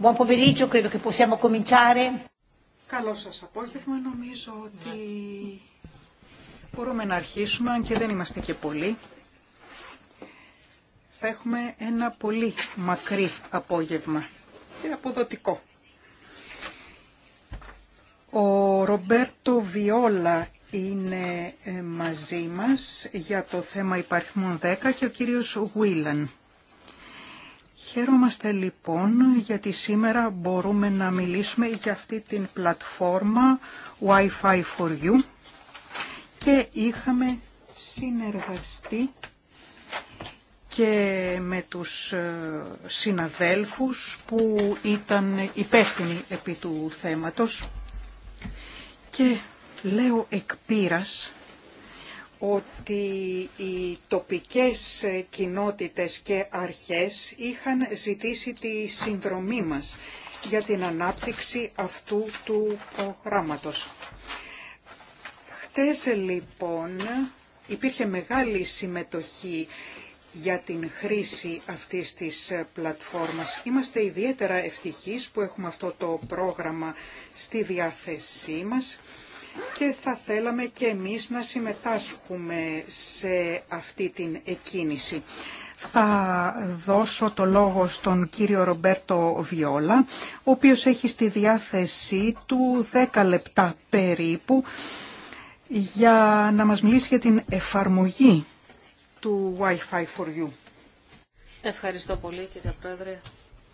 Buon pomeriggio, credo che Καλό σας απόγευμα. Νομίζω ότι μπορούμε να αρχίσουμε, αν και δεν είμαστε και πολλοί. Θα έχουμε ένα πολύ μακρύ απόγευμα και αποδοτικό. Ο Ρομπέρτο Βιόλα είναι ε, μαζί μας για το θέμα υπαριθμών 10 και ο κύριος Γουίλαν. Χαίρομαστε λοιπόν γιατί σήμερα μπορούμε να μιλήσουμε για αυτή την πλατφόρμα Wi-Fi for You και είχαμε συνεργαστεί και με τους ε, συναδέλφους που ήταν υπεύθυνοι επί του θέματος και λέω εκπήρας ότι οι τοπικές κοινότητες και αρχές είχαν ζητήσει τη συνδρομή μας για την ανάπτυξη αυτού του προγράμματος. Χτες λοιπόν υπήρχε μεγάλη συμμετοχή για την χρήση αυτής της πλατφόρμας. Είμαστε ιδιαίτερα ευτυχείς που έχουμε αυτό το πρόγραμμα στη διάθεσή μας και θα θέλαμε και εμείς να συμμετάσχουμε σε αυτή την εκκίνηση. Θα δώσω το λόγο στον κύριο Ρομπέρτο Βιόλα, ο οποίος έχει στη διάθεσή του 10 λεπτά περίπου για να μας μιλήσει για την εφαρμογή του Wi-Fi for You. Ευχαριστώ πολύ κύριε Πρόεδρε,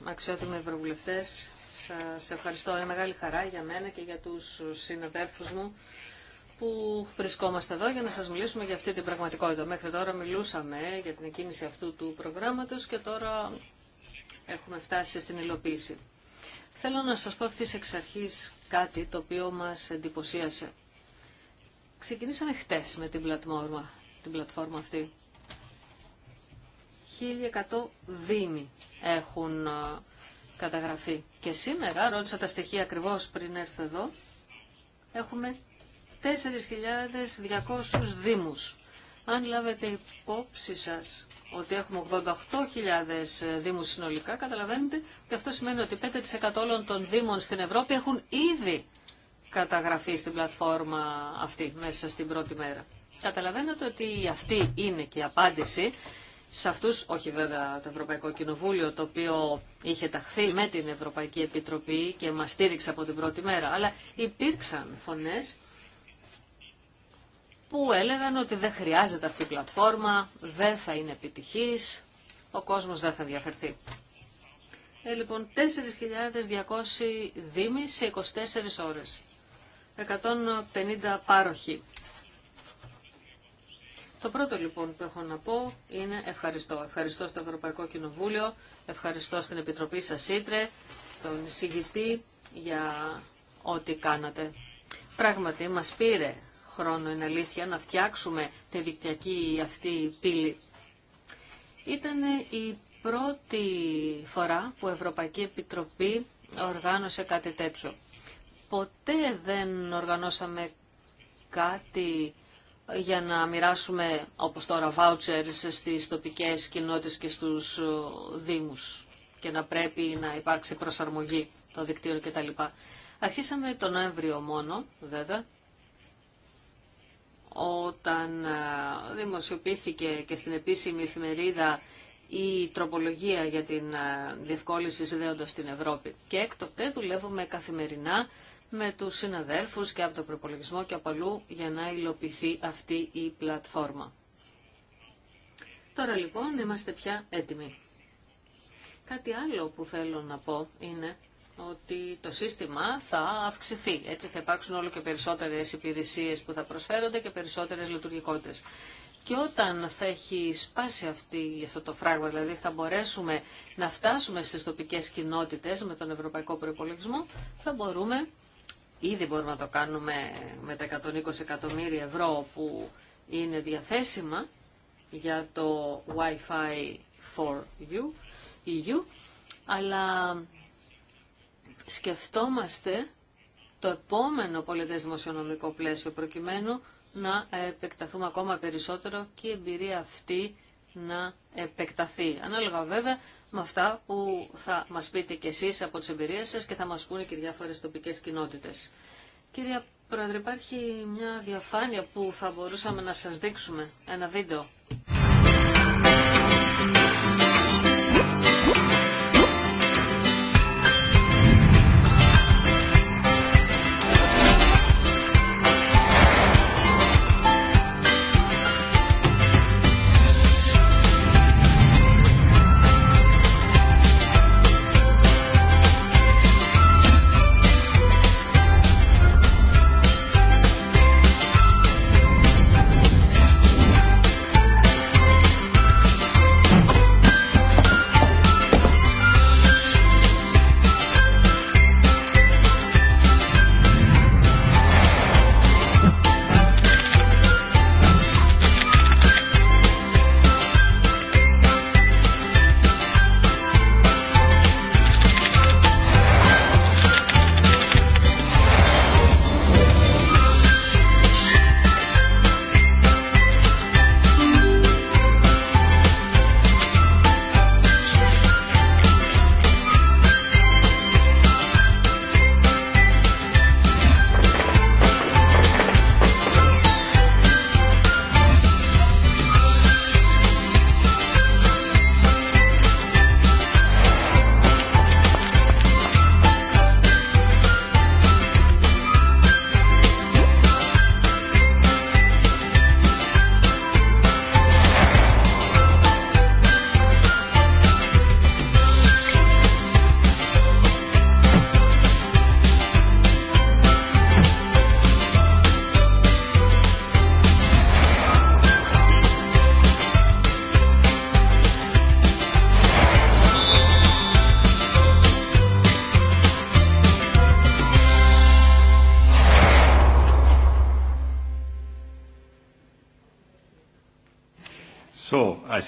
αξιότιμοι ευρωβουλευτές, σας ευχαριστώ. Είναι μεγάλη χαρά για μένα και για τους συναδέλφους μου που βρισκόμαστε εδώ για να σας μιλήσουμε για αυτή την πραγματικότητα. Μέχρι τώρα μιλούσαμε για την εκκίνηση αυτού του προγράμματος και τώρα έχουμε φτάσει στην υλοποίηση. Θέλω να σας πω αυτής εξ αρχής κάτι το οποίο μας εντυπωσίασε. Ξεκινήσαμε χτες με την πλατφόρμα, την πλατφόρμα αυτή. 1100 δήμοι έχουν Καταγραφή. Και σήμερα, ρώτησα τα στοιχεία ακριβώς πριν έρθω εδώ, έχουμε 4.200 δήμους. Αν λάβετε υπόψη σας ότι έχουμε 88.000 ε, δήμους συνολικά, καταλαβαίνετε ότι αυτό σημαίνει ότι 5% όλων των δήμων στην Ευρώπη έχουν ήδη καταγραφεί στην πλατφόρμα αυτή μέσα στην πρώτη μέρα. Καταλαβαίνετε ότι αυτή είναι και η απάντηση σε αυτούς, όχι βέβαια το Ευρωπαϊκό Κοινοβούλιο, το οποίο είχε ταχθεί με την Ευρωπαϊκή Επιτροπή και μα στήριξε από την πρώτη μέρα, αλλά υπήρξαν φωνές που έλεγαν ότι δεν χρειάζεται αυτή η πλατφόρμα, δεν θα είναι επιτυχής, ο κόσμος δεν θα διαφερθεί. Ε, λοιπόν, 4.200 δήμοι σε 24 ώρες. 150 πάροχοι. Το πρώτο λοιπόν που έχω να πω είναι ευχαριστώ. Ευχαριστώ στο Ευρωπαϊκό Κοινοβούλιο, ευχαριστώ στην Επιτροπή σας Σίτρε, στον εισηγητή για ό,τι κάνατε. Πράγματι μας πήρε χρόνο, είναι αλήθεια, να φτιάξουμε τη δικτυακή αυτή πύλη. Ήταν η πρώτη φορά που η Ευρωπαϊκή Επιτροπή οργάνωσε κάτι τέτοιο. Ποτέ δεν οργανώσαμε κάτι για να μοιράσουμε όπως τώρα vouchers στις τοπικές κοινότητες και στους ε, δήμους και να πρέπει να υπάρξει προσαρμογή των δικτύων κτλ. Αρχίσαμε τον Νοέμβριο μόνο, βέβαια, όταν ε, δημοσιοποιήθηκε και στην επίσημη εφημερίδα η τροπολογία για την ε, διευκόλυνση συνδέοντας την Ευρώπη. Και έκτοτε δουλεύουμε καθημερινά με τους συναδέλφους και από τον προπολογισμό και από αλλού για να υλοποιηθεί αυτή η πλατφόρμα. Τώρα λοιπόν είμαστε πια έτοιμοι. Κάτι άλλο που θέλω να πω είναι ότι το σύστημα θα αυξηθεί. Έτσι θα υπάρξουν όλο και περισσότερες υπηρεσίες που θα προσφέρονται και περισσότερες λειτουργικότητες. Και όταν θα έχει σπάσει αυτή, αυτό το φράγμα, δηλαδή θα μπορέσουμε να φτάσουμε στις τοπικές κοινότητες με τον ευρωπαϊκό προϋπολογισμό, θα μπορούμε Ήδη μπορούμε να το κάνουμε με τα 120 εκατομμύρια ευρώ που είναι διαθέσιμα για το Wi-Fi for you, EU, αλλά σκεφτόμαστε το επόμενο πολιτές δημοσιονομικό πλαίσιο προκειμένου να επεκταθούμε ακόμα περισσότερο και η εμπειρία αυτή να επεκταθεί. Ανάλογα βέβαια με αυτά που θα μας πείτε και εσείς από τις εμπειρίες σας και θα μας πούνε και διάφορες τοπικές κοινότητες. Κυρία Πρόεδρε, υπάρχει μια διαφάνεια που θα μπορούσαμε να σας δείξουμε, ένα βίντεο.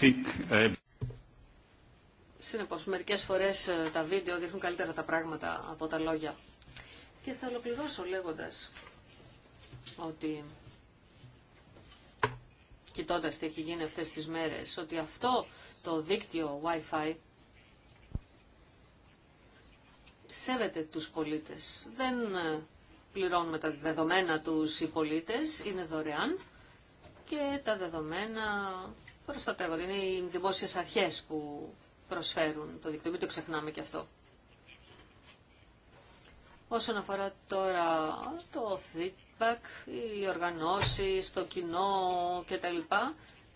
Ε, Συνεπώς, μερικές φορές ε, τα βίντεο δείχνουν καλύτερα τα πράγματα από τα λόγια. Και θα ολοκληρώσω λέγοντας ότι κοιτώντας τι έχει γίνει αυτές τις μέρες, ότι αυτό το δίκτυο Wi-Fi σέβεται τους πολίτες. Δεν ε, πληρώνουμε τα δεδομένα τους οι πολίτες, είναι δωρεάν και τα δεδομένα προστατεύονται. Είναι οι δημόσιες αρχές που προσφέρουν το δίκτυο. Μην το ξεχνάμε και αυτό. Όσον αφορά τώρα το feedback, οι οργανώσεις, το κοινό κτλ.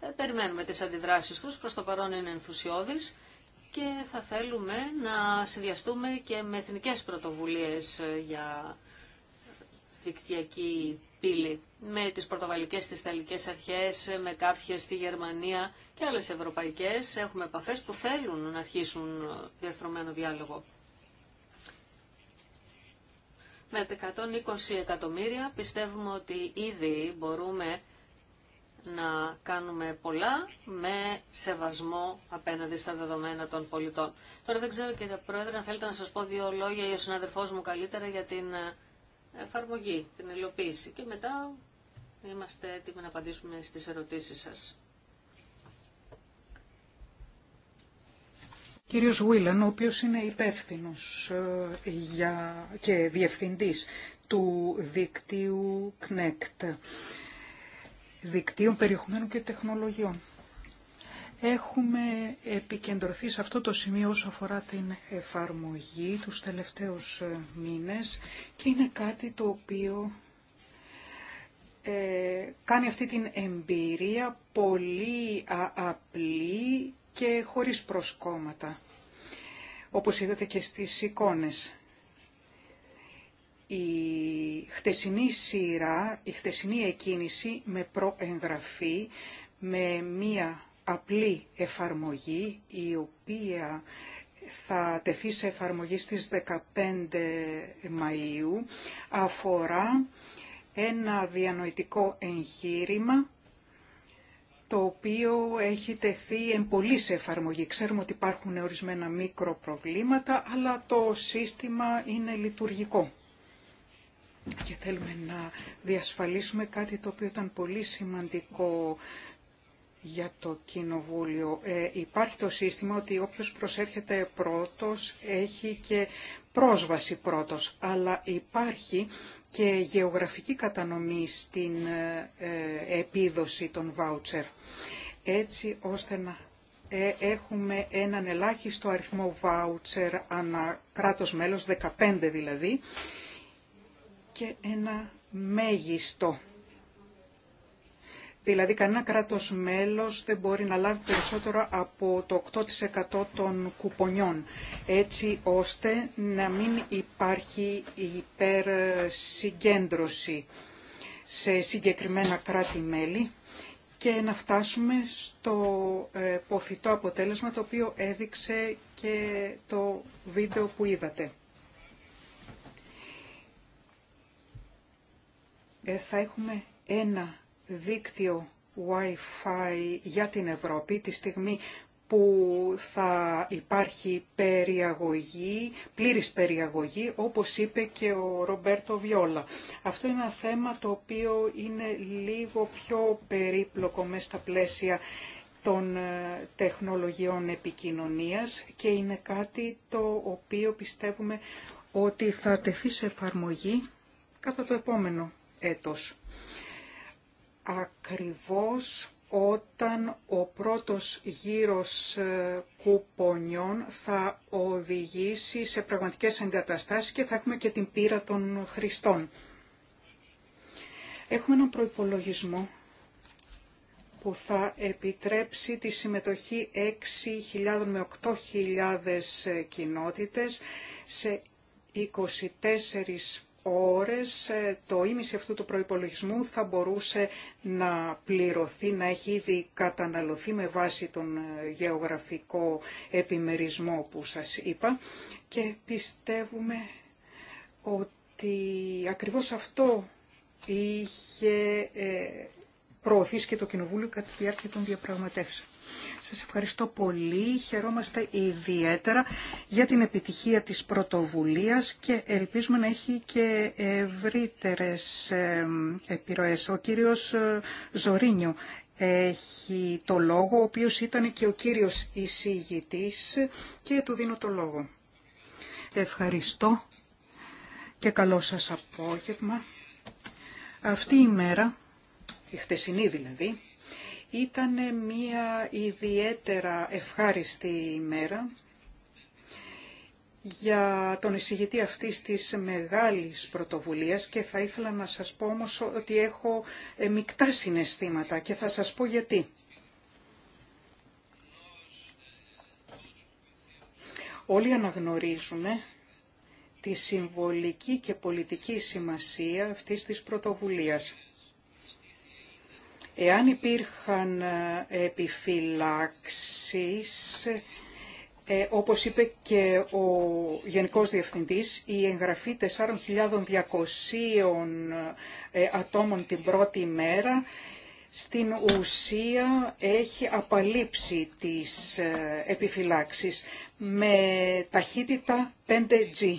Ε, περιμένουμε τις αντιδράσεις τους, προς το παρόν είναι ενθουσιώδης και θα θέλουμε να συνδυαστούμε και με εθνικές πρωτοβουλίες ε, για δικτυακή πύλη με τις πορτογαλικές, τις ιταλικές αρχές, με κάποιες στη Γερμανία και άλλες ευρωπαϊκές. Έχουμε επαφές που θέλουν να αρχίσουν διαρθρωμένο διάλογο. Με 120 εκατομμύρια πιστεύουμε ότι ήδη μπορούμε να κάνουμε πολλά με σεβασμό απέναντι στα δεδομένα των πολιτών. Τώρα δεν ξέρω κύριε Πρόεδρε αν θέλετε να σας πω δύο λόγια ή ο συναδελφός μου καλύτερα για την ε, εφαρμογή, την υλοποίηση και μετά Είμαστε έτοιμοι να απαντήσουμε στις ερωτήσεις σας. Κύριος Βίλαν, ο οποίος είναι υπεύθυνος ε, για... και διευθυντής του δικτύου ΚΝΕΚΤ, δικτύων περιεχομένου και τεχνολογιών. Έχουμε επικεντρωθεί σε αυτό το σημείο όσο αφορά την εφαρμογή τους τελευταίους ε, μήνες και είναι κάτι το οποίο ε, κάνει αυτή την εμπειρία πολύ απλή και χωρίς προσκόμματα, όπως είδατε και στις εικόνες. Η χτεσινή σειρά, η χτεσινή εκκίνηση με προεγγραφή, με μία απλή εφαρμογή, η οποία θα τεθεί σε εφαρμογή στις 15 Μαΐου, αφορά ένα διανοητικό εγχείρημα το οποίο έχει τεθεί εν πολύ σε εφαρμογή. Ξέρουμε ότι υπάρχουν ορισμένα μικροπροβλήματα, αλλά το σύστημα είναι λειτουργικό. Και θέλουμε να διασφαλίσουμε κάτι το οποίο ήταν πολύ σημαντικό για το Κοινοβούλιο. Ε, υπάρχει το σύστημα ότι όποιος προσέρχεται πρώτος έχει και πρόσβαση πρώτος, αλλά υπάρχει και γεωγραφική κατανομή στην ε, ε, επίδοση των βάουτσερ, έτσι ώστε να ε, έχουμε έναν ελάχιστο αριθμό βάουτσερ ανά κράτος μέλος, 15 δηλαδή, και ένα μέγιστο Δηλαδή κανένα κράτος μέλος δεν μπορεί να λάβει περισσότερο από το 8% των κουπονιών, έτσι ώστε να μην υπάρχει υπερσυγκέντρωση σε συγκεκριμένα κράτη-μέλη και να φτάσουμε στο ε, ποθητό αποτέλεσμα το οποίο έδειξε και το βίντεο που είδατε. Ε, θα έχουμε ένα δίκτυο Wi-Fi για την Ευρώπη τη στιγμή που θα υπάρχει περιαγωγή, πλήρης περιαγωγή, όπως είπε και ο Ρομπέρτο Βιόλα. Αυτό είναι ένα θέμα το οποίο είναι λίγο πιο περίπλοκο μέσα στα πλαίσια των ε, τεχνολογιών επικοινωνίας και είναι κάτι το οποίο πιστεύουμε ότι θα τεθεί σε εφαρμογή κατά το επόμενο έτος ακριβώς όταν ο πρώτος γύρος ε, κουπονιών θα οδηγήσει σε πραγματικές εγκαταστάσεις και θα έχουμε και την πείρα των χρηστών. Έχουμε έναν προϋπολογισμό που θα επιτρέψει τη συμμετοχή 6.000 με 8.000 κοινότητες σε 24 ώρες ε, το ίμιση αυτού του προϋπολογισμού θα μπορούσε να πληρωθεί, να έχει ήδη καταναλωθεί με βάση τον ε, γεωγραφικό επιμερισμό που σας είπα και πιστεύουμε ότι ακριβώς αυτό είχε ε, προωθήσει και το Κοινοβούλιο κατά τη διάρκεια των διαπραγματεύσεων. Σας ευχαριστώ πολύ. Χαιρόμαστε ιδιαίτερα για την επιτυχία της πρωτοβουλίας και ελπίζουμε να έχει και ευρύτερες επιρροές. Ο κύριος ε, Ζωρίνιο έχει το λόγο, ο οποίος ήταν και ο κύριος εισηγητής και του δίνω το λόγο. Ευχαριστώ και καλό σας απόγευμα. Αυτή η μέρα, η χτεσινή δηλαδή, ήταν μια ιδιαίτερα ευχάριστη ημέρα για τον εισηγητή αυτής της μεγάλης πρωτοβουλίας και θα ήθελα να σας πω όμως ότι έχω ε, μεικτά συναισθήματα και θα σας πω γιατί. Όλοι αναγνωρίζουμε τη συμβολική και πολιτική σημασία αυτής της πρωτοβουλίας. Εάν υπήρχαν ε, επιφυλάξεις, ε, όπως είπε και ο Γενικός Διευθυντής, η εγγραφή 4.200 ε, ατόμων την πρώτη μέρα στην ουσία έχει απαλείψει τις ε, επιφυλάξεις με ταχύτητα 5G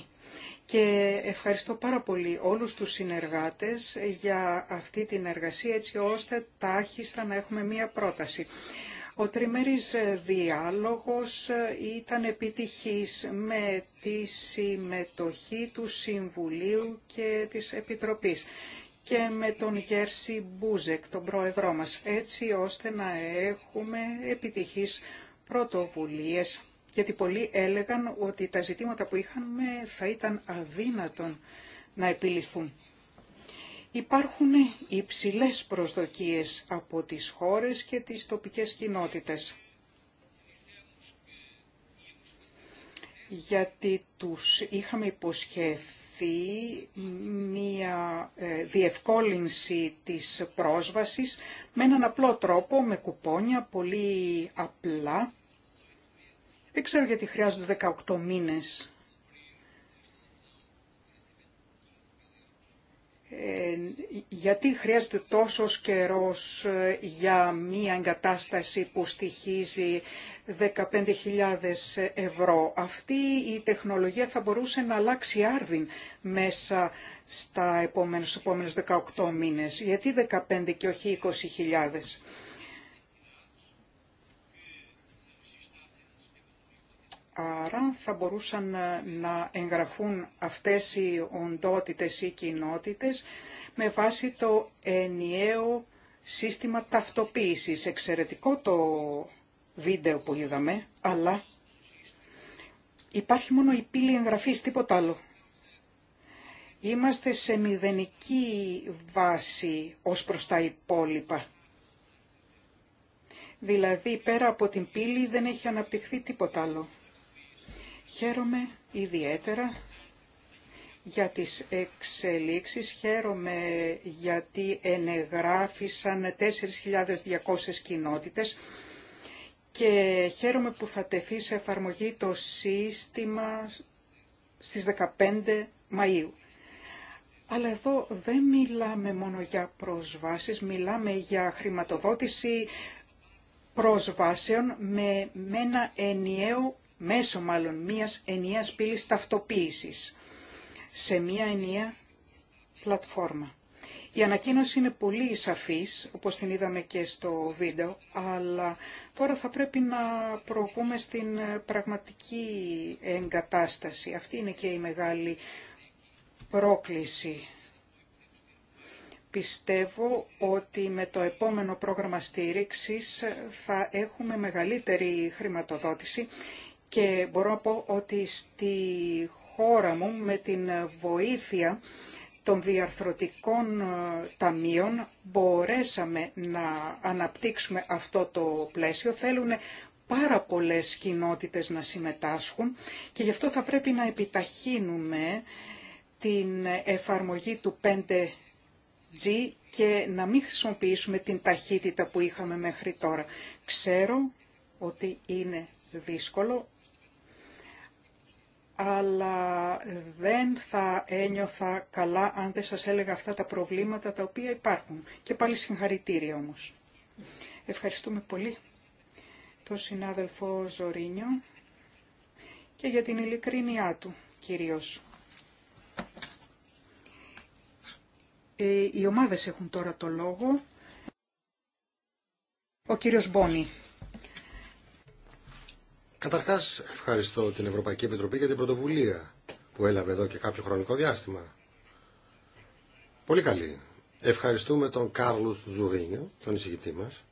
και ευχαριστώ πάρα πολύ όλους τους συνεργάτες για αυτή την εργασία έτσι ώστε τάχιστα να έχουμε μία πρόταση. Ο τριμερής διάλογος ήταν επιτυχής με τη συμμετοχή του Συμβουλίου και της Επιτροπής και με τον Γέρση Μπούζεκ, τον πρόεδρό μας, έτσι ώστε να έχουμε επιτυχής πρωτοβουλίες γιατί πολλοί έλεγαν ότι τα ζητήματα που είχαμε θα ήταν αδύνατον να επιληθούν. Υπάρχουν υψηλές προσδοκίες από τις χώρες και τις τοπικές κοινότητες. Γιατί τους είχαμε υποσχεθεί μία ε, διευκόλυνση της πρόσβασης με έναν απλό τρόπο, με κουπόνια, πολύ απλά δεν ξέρω γιατί χρειάζονται 18 μήνες ε, γιατί χρειάζεται τόσος καιρός ε, για μία εγκατάσταση που στοιχίζει 15.000 ευρώ. Αυτή η τεχνολογία θα μπορούσε να αλλάξει άρδιν μέσα στα επόμενους, επόμενους 18 μήνες. Γιατί 15 και όχι 20.000. Άρα θα μπορούσαν να εγγραφούν αυτές οι οντότητες ή κοινότητες με βάση το ενιαίο σύστημα ταυτοποίησης. Εξαιρετικό το βίντεο που είδαμε, αλλά υπάρχει μόνο η πύλη εγγραφής, τίποτα άλλο. Είμαστε σε μηδενική βάση ως προς τα υπόλοιπα. Δηλαδή, πέρα από την πύλη δεν έχει αναπτυχθεί τίποτα άλλο. Χαίρομαι ιδιαίτερα για τις εξελίξεις. Χαίρομαι γιατί ενεγράφησαν 4.200 κοινότητες και χαίρομαι που θα τεθεί σε εφαρμογή το σύστημα στις 15 Μαΐου. Αλλά εδώ δεν μιλάμε μόνο για προσβάσεις, μιλάμε για χρηματοδότηση προσβάσεων με, με ένα ενιαίο μέσω μάλλον μίας ενιαίας πύλης ταυτοποίησης σε μία ενιαία πλατφόρμα. Η ανακοίνωση είναι πολύ σαφής, όπως την είδαμε και στο βίντεο, αλλά τώρα θα πρέπει να προβούμε στην πραγματική εγκατάσταση. Αυτή είναι και η μεγάλη πρόκληση. Πιστεύω ότι με το επόμενο πρόγραμμα στήριξης θα έχουμε μεγαλύτερη χρηματοδότηση και μπορώ να πω ότι στη χώρα μου με την βοήθεια των διαρθρωτικών ε, ταμείων μπορέσαμε να αναπτύξουμε αυτό το πλαίσιο. Θέλουν πάρα πολλές κοινότητες να συμμετάσχουν και γι' αυτό θα πρέπει να επιταχύνουμε την εφαρμογή του 5G και να μην χρησιμοποιήσουμε την ταχύτητα που είχαμε μέχρι τώρα. Ξέρω ότι είναι δύσκολο, αλλά δεν θα ένιωθα καλά αν δεν σας έλεγα αυτά τα προβλήματα τα οποία υπάρχουν. Και πάλι συγχαρητήρια όμως. Ευχαριστούμε πολύ τον συνάδελφο Ζωρίνιο και για την ειλικρίνειά του κυρίως. Ε, οι ομάδες έχουν τώρα το λόγο. Ο κύριος Μπόνι. Καταρχά ευχαριστώ την Ευρωπαϊκή Επιτροπή για την πρωτοβουλία που έλαβε εδώ και κάποιο χρονικό διάστημα. Πολύ καλή. Ευχαριστούμε τον Κάρλος Ζουρίνιο, τον εισηγητή μας,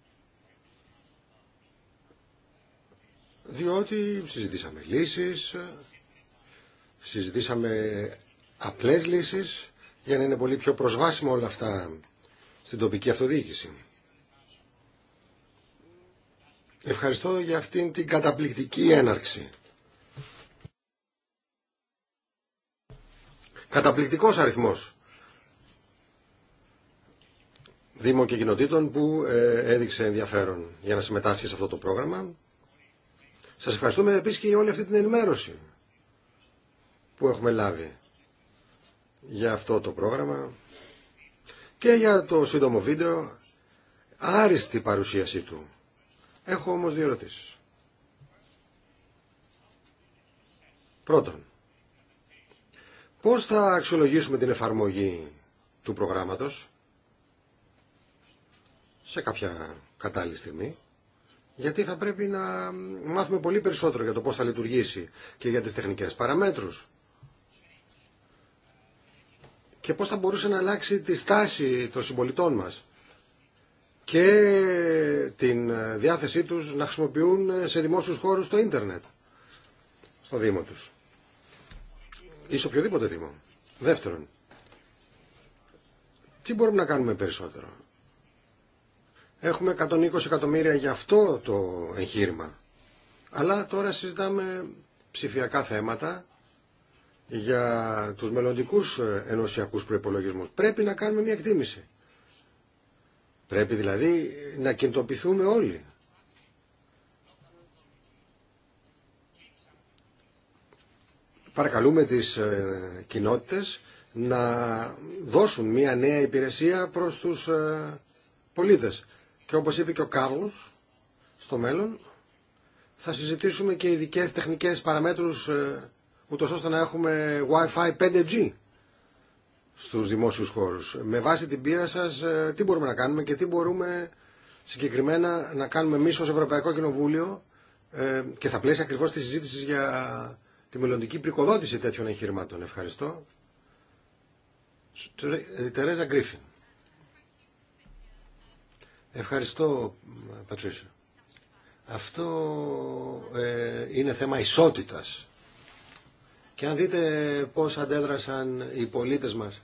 διότι συζητήσαμε λύσεις, συζητήσαμε απλές λύσεις για να είναι πολύ πιο προσβάσιμο όλα αυτά στην τοπική αυτοδιοίκηση. Ευχαριστώ για αυτήν την καταπληκτική έναρξη. Καταπληκτικός αριθμός δήμων και κοινοτήτων που ε, έδειξε ενδιαφέρον για να συμμετάσχει σε αυτό το πρόγραμμα. Σας ευχαριστούμε επίσης και για όλη αυτή την ενημέρωση που έχουμε λάβει για αυτό το πρόγραμμα και για το σύντομο βίντεο άριστη παρουσίασή του. Έχω όμως δύο ερωτήσεις. Πρώτον, πώς θα αξιολογήσουμε την εφαρμογή του προγράμματος σε κάποια κατάλληλη στιγμή, γιατί θα πρέπει να μάθουμε πολύ περισσότερο για το πώς θα λειτουργήσει και για τις τεχνικές παραμέτρους και πώς θα μπορούσε να αλλάξει τη στάση των συμπολιτών μας και την διάθεσή τους να χρησιμοποιούν σε δημόσιους χώρους το ίντερνετ στο Δήμο τους ή σε οποιοδήποτε Δήμο. Δεύτερον, τι μπορούμε να κάνουμε περισσότερο. Έχουμε 120 εκατομμύρια για αυτό το εγχείρημα. Αλλά τώρα συζητάμε ψηφιακά θέματα για τους μελλοντικού ενωσιακούς προϋπολογισμούς. Πρέπει να κάνουμε μια εκτίμηση. Πρέπει δηλαδή να κινητοποιηθούμε όλοι. Παρακαλούμε τις ε, κοινότητες να δώσουν μια νέα υπηρεσία προς τους ε, πολίτες. Και όπως είπε και ο Κάρλος, στο μέλλον θα συζητήσουμε και ειδικές τεχνικές παραμέτρους ε, ούτως ώστε να έχουμε Wi-Fi 5G στους δημόσιους χώρους. Με βάση την πείρα σας, ε, τι μπορούμε να κάνουμε και τι μπορούμε συγκεκριμένα να κάνουμε εμείς ως Ευρωπαϊκό Κοινοβούλιο ε, και στα πλαίσια ακριβώς της συζήτησης για τη μελλοντική πρικοδότηση τέτοιων εγχειρημάτων. Ευχαριστώ. Ε, Τερέζα Γκρίφιν. Ευχαριστώ, Πατσίσιο. Αυτό είναι θέμα ισότητας. Και αν δείτε πώς αντέδρασαν οι πολίτες μας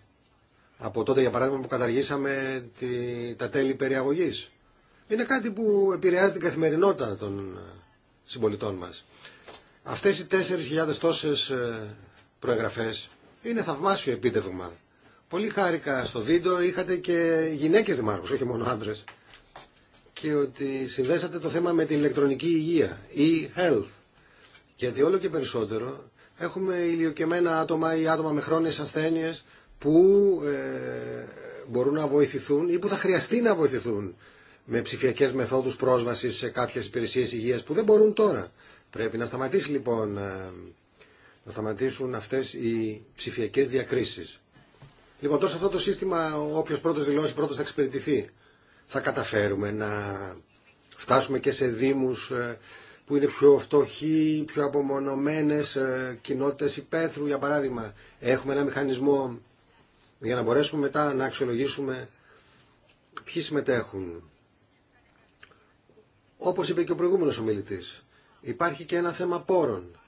από τότε για παράδειγμα που καταργήσαμε τη, τα τέλη περιαγωγής. Είναι κάτι που επηρεάζει την καθημερινότητα των ε, συμπολιτών μας. Αυτές οι 4.000 τόσες ε, προεγραφές είναι θαυμάσιο επίτευγμα. Πολύ χάρηκα στο βίντεο, είχατε και γυναίκες δημάρχους, όχι μόνο άντρες. Και ότι συνδέσατε το θέμα με την ηλεκτρονική υγεία, e-health. Γιατί όλο και περισσότερο έχουμε ηλιοκεμένα άτομα ή άτομα με χρόνιες ασθένειες που ε, μπορούν να βοηθηθούν ή που θα χρειαστεί να βοηθηθούν με ψηφιακές μεθόδους πρόσβασης σε κάποιες υπηρεσίες υγείας που δεν μπορούν τώρα. Πρέπει να σταματήσει λοιπόν ε, να σταματήσουν αυτές οι ψηφιακές διακρίσεις. Λοιπόν, τόσο αυτό το σύστημα, όποιος πρώτος δηλώσει, πρώτος θα εξυπηρετηθεί. Θα καταφέρουμε να φτάσουμε και σε δήμους ε, που είναι πιο φτωχοί, πιο απομονωμένες κοινότητες υπαίθρου, για παράδειγμα. Έχουμε ένα μηχανισμό για να μπορέσουμε μετά να αξιολογήσουμε ποιοι συμμετέχουν. Όπως είπε και ο προηγούμενος ομιλητής, υπάρχει και ένα θέμα πόρων.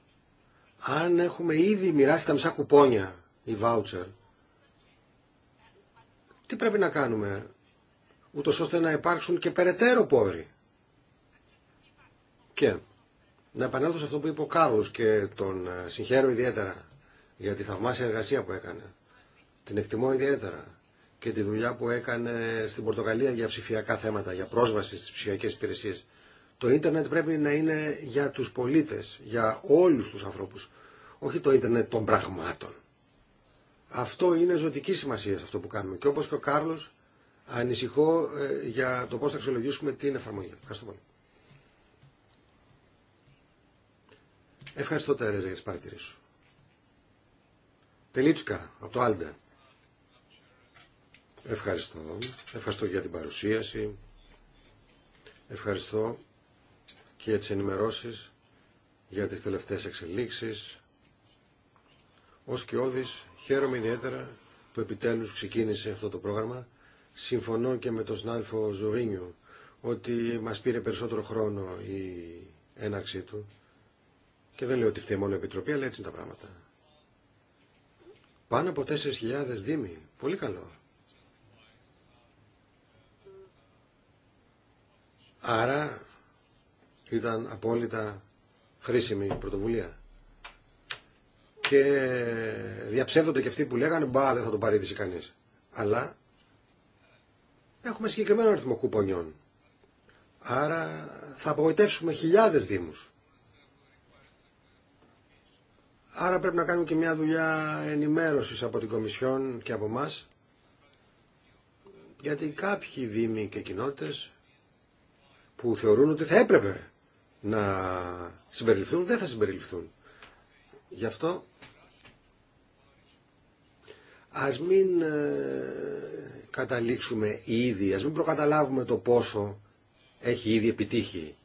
Αν έχουμε ήδη μοιράσει τα μισά κουπόνια, η βάουτσερ, τι πρέπει να κάνουμε, ούτως ώστε να υπάρξουν και περαιτέρω πόροι. Και να επανέλθω σε αυτό που είπε ο Κάρλος και τον ε, συγχαίρω ιδιαίτερα για τη θαυμάσια εργασία που έκανε. Την εκτιμώ ιδιαίτερα και τη δουλειά που έκανε στην Πορτογαλία για ψηφιακά θέματα, για πρόσβαση στις ψηφιακές υπηρεσίες. Το ίντερνετ πρέπει να είναι για τους πολίτες, για όλους τους ανθρώπους, όχι το ίντερνετ των πραγμάτων. Αυτό είναι ζωτική σημασία σε αυτό που κάνουμε. Και όπως και ο Κάρλος, ανησυχώ ε, για το πώς θα αξιολογήσουμε την εφαρμογή. Ευχαριστώ πολύ. Ευχαριστώ Τέρεζα για τις παρατηρήσεις σου. Τελίτσκα, από το Άλντε. Ευχαριστώ. Ευχαριστώ για την παρουσίαση. Ευχαριστώ και τις ενημερώσεις για τις τελευταίες εξελίξεις. Ως και όδης, χαίρομαι ιδιαίτερα που επιτέλους ξεκίνησε αυτό το πρόγραμμα. Συμφωνώ και με τον συνάδελφο Ζουρίνιο ότι μας πήρε περισσότερο χρόνο η έναρξή του. Και δεν λέω ότι φταίει μόνο η Επιτροπή, αλλά έτσι είναι τα πράγματα. Πάνω από 4.000 δήμοι. Πολύ καλό. Άρα ήταν απόλυτα χρήσιμη η πρωτοβουλία. Και διαψεύδονται και αυτοί που λέγανε μπα δεν θα τον παρήδησε κανείς. Αλλά έχουμε συγκεκριμένο αριθμό κουπονιών. Άρα θα απογοητεύσουμε χιλιάδες δήμους. Άρα πρέπει να κάνουμε και μια δουλειά ενημέρωσης από την Κομισιόν και από μας, γιατί κάποιοι δήμοι και κοινότητες που θεωρούν ότι θα έπρεπε να συμπεριληφθούν, δεν θα συμπεριληφθούν. Γι' αυτό ας μην ε, καταλήξουμε ήδη, ας μην προκαταλάβουμε το πόσο έχει ήδη επιτύχει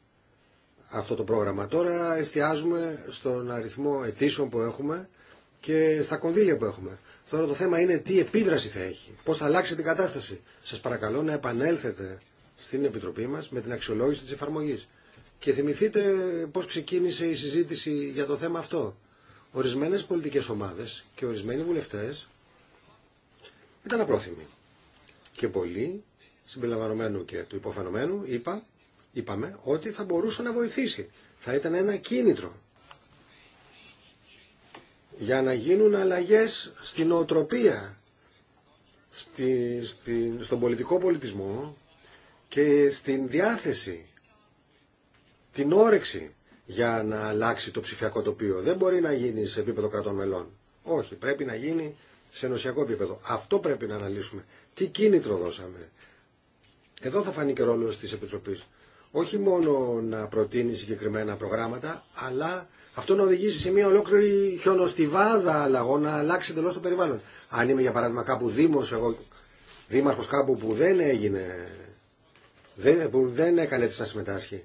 αυτό το πρόγραμμα. Τώρα εστιάζουμε στον αριθμό αιτήσεων που έχουμε και στα κονδύλια που έχουμε. Τώρα το θέμα είναι τι επίδραση θα έχει, πώς θα αλλάξει την κατάσταση. Σας παρακαλώ να επανέλθετε στην Επιτροπή μας με την αξιολόγηση τη εφαρμογή. Και θυμηθείτε πώς ξεκίνησε η συζήτηση για το θέμα αυτό. Ορισμένες πολιτικές ομάδες και ορισμένοι βουλευτές ήταν απρόθυμοι. Και πολλοί, συμπεριλαμβανομένου και του υποφαινομένου, είπα, είπαμε ότι θα μπορούσε να βοηθήσει. Θα ήταν ένα κίνητρο για να γίνουν αλλαγές στην οτροπία, στη, στον πολιτικό πολιτισμό και στην διάθεση, την όρεξη για να αλλάξει το ψηφιακό τοπίο. Δεν μπορεί να γίνει σε επίπεδο κρατών μελών. Όχι, πρέπει να γίνει σε ενωσιακό επίπεδο. Αυτό πρέπει να αναλύσουμε. Τι κίνητρο δώσαμε. Εδώ θα φανεί και ρόλο τη Επιτροπή. Όχι μόνο να προτείνει συγκεκριμένα προγράμματα, αλλά αυτό να οδηγήσει σε μια ολόκληρη χιονοστιβάδα αλλαγών, να αλλάξει εντελώ το περιβάλλον. Αν είμαι για παράδειγμα κάπου δήμο, εγώ δήμαρχο κάπου που δεν έγινε δεν, που δεν έκανε έτσι να συμμετάσχει.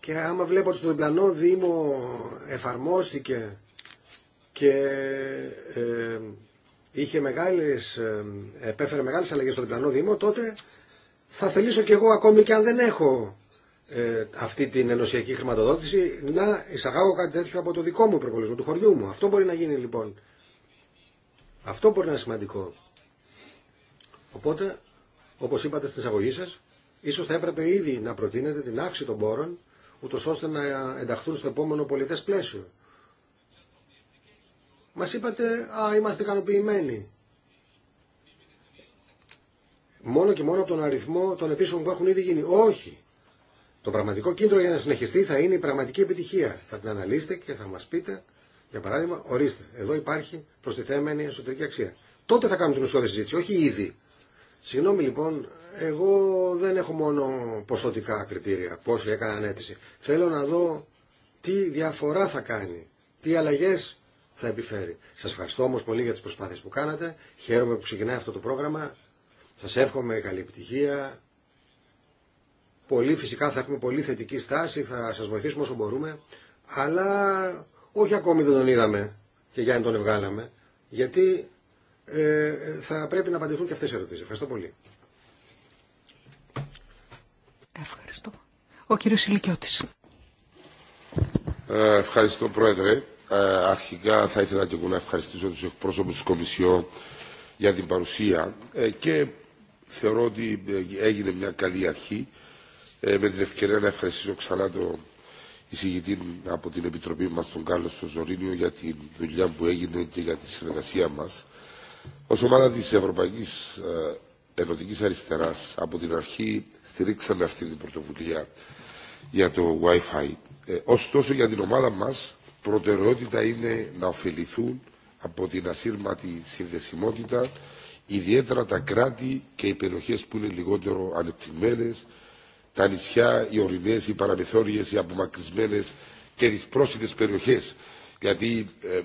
Και άμα βλέπω ότι στο διπλανό Δήμο εφαρμόστηκε και ε, είχε μεγάλες, ε, επέφερε μεγάλες αλλαγές στο διπλανό Δήμο, τότε θα θελήσω κι εγώ ακόμη και αν δεν έχω ε, αυτή την ενωσιακή χρηματοδότηση να εισαγάγω κάτι τέτοιο από το δικό μου προπολογισμό, του χωριού μου. Αυτό μπορεί να γίνει λοιπόν. Αυτό μπορεί να είναι σημαντικό. Οπότε, όπως είπατε στην εισαγωγή σας, Ίσως θα έπρεπε ήδη να προτείνετε την αύξηση των πόρων, ούτω ώστε να ενταχθούν στο επόμενο πολιτέ πλαίσιο. Μα είπατε, α, είμαστε ικανοποιημένοι. Μόνο και μόνο από τον αριθμό των αιτήσεων που έχουν ήδη γίνει. Όχι. Το πραγματικό κίνητρο για να συνεχιστεί θα είναι η πραγματική επιτυχία. Θα την αναλύσετε και θα μα πείτε, για παράδειγμα, ορίστε, εδώ υπάρχει προστιθέμενη εσωτερική αξία. Τότε θα κάνουμε την ουσιώδη συζήτηση, όχι ήδη. Συγγνώμη λοιπόν, εγώ δεν έχω μόνο ποσοτικά κριτήρια, πόσοι έκαναν αίτηση. Θέλω να δω τι διαφορά θα κάνει, τι αλλαγές θα επιφέρει. Σας ευχαριστώ όμως πολύ για τις προσπάθειες που κάνατε. Χαίρομαι που ξεκινάει αυτό το πρόγραμμα. Σας εύχομαι καλή επιτυχία. Πολύ φυσικά θα έχουμε πολύ θετική στάση, θα σας βοηθήσουμε όσο μπορούμε. Αλλά όχι ακόμη δεν τον είδαμε και για να τον βγάλαμε, Γιατί ε, θα πρέπει να απαντηθούν και αυτές οι ερωτήσεις. Ευχαριστώ πολύ. Ευχαριστώ. Ο κύριος Ηλικιώτης. Ε, ευχαριστώ Πρόεδρε. Ε, αρχικά θα ήθελα και εγώ να ευχαριστήσω τους εκπρόσωπους της Κομισιόν για την παρουσία και θεωρώ ότι έγινε μια καλή αρχή με την ευκαιρία να ευχαριστήσω ξανά τον εισηγητή από την Επιτροπή μας, τον Κάλλος για τη δουλειά που έγινε και για τη συνεργασία μας. Ω ομάδα τη Ευρωπαϊκή ε, Ενωτική Αριστερά, από την αρχή στηρίξαμε αυτή την πρωτοβουλία για το Wi-Fi. Ε, ωστόσο, για την ομάδα μα, προτεραιότητα είναι να ωφεληθούν από την ασύρματη συνδεσιμότητα ιδιαίτερα τα κράτη και οι περιοχές που είναι λιγότερο ανεπτυγμένες, τα νησιά, οι ορεινές, οι παραμεθόριες, οι απομακρυσμένες και τις πρόσιτες περιοχές. Γιατί ε,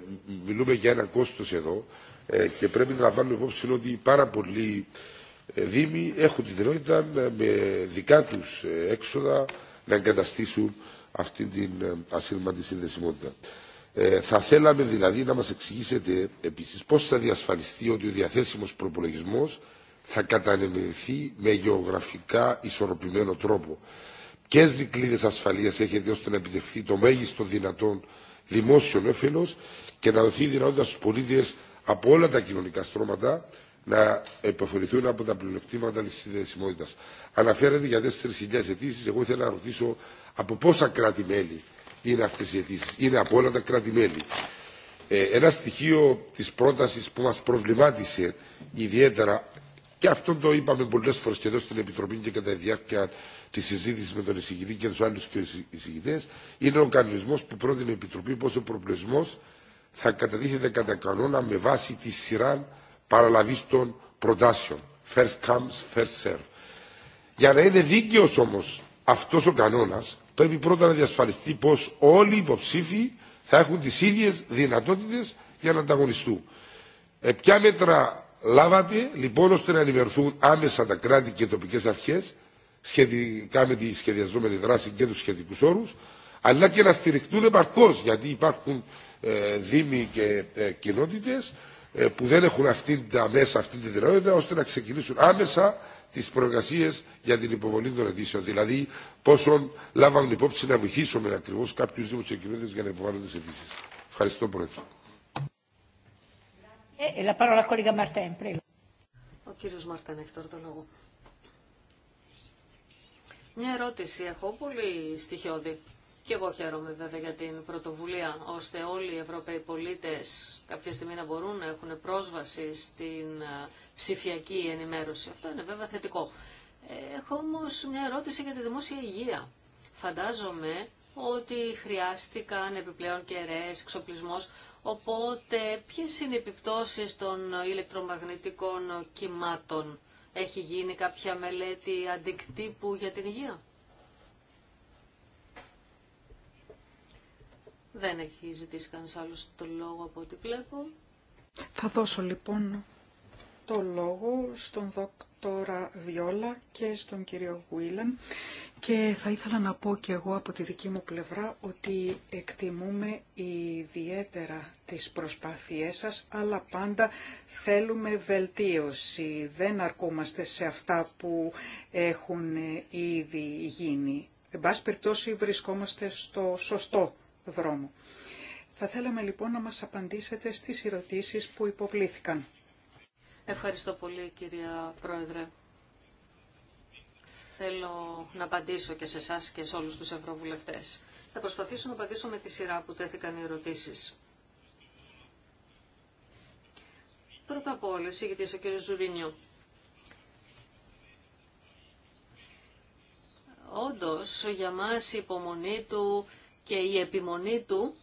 μιλούμε για ένα κόστος εδώ ε, και πρέπει να λαμβάνουμε υπόψη ότι πάρα πολλοί ε, δήμοι έχουν την δυνατότητα ε, με δικά τους έξοδα να εγκαταστήσουν αυτή την ασύρματη συνδεσιμότητα. Ε, θα θέλαμε δηλαδή να μας εξηγήσετε επίσης πώς θα διασφαλιστεί ότι ο διαθέσιμος προπολογισμός θα κατανεμηθεί με γεωγραφικά ισορροπημένο τρόπο. Ποιε δικλείδε ασφαλεία έχετε ώστε να επιτευχθεί το μέγιστο δυνατόν δημόσιο όφελο και να δοθεί η δυνατότητα στου πολίτε από όλα τα κοινωνικά στρώματα να επωφεληθούν από τα πλεονεκτήματα τη συνδεσιμότητα. Αναφέρεται για 4.000 αιτήσει. Εγώ ήθελα να ρωτήσω από πόσα κράτη-μέλη είναι αυτέ οι αιτήσει. Είναι από όλα τα κράτη-μέλη. Ε, ένα στοιχείο τη πρόταση που μα προβλημάτισε ιδιαίτερα και αυτό το είπαμε πολλέ φορέ και εδώ στην Επιτροπή και κατά τη διάρκεια τη συζήτηση με τον εισηγητή και του άλλου εισηγητέ, είναι ο κανονισμό που πρότεινε η Επιτροπή πόσο προπλεσμό θα κατατίθεται κατά κανόνα με βάση τη σειρά παραλαβής των προτάσεων. First comes, first serve. Για να είναι δίκαιος όμως αυτός ο κανόνας, πρέπει πρώτα να διασφαλιστεί πως όλοι οι υποψήφοι θα έχουν τις ίδιες δυνατότητες για να ανταγωνιστούν. Ε, ποια μέτρα λάβατε λοιπόν ώστε να ενημερωθούν άμεσα τα κράτη και τοπικές αρχές σχετικά με τη σχεδιαζόμενη δράση και τους σχετικούς όρους αλλά και να στηριχτούν επαρκώς γιατί υπάρχουν ε, δήμοι και ε, κοινότητες ε, που δεν έχουν αυτή τα μέσα, αυτή τη δυνατότητα, ώστε να ξεκινήσουν άμεσα τι προεργασίε για την υποβολή των αιτήσεων. Δηλαδή, πόσο λάβαμε υπόψη να βοηθήσουμε ακριβώ κάποιου Δήμου και κοινότητε για να υποβάλουν τι αιτήσει. Ευχαριστώ, Πρόεδρε. Ο Μαρτέν έχει τώρα το Μια ερώτηση έχω πολύ στοιχειώδη. Και εγώ χαίρομαι βέβαια για την πρωτοβουλία, ώστε όλοι οι Ευρωπαίοι πολίτες κάποια στιγμή να μπορούν να έχουν πρόσβαση στην ε, ψηφιακή ενημέρωση. Αυτό είναι βέβαια θετικό. Ε, έχω όμως μια ερώτηση για τη δημόσια υγεία. Φαντάζομαι ότι χρειάστηκαν επιπλέον κεραίες, εξοπλισμός, οπότε ποιες είναι οι επιπτώσεις των ηλεκτρομαγνητικών κυμάτων. Έχει γίνει κάποια μελέτη αντικτύπου για την υγεία. Δεν έχει ζητήσει κανείς άλλος το λόγο από ό,τι βλέπω. Θα δώσω λοιπόν το λόγο στον δόκτορα Βιόλα και στον κύριο Γουίλαν και θα ήθελα να πω και εγώ από τη δική μου πλευρά ότι εκτιμούμε ιδιαίτερα τις προσπάθειές σας αλλά πάντα θέλουμε βελτίωση. Δεν αρκούμαστε σε αυτά που έχουν ήδη γίνει. Εν πάση περιπτώσει βρισκόμαστε στο σωστό θα θέλαμε λοιπόν να μας απαντήσετε στις ερωτήσεις που υποβλήθηκαν. Ευχαριστώ πολύ κυρία Πρόεδρε. Θέλω να απαντήσω και σε εσά και σε όλους τους ευρωβουλευτές. Θα προσπαθήσω να απαντήσω με τη σειρά που τέθηκαν οι ερωτήσεις. Πρώτα απ' όλα, εισηγητής ο κύριος Ζουρίνιο. Όντως, για μας η υπομονή του και η επιμονή του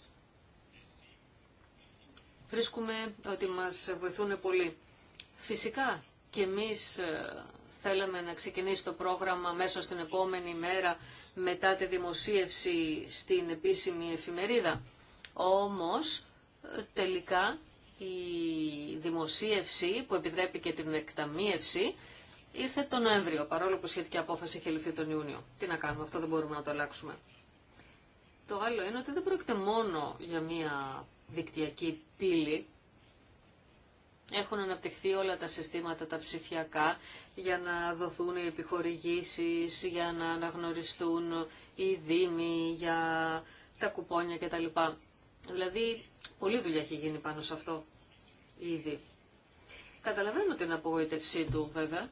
βρίσκουμε ότι μας βοηθούν πολύ. Φυσικά και εμείς ε, θέλαμε να ξεκινήσει το πρόγραμμα μέσα στην επόμενη μέρα μετά τη δημοσίευση στην επίσημη εφημερίδα. Όμως ε, τελικά η δημοσίευση που επιτρέπει και την εκταμίευση ήρθε τον Νοέμβριο, παρόλο που σχετική απόφαση είχε ληφθεί τον Ιούνιο. Τι να κάνουμε, αυτό δεν μπορούμε να το αλλάξουμε. Το άλλο είναι ότι δεν πρόκειται μόνο για μία δικτυακή πύλη. Έχουν αναπτυχθεί όλα τα συστήματα τα ψηφιακά για να δοθούν οι επιχορηγήσεις, για να αναγνωριστούν οι δήμοι, για τα κουπόνια κτλ. Δηλαδή, πολλή δουλειά έχει γίνει πάνω σε αυτό ήδη. Καταλαβαίνω την απογοήτευσή του βέβαια.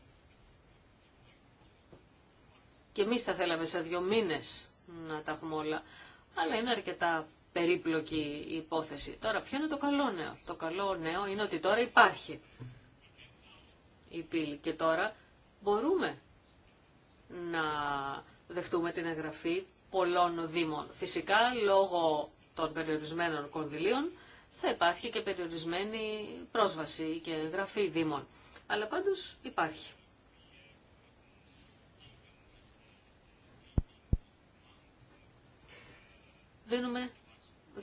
Και εμείς θα θέλαμε σε δύο μήνες να τα έχουμε όλα αλλά είναι αρκετά περίπλοκη η υπόθεση. Τώρα, ποιο είναι το καλό νέο. Το καλό νέο είναι ότι τώρα υπάρχει η πύλη και τώρα μπορούμε να δεχτούμε την εγγραφή πολλών δήμων. Φυσικά, λόγω των περιορισμένων κονδυλίων, θα υπάρχει και περιορισμένη πρόσβαση και εγγραφή δήμων. Αλλά πάντως υπάρχει. δίνουμε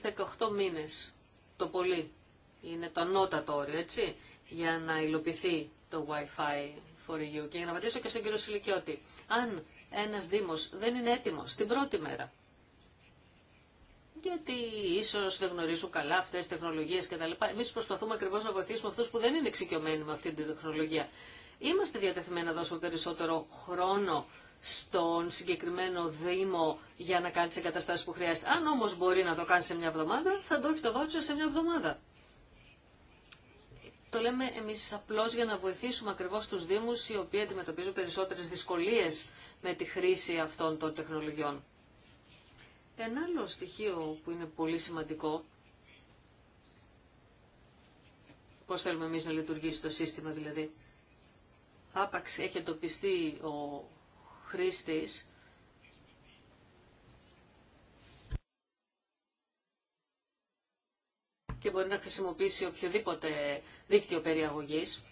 18 μήνες το πολύ. Είναι το ανώτατο όριο, έτσι, για να υλοποιηθεί το Wi-Fi for you. Και για να απαντήσω και στον κύριο Σιλικιώτη, αν ένας Δήμος δεν είναι έτοιμος την πρώτη μέρα, γιατί ίσω δεν γνωρίζουν καλά αυτές τις τεχνολογίες κτλ. Εμεί προσπαθούμε ακριβώ να βοηθήσουμε αυτούς που δεν είναι εξοικειωμένοι με αυτή την τεχνολογία. Είμαστε διατεθειμένοι να δώσουμε περισσότερο χρόνο στον συγκεκριμένο Δήμο για να κάνει τι εγκαταστάσει που χρειάζεται. Αν όμω μπορεί να το κάνει σε μια εβδομάδα, θα το έχει το βάτσο σε μια εβδομάδα. Το λέμε εμεί απλώ για να βοηθήσουμε ακριβώ του Δήμου οι οποίοι αντιμετωπίζουν περισσότερε δυσκολίε με τη χρήση αυτών των τεχνολογιών. Ένα άλλο στοιχείο που είναι πολύ σημαντικό, πώς θέλουμε εμείς να λειτουργήσει το σύστημα δηλαδή. Άπαξ έχει εντοπιστεί ο χρήστης και μπορεί να χρησιμοποιήσει οποιοδήποτε δίκτυο περιαγωγής.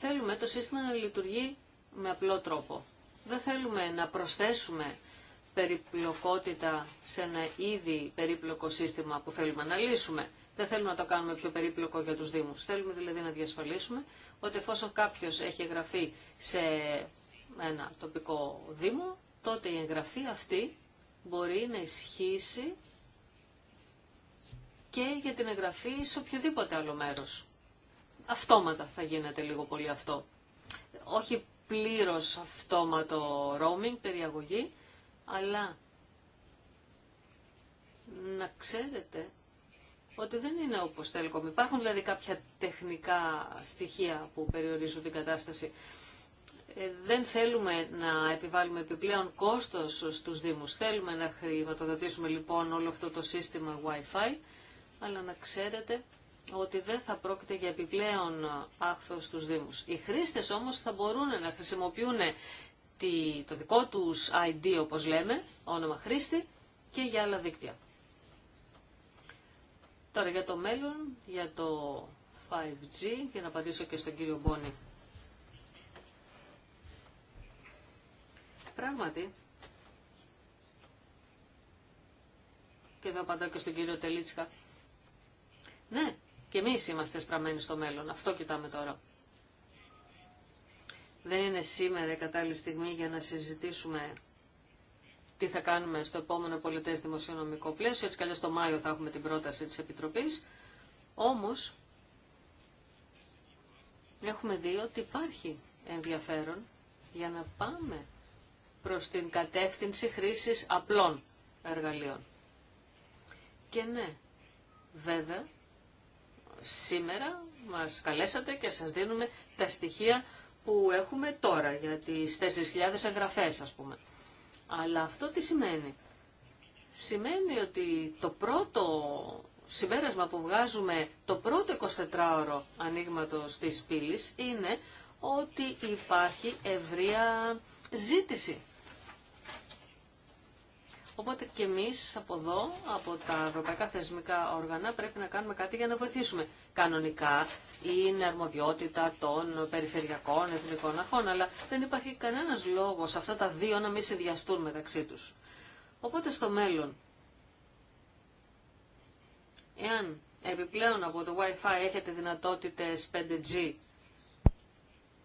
Θέλουμε το σύστημα να λειτουργεί με απλό τρόπο. Δεν θέλουμε να προσθέσουμε περιπλοκότητα σε ένα ήδη περίπλοκο σύστημα που θέλουμε να λύσουμε. Δεν θέλουμε να το κάνουμε πιο περίπλοκο για τους Δήμους. Θέλουμε δηλαδή να διασφαλίσουμε ότι εφόσον κάποιος έχει εγγραφεί σε ένα τοπικό δήμο, τότε η εγγραφή αυτή μπορεί να ισχύσει και για την εγγραφή σε οποιοδήποτε άλλο μέρος. Αυτόματα θα γίνεται λίγο πολύ αυτό. Όχι πλήρως αυτόματο roaming, περιαγωγή, αλλά να ξέρετε ότι δεν είναι όπως Telecom. Υπάρχουν δηλαδή κάποια τεχνικά στοιχεία που περιορίζουν την κατάσταση. Ε, δεν θέλουμε να επιβάλλουμε επιπλέον κόστος στους Δήμους. Θέλουμε να χρηματοδοτήσουμε λοιπόν όλο αυτό το σύστημα Wi-Fi, αλλά να ξέρετε ότι δεν θα πρόκειται για επιπλέον άκθο στους Δήμους. Οι χρήστες όμως θα μπορούν να χρησιμοποιούν το δικό τους ID, όπως λέμε, όνομα χρήστη, και για άλλα δίκτυα. Τώρα για το μέλλον, για το 5G, για να απαντήσω και στον κύριο Μπόνη. Πράγματι, και εδώ απαντάω και στον κύριο Τελίτσικα. ναι, και εμείς είμαστε στραμμένοι στο μέλλον, αυτό κοιτάμε τώρα. Δεν είναι σήμερα η κατάλληλη στιγμή για να συζητήσουμε τι θα κάνουμε στο επόμενο πολιτές δημοσιονομικό πλαίσιο, έτσι καλώς το Μάιο θα έχουμε την πρόταση της Επιτροπής, όμως έχουμε δει ότι υπάρχει ενδιαφέρον για να πάμε προς την κατεύθυνση χρήσης απλών εργαλείων. Και ναι, βέβαια, σήμερα μας καλέσατε και σας δίνουμε τα στοιχεία που έχουμε τώρα για τις 4.000 εγγραφές ας πούμε. Αλλά αυτό τι σημαίνει. Σημαίνει ότι το πρώτο συμπέρασμα που βγάζουμε το πρώτο 24ωρο ανοίγματο της πύλης είναι ότι υπάρχει ευρεία ζήτηση. Οπότε και εμείς από εδώ, από τα ευρωπαϊκά θεσμικά όργανα, πρέπει να κάνουμε κάτι για να βοηθήσουμε. Κανονικά είναι αρμοδιότητα των περιφερειακών εθνικών αρχών, αλλά δεν υπάρχει κανένας λόγος αυτά τα δύο να μην συνδυαστούν μεταξύ τους. Οπότε στο μέλλον, εάν επιπλέον από το Wi-Fi έχετε δυνατότητες 5G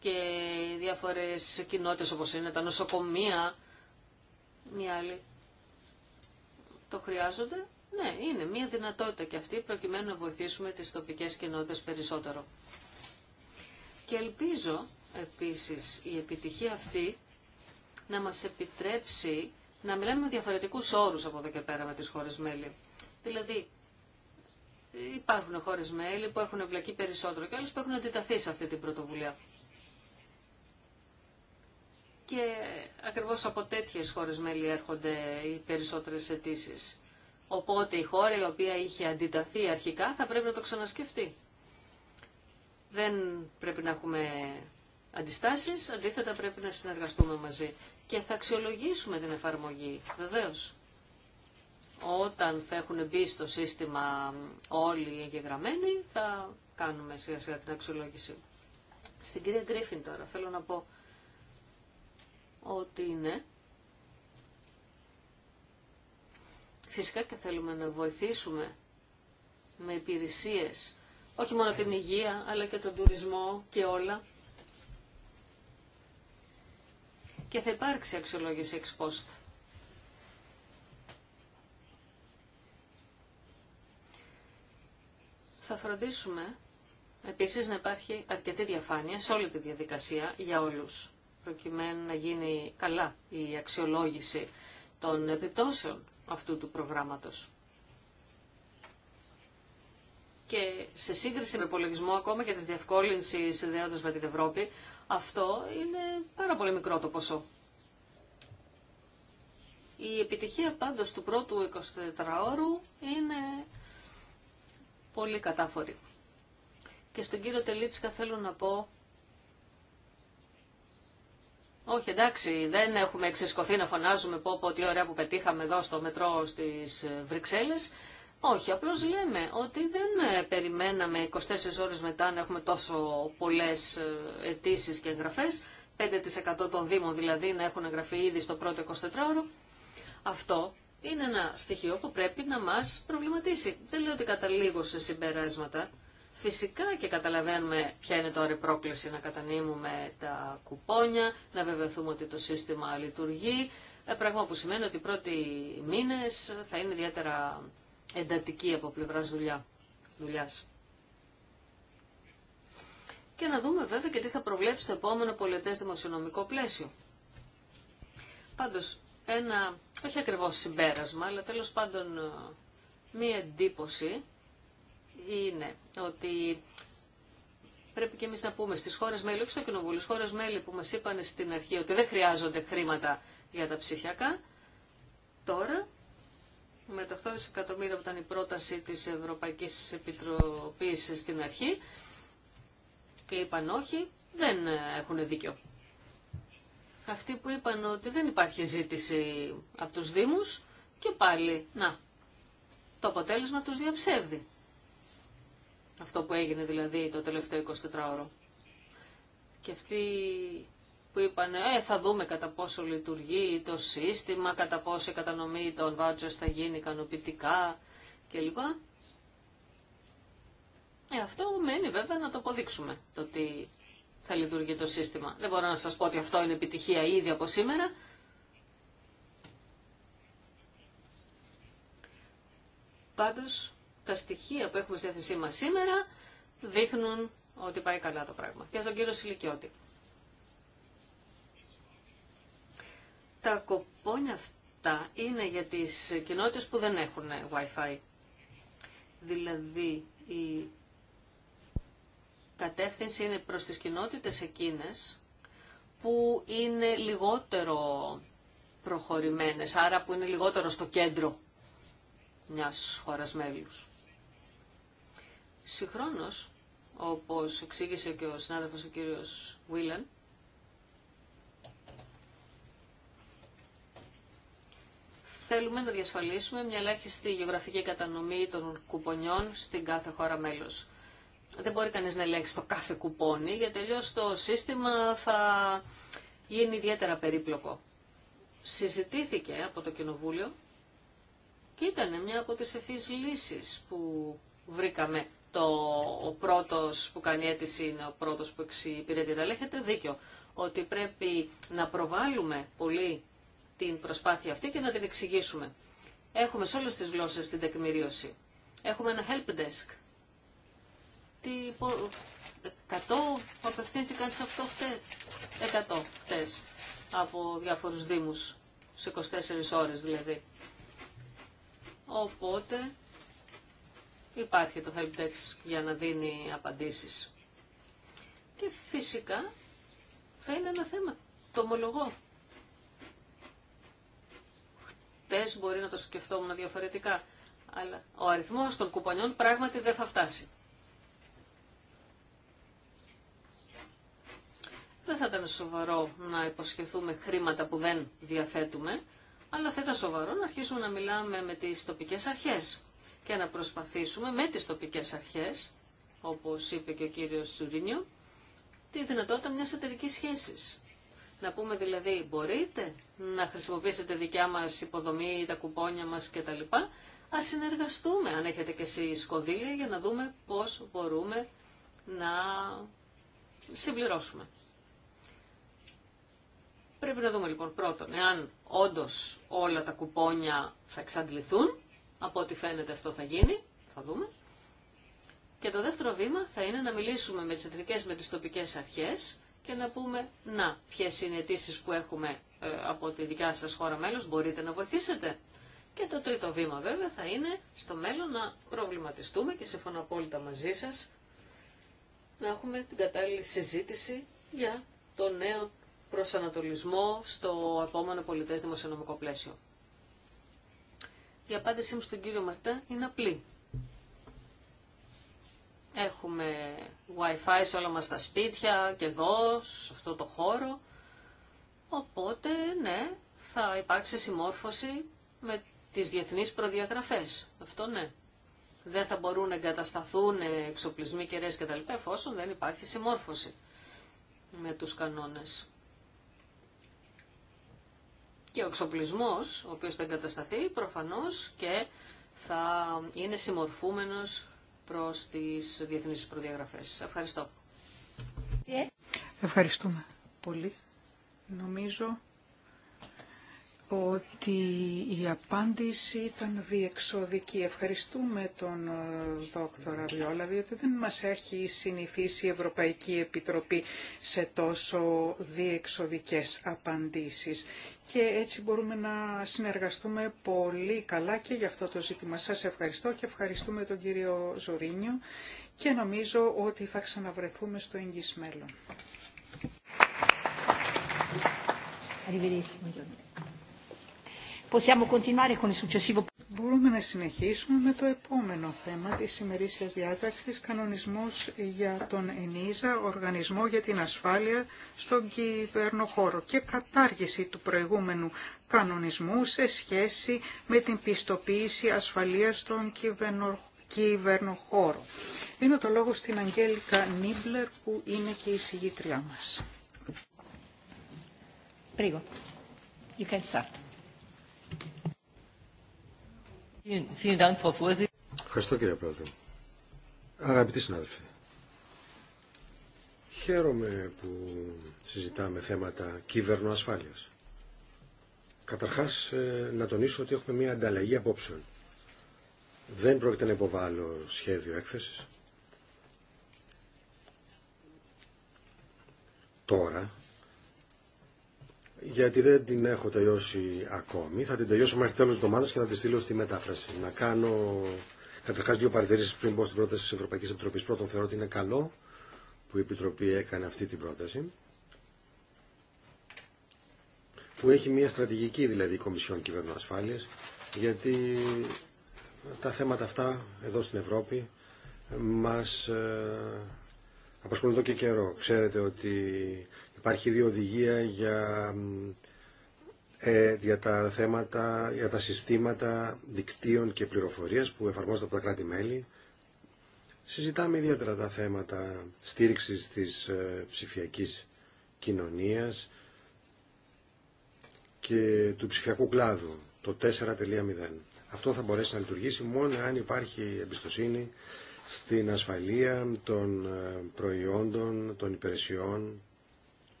και διάφορες κοινότητες όπως είναι τα νοσοκομεία μια άλλοι το χρειάζονται. Ναι, είναι μια δυνατότητα και αυτή προκειμένου να βοηθήσουμε τις τοπικές κοινότητες περισσότερο. Και ελπίζω επίσης η επιτυχία αυτή να μας επιτρέψει να μιλάμε με διαφορετικούς όρους από εδώ και πέρα με τις χώρες μέλη. Δηλαδή, υπάρχουν χώρες μέλη που έχουν εμπλακεί περισσότερο και άλλες που έχουν αντιταθεί σε αυτή την πρωτοβουλία και ακριβώς από τέτοιες χώρες μέλη έρχονται οι περισσότερες αιτήσει. Οπότε η χώρα η οποία είχε αντιταθεί αρχικά θα πρέπει να το ξανασκεφτεί. Δεν πρέπει να έχουμε αντιστάσεις, αντίθετα πρέπει να συνεργαστούμε μαζί. Και θα αξιολογήσουμε την εφαρμογή, βεβαίως. Όταν θα έχουν μπει στο σύστημα όλοι οι εγγεγραμμένοι, θα κάνουμε σιγά σιγά την αξιολόγηση. Στην κυρία Γκρίφιν τώρα θέλω να πω ότι είναι. Φυσικά και θέλουμε να βοηθήσουμε με υπηρεσίες, όχι μόνο την υγεία, αλλά και τον τουρισμό και όλα. Και θα υπάρξει αξιολόγηση εξ Θα φροντίσουμε επίσης να υπάρχει αρκετή διαφάνεια σε όλη τη διαδικασία για όλους προκειμένου να γίνει καλά η αξιολόγηση των επιπτώσεων αυτού του προγράμματος. Και σε σύγκριση με υπολογισμό ακόμα και της διευκόλυνσης ιδέοντας με την Ευρώπη, αυτό είναι πάρα πολύ μικρό το ποσό. Η επιτυχία πάντως του πρώτου 24ωρου είναι πολύ κατάφορη. Και στον κύριο Τελίτσκα θέλω να πω όχι, εντάξει, δεν έχουμε εξισκωθεί να φωνάζουμε πω πω τι ωραία που πετύχαμε εδώ στο μετρό στις Βρυξέλλες. Όχι, απλώς λέμε ότι δεν ε, περιμέναμε 24 ώρες μετά να έχουμε τόσο πολλές ε, αιτήσει και εγγραφές, 5% των Δήμων δηλαδή να έχουν εγγραφεί ήδη στο πρώτο 24ωρο. Αυτό είναι ένα στοιχείο που πρέπει να μας προβληματίσει. Δεν λέω ότι καταλήγω σε συμπεράσματα. Φυσικά και καταλαβαίνουμε ποια είναι τώρα η πρόκληση να κατανείμουμε τα κουπόνια, να βεβαιωθούμε ότι το σύστημα λειτουργεί, ε, πράγμα που σημαίνει ότι οι πρώτοι μήνες θα είναι ιδιαίτερα εντατικοί από πλευρά δουλειά, Και να δούμε βέβαια και τι θα προβλέψει το επόμενο πολιτέ δημοσιονομικό πλαίσιο. Πάντως, ένα, όχι ακριβώ συμπέρασμα, αλλά τέλο πάντων ε, μία εντύπωση είναι ότι πρέπει και εμείς να πούμε στις χώρες μέλη, όχι στο κοινοβούλιο, στις χώρες μέλη που μας είπαν στην αρχή ότι δεν χρειάζονται χρήματα για τα ψηφιακά, τώρα με το 8 δισεκατομμύρια που ήταν η πρόταση της Ευρωπαϊκής Επιτροπής στην αρχή και είπαν όχι, δεν έχουν δίκιο. Αυτοί που είπαν ότι δεν υπάρχει ζήτηση από τους Δήμους και πάλι, να, το αποτέλεσμα τους διαψεύδει. Αυτό που έγινε δηλαδή το τελευταίο 24ωρο. Και αυτοί που είπαν ε, θα δούμε κατά πόσο λειτουργεί το σύστημα, κατά πόσο η κατανομή των vouchers θα γίνει ικανοποιητικά κλπ. Ε, αυτό μένει βέβαια να το αποδείξουμε το ότι θα λειτουργεί το σύστημα. Δεν μπορώ να σας πω ότι αυτό είναι επιτυχία ήδη από σήμερα. Πάντως τα στοιχεία που έχουμε στη θέση μας σήμερα δείχνουν ότι πάει καλά το πράγμα. Και στον κύριο Σιλικιώτη. Τα κοπόνια αυτά είναι για τις κοινότητες που δεν έχουν Wi-Fi. Δηλαδή η κατεύθυνση είναι προς τις κοινότητες εκείνες που είναι λιγότερο προχωρημένες, άρα που είναι λιγότερο στο κέντρο μιας χώρας μέλους. Συγχρόνως, όπως εξήγησε και ο συνάδελφος ο κύριος Βίλαν, θέλουμε να διασφαλίσουμε μια ελάχιστη γεωγραφική κατανομή των κουπονιών στην κάθε χώρα μέλος. Δεν μπορεί κανείς να ελέγξει το κάθε κουπόνι, γιατί τελειώς το σύστημα θα γίνει ιδιαίτερα περίπλοκο. Συζητήθηκε από το Κοινοβούλιο και ήταν μια από τις ευθύς λύσεις που βρήκαμε το, ο πρώτος που κάνει αίτηση είναι ο πρώτος που εξυπηρετεί. Αλλά έχετε δίκιο ότι πρέπει να προβάλλουμε πολύ την προσπάθεια αυτή και να την εξηγήσουμε. Έχουμε σε όλες τις γλώσσες την τεκμηρίωση. Έχουμε ένα help desk. Τι, 100 απευθύνθηκαν σε αυτό χτε, 100 χτες από διάφορους δήμους, σε 24 ώρες δηλαδή. Οπότε υπάρχει το helpdesk για να δίνει απαντήσεις. Και φυσικά θα είναι ένα θέμα. Το ομολογώ. Χτες μπορεί να το σκεφτόμουν διαφορετικά, αλλά ο αριθμός των κουπανιών πράγματι δεν θα φτάσει. Δεν θα ήταν σοβαρό να υποσχεθούμε χρήματα που δεν διαθέτουμε, αλλά θα ήταν σοβαρό να αρχίσουμε να μιλάμε με τις τοπικές αρχές και να προσπαθήσουμε με τις τοπικές αρχές, όπως είπε και ο κύριος Σουρίνιο, τη δυνατότητα μιας εταιρικής σχέσης. Να πούμε δηλαδή μπορείτε να χρησιμοποιήσετε δικιά μας υποδομή, τα κουπόνια μας κτλ. Ας συνεργαστούμε αν έχετε και εσείς κονδύλια για να δούμε πώς μπορούμε να συμπληρώσουμε. Πρέπει να δούμε λοιπόν πρώτον εάν όντως όλα τα κουπόνια θα εξαντληθούν από ό,τι φαίνεται αυτό θα γίνει, θα δούμε. Και το δεύτερο βήμα θα είναι να μιλήσουμε με τις εθνικές, με τις τοπικές αρχές και να πούμε, να, ποιες είναι αιτήσει που έχουμε ε, από τη δικιά σας χώρα μέλος, μπορείτε να βοηθήσετε. Και το τρίτο βήμα βέβαια θα είναι στο μέλλον να προβληματιστούμε και σε απόλυτα μαζί σας να έχουμε την κατάλληλη συζήτηση για το νέο προσανατολισμό στο επόμενο πολιτές δημοσιονομικό πλαίσιο. Η απάντησή μου στον κύριο Μαρτά είναι απλή. Έχουμε Wi-Fi σε όλα μας τα σπίτια και εδώ, σε αυτό το χώρο. Οπότε, ναι, θα υπάρξει συμμόρφωση με τις διεθνείς προδιαγραφές. Αυτό ναι. Δεν θα μπορούν να εγκατασταθούν εξοπλισμοί τα λοιπά, εφόσον δεν υπάρχει συμμόρφωση με τους κανόνες. Και ο εξοπλισμός, ο οποίος θα εγκατασταθεί, προφανώς και θα είναι συμμορφούμενος προς τις διεθνείς προδιαγραφές. Ευχαριστώ. Ευχαριστούμε πολύ. Νομίζω ότι η απάντηση ήταν διεξοδική. Ευχαριστούμε τον ε, δόκτορα Βιόλα, διότι δεν μας έχει συνηθίσει η Ευρωπαϊκή Επιτροπή σε τόσο διεξοδικές απαντήσεις. Και έτσι μπορούμε να συνεργαστούμε πολύ καλά και για αυτό το ζήτημα. Σας ευχαριστώ και ευχαριστούμε τον κύριο Ζωρίνιο και νομίζω ότι θα ξαναβρεθούμε στο εγγύς μέλλον. Μπορούμε να συνεχίσουμε με το επόμενο θέμα της ημερήσιας διάταξης, κανονισμός για τον ΕΝΙΖΑ, Οργανισμό για την Ασφάλεια στον Κυβερνοχώρο και κατάργηση του προηγούμενου κανονισμού σε σχέση με την πιστοποίηση ασφαλείας στον κυβερνοχώρο. Δίνω το λόγο στην Αγγέλικα Νίμπλερ που είναι και η συγγήτριά μας. Ευχαριστώ κύριε Πρόεδρε. Αγαπητοί συνάδελφοι, χαίρομαι που συζητάμε θέματα κύβερνο ασφάλειας. Καταρχάς, ε, να τονίσω ότι έχουμε μια ανταλλαγή απόψεων. Δεν πρόκειται να υποβάλω σχέδιο έκθεσης. Τώρα, γιατί δεν την έχω τελειώσει ακόμη. Θα την τελειώσω μέχρι τέλο τη εβδομάδα και θα τη στείλω στη μετάφραση. Να κάνω καταρχά δύο παρατηρήσει πριν μπω στην πρόταση τη Ευρωπαϊκή Επιτροπή. Πρώτον, θεωρώ ότι είναι καλό που η Επιτροπή έκανε αυτή την πρόταση. Που έχει μια στρατηγική δηλαδή η Κομισιόν Ασφάλεια, γιατί τα θέματα αυτά εδώ στην Ευρώπη μας ε, απασχολούν εδώ και καιρό. Ξέρετε ότι Υπάρχει ήδη οδηγία για, ε, τα θέματα, για τα συστήματα δικτύων και πληροφορίας που εφαρμόζονται από τα κράτη-μέλη. Συζητάμε ιδιαίτερα τα θέματα στήριξης της ε, ψηφιακής κοινωνίας και του ψηφιακού κλάδου, το 4.0. Αυτό θα μπορέσει να λειτουργήσει μόνο αν υπάρχει εμπιστοσύνη στην ασφαλεία των ε, προϊόντων, των υπηρεσιών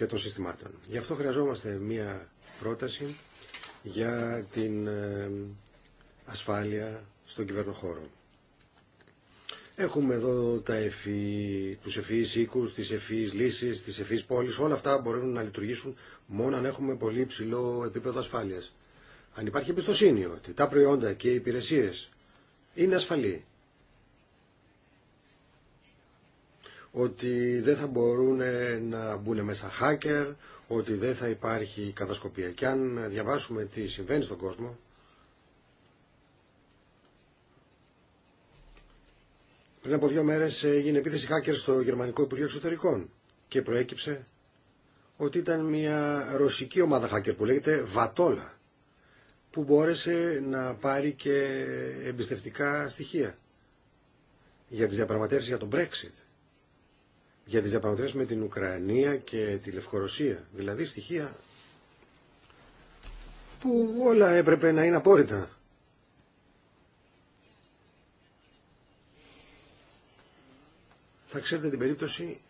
και των συστημάτων. Γι' αυτό χρειαζόμαστε μία πρόταση για την ε, ασφάλεια στον κυβερνοχώρο. Έχουμε εδώ τα εφή, τους ευφύείς οίκους, τις ευφύείς λύσεις, τις ευφύείς πόλεις. Όλα αυτά μπορούν να λειτουργήσουν μόνο αν έχουμε πολύ ψηλό επίπεδο ασφάλειας. Αν υπάρχει εμπιστοσύνη ότι τα προϊόντα και οι υπηρεσίες είναι ασφαλή ότι δεν θα μπορούν να μπουν μέσα hacker, ότι δεν θα υπάρχει κατασκοπία. Και αν διαβάσουμε τι συμβαίνει στον κόσμο, πριν από δύο μέρες έγινε επίθεση hacker στο Γερμανικό Υπουργείο Εξωτερικών και προέκυψε ότι ήταν μια ρωσική ομάδα hacker που λέγεται Βατόλα που μπόρεσε να πάρει και εμπιστευτικά στοιχεία για τις διαπραγματεύσεις για τον Brexit για τις διαπραγματεύσεις με την Ουκρανία και τη Λευκορωσία. Δηλαδή στοιχεία που όλα έπρεπε να είναι απόρριτα. Θα ξέρετε την περίπτωση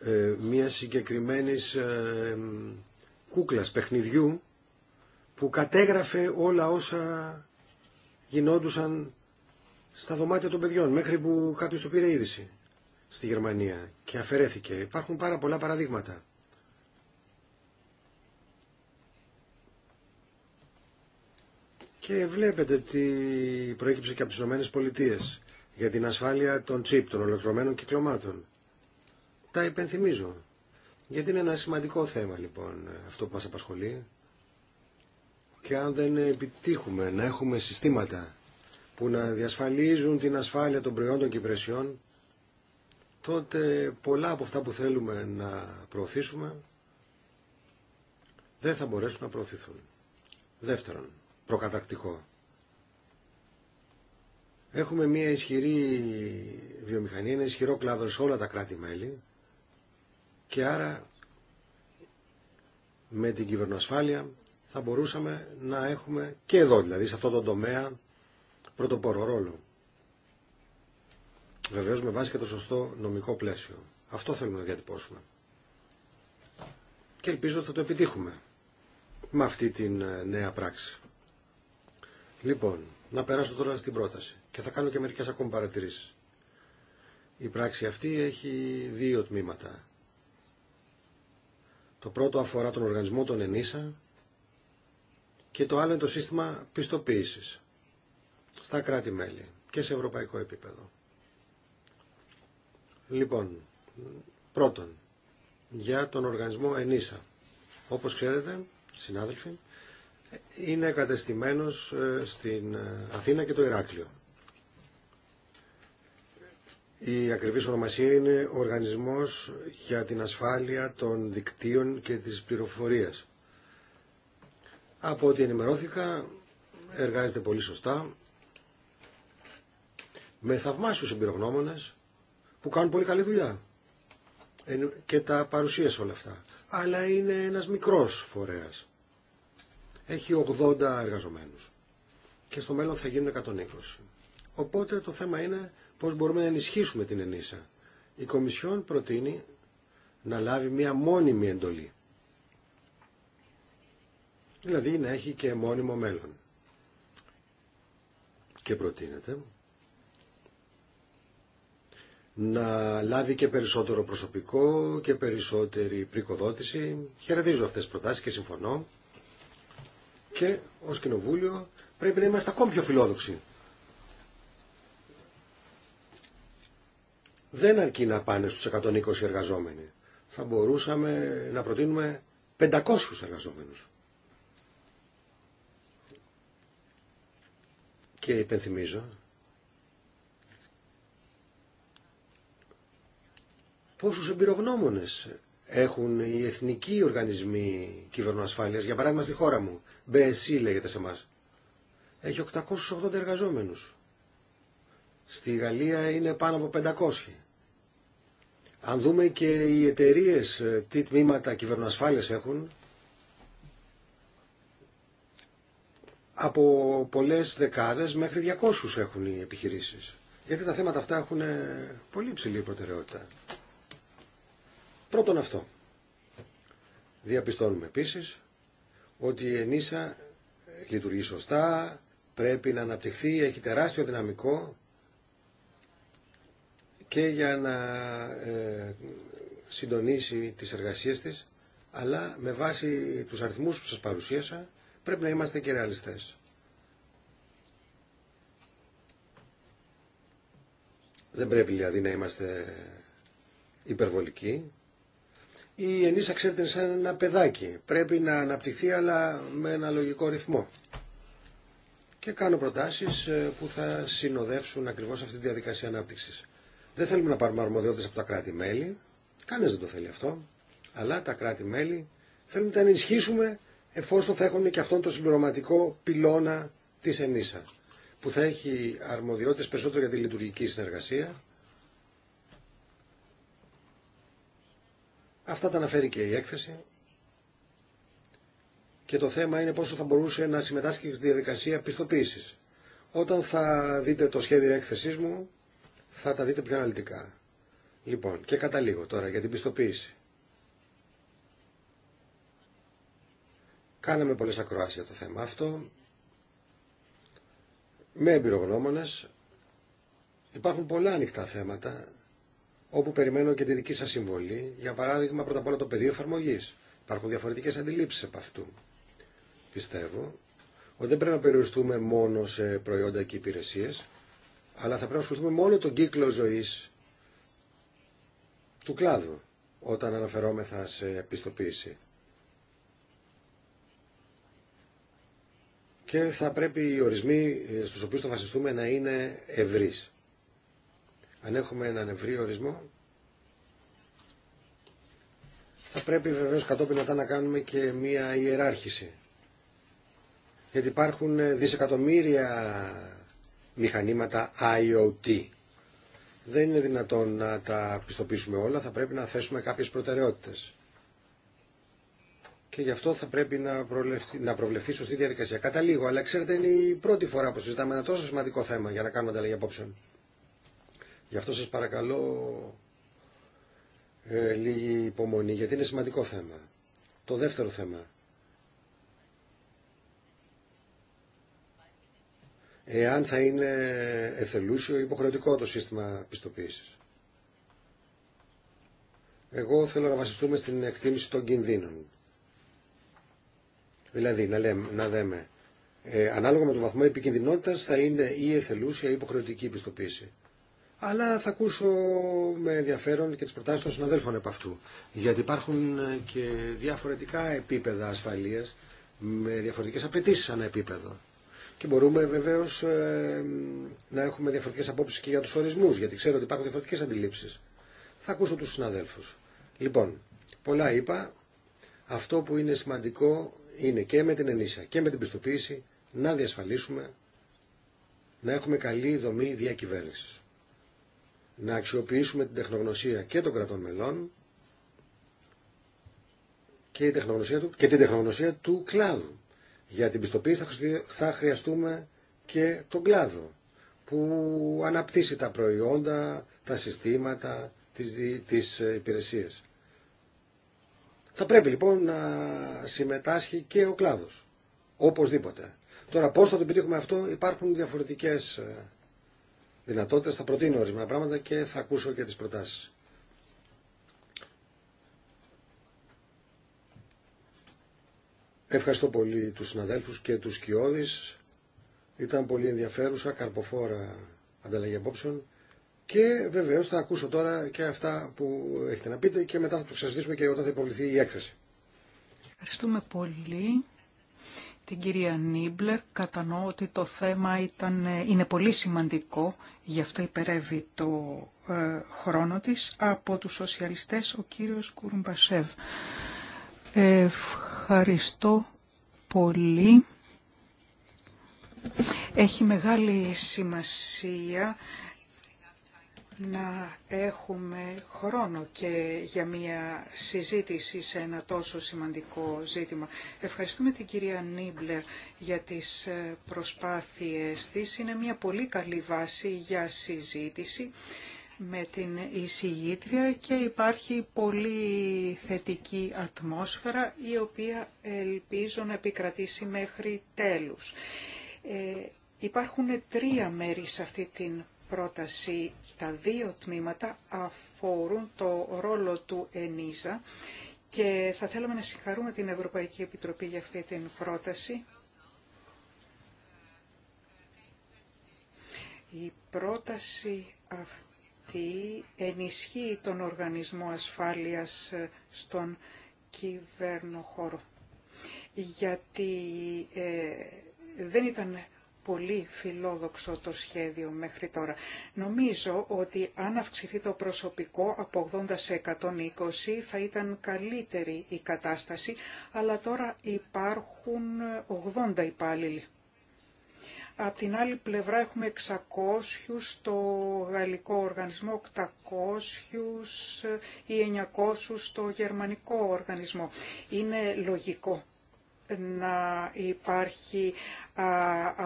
ε, μια συγκεκριμένης ε, κούκλας παιχνιδιού που κατέγραφε όλα όσα γινόντουσαν στα δωμάτια των παιδιών μέχρι που κάποιο του πήρε είδηση στη Γερμανία και αφαιρέθηκε. Υπάρχουν πάρα πολλά παραδείγματα. Και βλέπετε τι προέκυψε και από τι για την ασφάλεια των τσίπ, των ολοκληρωμένων κυκλωμάτων. Τα υπενθυμίζω. Γιατί είναι ένα σημαντικό θέμα λοιπόν αυτό που μας απασχολεί και αν δεν επιτύχουμε να έχουμε συστήματα που να διασφαλίζουν την ασφάλεια των προϊόντων και υπηρεσιών, τότε πολλά από αυτά που θέλουμε να προωθήσουμε δεν θα μπορέσουν να προωθηθούν. Δεύτερον, προκατακτικό. Έχουμε μια ισχυρή βιομηχανία, ένα ισχυρό κλάδο σε όλα τα κράτη-μέλη και άρα με την κυβερνοασφάλεια θα μπορούσαμε να έχουμε και εδώ δηλαδή σε αυτό το τομέα πρωτοπόρο ρόλο. Βεβαίω με βάση και το σωστό νομικό πλαίσιο. Αυτό θέλουμε να διατυπώσουμε. Και ελπίζω ότι θα το επιτύχουμε με αυτή την ε, νέα πράξη. Λοιπόν, να περάσω τώρα στην πρόταση και θα κάνω και μερικές ακόμη παρατηρήσεις. Η πράξη αυτή έχει δύο τμήματα. Το πρώτο αφορά τον οργανισμό των ΕΝΙΣΑ και το άλλο είναι το σύστημα πιστοποίησης στα κράτη-μέλη και σε ευρωπαϊκό επίπεδο. Λοιπόν, πρώτον, για τον οργανισμό ΕΝΙΣΑ. Όπως ξέρετε, συνάδελφοι, είναι κατεστημένος ε, στην ε, Αθήνα και το Ηράκλειο. Η ακριβής ονομασία είναι Οργανισμός για την Ασφάλεια των Δικτύων και της Πληροφορίας. Από ό,τι ενημερώθηκα, εργάζεται πολύ σωστά, με θαυμάσιους εμπειρογνώμονες που κάνουν πολύ καλή δουλειά και τα παρουσίασε όλα αυτά. Αλλά είναι ένας μικρός φορέας. Έχει 80 εργαζομένους και στο μέλλον θα γίνουν 120. Οπότε το θέμα είναι πώς μπορούμε να ενισχύσουμε την ενίσα. Η Κομισιόν προτείνει να λάβει μια μόνιμη εντολή δηλαδή να έχει και μόνιμο μέλλον. Και προτείνεται να λάβει και περισσότερο προσωπικό και περισσότερη πρικοδότηση. Χαιρετίζω αυτές τις προτάσεις και συμφωνώ. Και ως Κοινοβούλιο πρέπει να είμαστε ακόμη πιο φιλόδοξοι. Δεν αρκεί να πάνε στους 120 εργαζόμενοι. Θα μπορούσαμε να προτείνουμε 500 εργαζόμενους. και υπενθυμίζω πόσους εμπειρογνώμονες έχουν οι εθνικοί οργανισμοί κυβερνοασφάλειας, για παράδειγμα στη χώρα μου, BSC λέγεται σε εμά. έχει 880 εργαζόμενους. Στη Γαλλία είναι πάνω από 500. Αν δούμε και οι εταιρείε ε, τι τμήματα κυβερνοασφάλειας έχουν, από πολλές δεκάδες μέχρι 200 έχουν οι επιχειρήσεις. Γιατί τα θέματα αυτά έχουν πολύ ψηλή προτεραιότητα. Πρώτον αυτό. Διαπιστώνουμε επίσης ότι η ΕΝΙΣΑ λειτουργεί σωστά, πρέπει να αναπτυχθεί, έχει τεράστιο δυναμικό και για να ε, συντονίσει τις εργασίες της, αλλά με βάση τους αριθμούς που σας παρουσίασα, Πρέπει να είμαστε και ρεαλιστές. Δεν πρέπει δηλαδή να είμαστε υπερβολικοί. Η ενίσα ξέρετε σαν ένα παιδάκι. Πρέπει να αναπτυχθεί αλλά με ένα λογικό ρυθμό. Και κάνω προτάσεις ε, που θα συνοδεύσουν ακριβώς αυτή τη διαδικασία ανάπτυξης. Δεν θέλουμε να πάρουμε αρμοδιότητες από τα κράτη-μέλη. Κανένας δεν το θέλει αυτό. Αλλά τα κράτη-μέλη θέλουμε να ενισχύσουμε εφόσον θα έχουν και αυτόν τον συμπληρωματικό πυλώνα της ΕΝΗΣΑ που θα έχει αρμοδιότητες περισσότερο για τη λειτουργική συνεργασία. Αυτά τα αναφέρει και η έκθεση. Και το θέμα είναι πόσο θα μπορούσε να συμμετάσχει στη διαδικασία πιστοποίησης. Όταν θα δείτε το σχέδιο έκθεσής μου, θα τα δείτε πιο αναλυτικά. Λοιπόν, και καταλήγω τώρα για την πιστοποίηση. Κάναμε πολλές ακροάσεις για το θέμα αυτό. Με εμπειρογνώμονες υπάρχουν πολλά ανοιχτά θέματα όπου περιμένω και τη δική σας συμβολή. Για παράδειγμα, πρώτα απ' όλα το πεδίο εφαρμογή. Υπάρχουν διαφορετικές αντιλήψεις από αυτού. Πιστεύω ότι δεν πρέπει να περιοριστούμε μόνο σε προϊόντα και υπηρεσίες, αλλά θα πρέπει να ασχοληθούμε μόνο τον κύκλο ζωής του κλάδου όταν αναφερόμεθα σε πιστοποίηση. και θα πρέπει οι ορισμοί ε, στους οποίους το βασιστούμε να είναι ευρύς. Αν έχουμε έναν ευρύ ορισμό, θα πρέπει βεβαίως κατόπιν να κάνουμε και μία ιεράρχηση. Γιατί υπάρχουν ε, δισεκατομμύρια μηχανήματα IoT. Δεν είναι δυνατόν να τα πιστοποιήσουμε όλα, θα πρέπει να θέσουμε κάποιες προτεραιότητες και γι' αυτό θα πρέπει να προβλεφθεί, να σωστή διαδικασία. Κατά λίγο, αλλά ξέρετε είναι η πρώτη φορά που συζητάμε ένα τόσο σημαντικό θέμα για να κάνουμε ανταλλαγή απόψεων. Γι' αυτό σας παρακαλώ ε, λίγη υπομονή, γιατί είναι σημαντικό θέμα. Το δεύτερο θέμα. Εάν θα είναι εθελούσιο ή υποχρεωτικό το σύστημα πιστοποίηση. Εγώ θέλω να βασιστούμε στην εκτίμηση των κινδύνων. Δηλαδή, να, λέμε, να δέμε, ε, ανάλογα με τον βαθμό επικινδυνότητα θα είναι ή εθελούσια ή υποχρεωτική πιστοποίηση. Αλλά θα ακούσω με ενδιαφέρον και τι προτάσει των συναδέλφων επ' αυτού. Γιατί υπάρχουν ε, και διαφορετικά επίπεδα ασφαλεία με διαφορετικέ απαιτήσει ανά επίπεδο. Και μπορούμε βεβαίω ε, να έχουμε διαφορετικέ απόψει και για του ορισμού, γιατί ξέρω ότι υπάρχουν διαφορετικέ αντιλήψει. Θα ακούσω του συναδέλφου. Λοιπόν, πολλά είπα. Αυτό που είναι σημαντικό είναι και με την ενίσχυση και με την πιστοποίηση να διασφαλίσουμε να έχουμε καλή δομή διακυβέρνηση. Να αξιοποιήσουμε την τεχνογνωσία και των κρατών μελών και, η τεχνογνωσία του, και την τεχνογνωσία του κλάδου. Για την πιστοποίηση θα χρειαστούμε και τον κλάδο που αναπτύσσει τα προϊόντα, τα συστήματα, τις, τις ε, υπηρεσίες. Θα πρέπει λοιπόν να συμμετάσχει και ο κλάδος. Οπωσδήποτε. Τώρα πώς θα το πετύχουμε αυτό υπάρχουν διαφορετικές ε, δυνατότητες. Θα προτείνω ορισμένα πράγματα και θα ακούσω και τις προτάσεις. Ευχαριστώ πολύ τους συναδέλφους και τους κοιόδης. Ήταν πολύ ενδιαφέρουσα, καρποφόρα ανταλλαγή απόψεων. Και βεβαίω θα ακούσω τώρα και αυτά που έχετε να πείτε και μετά θα το ξαναζητήσουμε και όταν θα υποβληθεί η έκθεση. Ευχαριστούμε πολύ την κυρία Νίμπλερ. Κατανοώ ότι το θέμα ήταν, ε, είναι πολύ σημαντικό, γι' αυτό υπερεύει το ε, χρόνο της. Από τους σοσιαλιστές ο κύριος Κουρουμπασεύ. Ευχαριστώ πολύ. Έχει μεγάλη σημασία να έχουμε χρόνο και για μια συζήτηση σε ένα τόσο σημαντικό ζήτημα. Ευχαριστούμε την κυρία Νίμπλερ για τις ε, προσπάθειες της. Είναι μια πολύ καλή βάση για συζήτηση με την εισηγήτρια και υπάρχει πολύ θετική ατμόσφαιρα η οποία ελπίζω να επικρατήσει μέχρι τέλους. Ε, υπάρχουν τρία μέρη σε αυτή την πρόταση τα δύο τμήματα αφορούν το ρόλο του ΕΝΙΖΑ και θα θέλαμε να συγχαρούμε την Ευρωπαϊκή Επιτροπή για αυτή την πρόταση. Η πρόταση αυτή ενισχύει τον Οργανισμό Ασφάλειας στον κυβέρνοχώρο. Γιατί ε, δεν ήταν πολύ φιλόδοξο το σχέδιο μέχρι τώρα. Νομίζω ότι αν αυξηθεί το προσωπικό από 80 σε 120 θα ήταν καλύτερη η κατάσταση, αλλά τώρα υπάρχουν 80 υπάλληλοι. Απ' την άλλη πλευρά έχουμε 600 στο γαλλικό οργανισμό, 800 ή 900 στο γερμανικό οργανισμό. Είναι λογικό να υπάρχει α,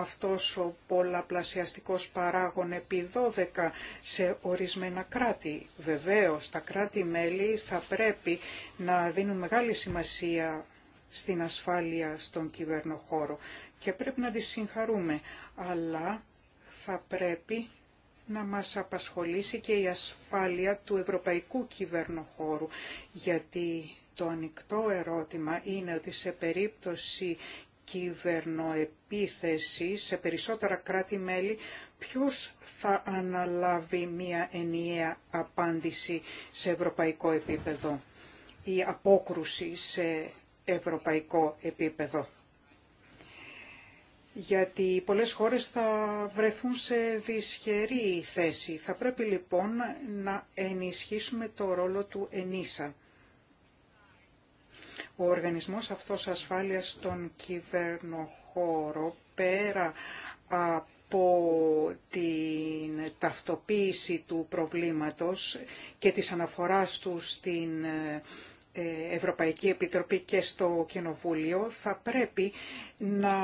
αυτός ο πολλαπλασιαστικός παράγων επί 12 σε ορισμένα κράτη. Βεβαίως, τα κράτη-μέλη θα πρέπει να δίνουν μεγάλη σημασία στην ασφάλεια στον κυβερνοχώρο και πρέπει να τις συγχαρούμε, αλλά θα πρέπει να μας απασχολήσει και η ασφάλεια του ευρωπαϊκού κυβερνοχώρου, γιατί το ανοιχτό ερώτημα είναι ότι σε περίπτωση κυβερνοεπίθεση σε περισσότερα κράτη-μέλη, ποιος θα αναλάβει μία ενιαία απάντηση σε ευρωπαϊκό επίπεδο ή απόκρουση σε ευρωπαϊκό επίπεδο. Γιατί πολλές χώρες θα βρεθούν σε δυσχερή θέση. Θα πρέπει λοιπόν να ενισχύσουμε το ρόλο του ενίσα ο οργανισμός αυτός ασφάλειας στον κυβερνοχώρο πέρα από την ταυτοποίηση του προβλήματος και της αναφοράς του στην ε, ε, Ευρωπαϊκή Επιτροπή και στο Κοινοβούλιο θα πρέπει να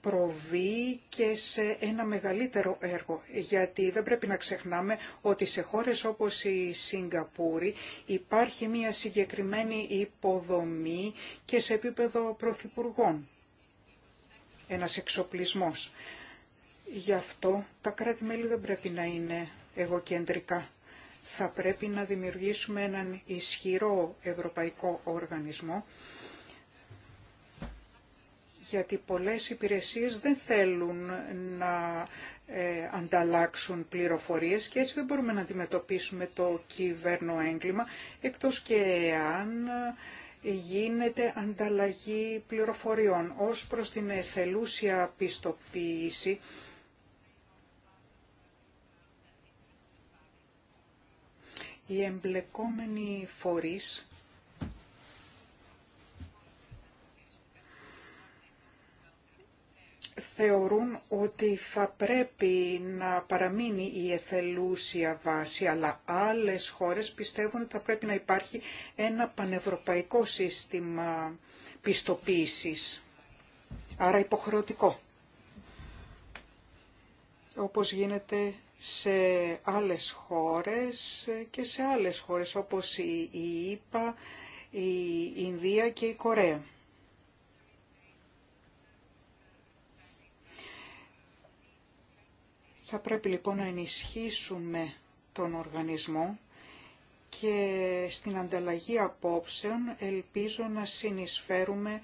προβεί και σε ένα μεγαλύτερο έργο. Γιατί δεν πρέπει να ξεχνάμε ότι σε χώρες όπως η Σιγκαπούρη υπάρχει μια συγκεκριμένη υποδομή και σε επίπεδο πρωθυπουργών. Ένας εξοπλισμός. Γι' αυτό τα κράτη-μέλη δεν πρέπει να είναι εγωκεντρικά θα πρέπει να δημιουργήσουμε έναν ισχυρό ευρωπαϊκό οργανισμό γιατί πολλές υπηρεσίες δεν θέλουν να ε, ανταλλάξουν πληροφορίες και έτσι δεν μπορούμε να αντιμετωπίσουμε το κυβέρνο έγκλημα εκτός και αν γίνεται ανταλλαγή πληροφοριών ως προς την εθελούσια πιστοποίηση οι εμπλεκόμενοι φορείς θεωρούν ότι θα πρέπει να παραμείνει η εθελούσια βάση, αλλά άλλες χώρες πιστεύουν ότι θα πρέπει να υπάρχει ένα πανευρωπαϊκό σύστημα πιστοποίησης, άρα υποχρεωτικό, όπως γίνεται σε άλλες χώρες και σε άλλες χώρες όπως η ΙΠΑ, η Ινδία και η Κορέα. Θα πρέπει λοιπόν να ενισχύσουμε τον οργανισμό και στην ανταλλαγή απόψεων ελπίζω να συνεισφέρουμε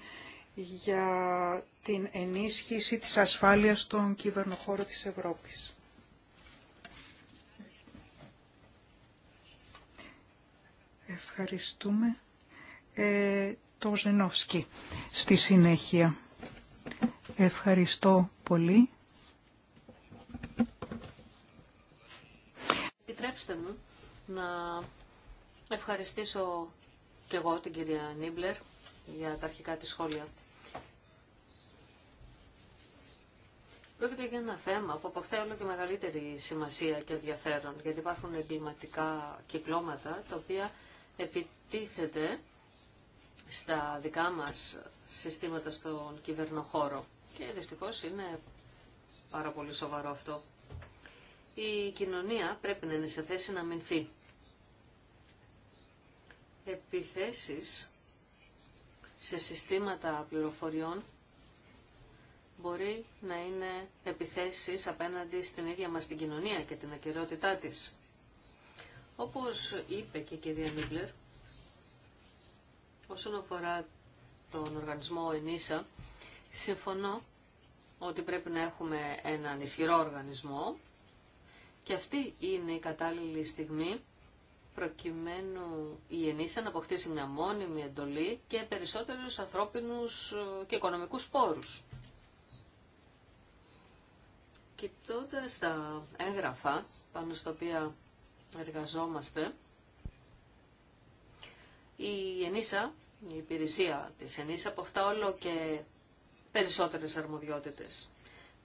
για την ενίσχυση της ασφάλειας στον κυβερνοχώρο της Ευρώπης. Ευχαριστούμε. Ε, το Ζενόφσκι στη συνέχεια. Ευχαριστώ πολύ. Επιτρέψτε μου να ευχαριστήσω και εγώ την κυρία Νίμπλερ για τα αρχικά της σχόλια. Πρόκειται για ένα θέμα που αποκτά όλο και μεγαλύτερη σημασία και ενδιαφέρον, γιατί υπάρχουν εγκληματικά κυκλώματα τα οποία επιτίθεται στα δικά μας συστήματα στον κυβερνοχώρο. Και δυστυχώς είναι πάρα πολύ σοβαρό αυτό. Η κοινωνία πρέπει να είναι σε θέση να μηνθεί. Επιθέσεις σε συστήματα πληροφοριών μπορεί να είναι επιθέσεις απέναντι στην ίδια μας την κοινωνία και την ακυρότητά της. Όπως είπε και η κυρία Μίγκλερ, όσον αφορά τον οργανισμό ΕΝΙΣΑ, συμφωνώ ότι πρέπει να έχουμε έναν ισχυρό οργανισμό και αυτή είναι η κατάλληλη στιγμή προκειμένου η ΕΝΙΣΑ να αποκτήσει μια μόνιμη εντολή και περισσότερους ανθρώπινους ε, και οικονομικούς πόρους. Κοιτώντας τα έγγραφα πάνω στα οποία εργαζόμαστε, η ΕΝΙΣΑ, η υπηρεσία της ΕΝΙΣΑ, αποκτά όλο και περισσότερες αρμοδιότητες.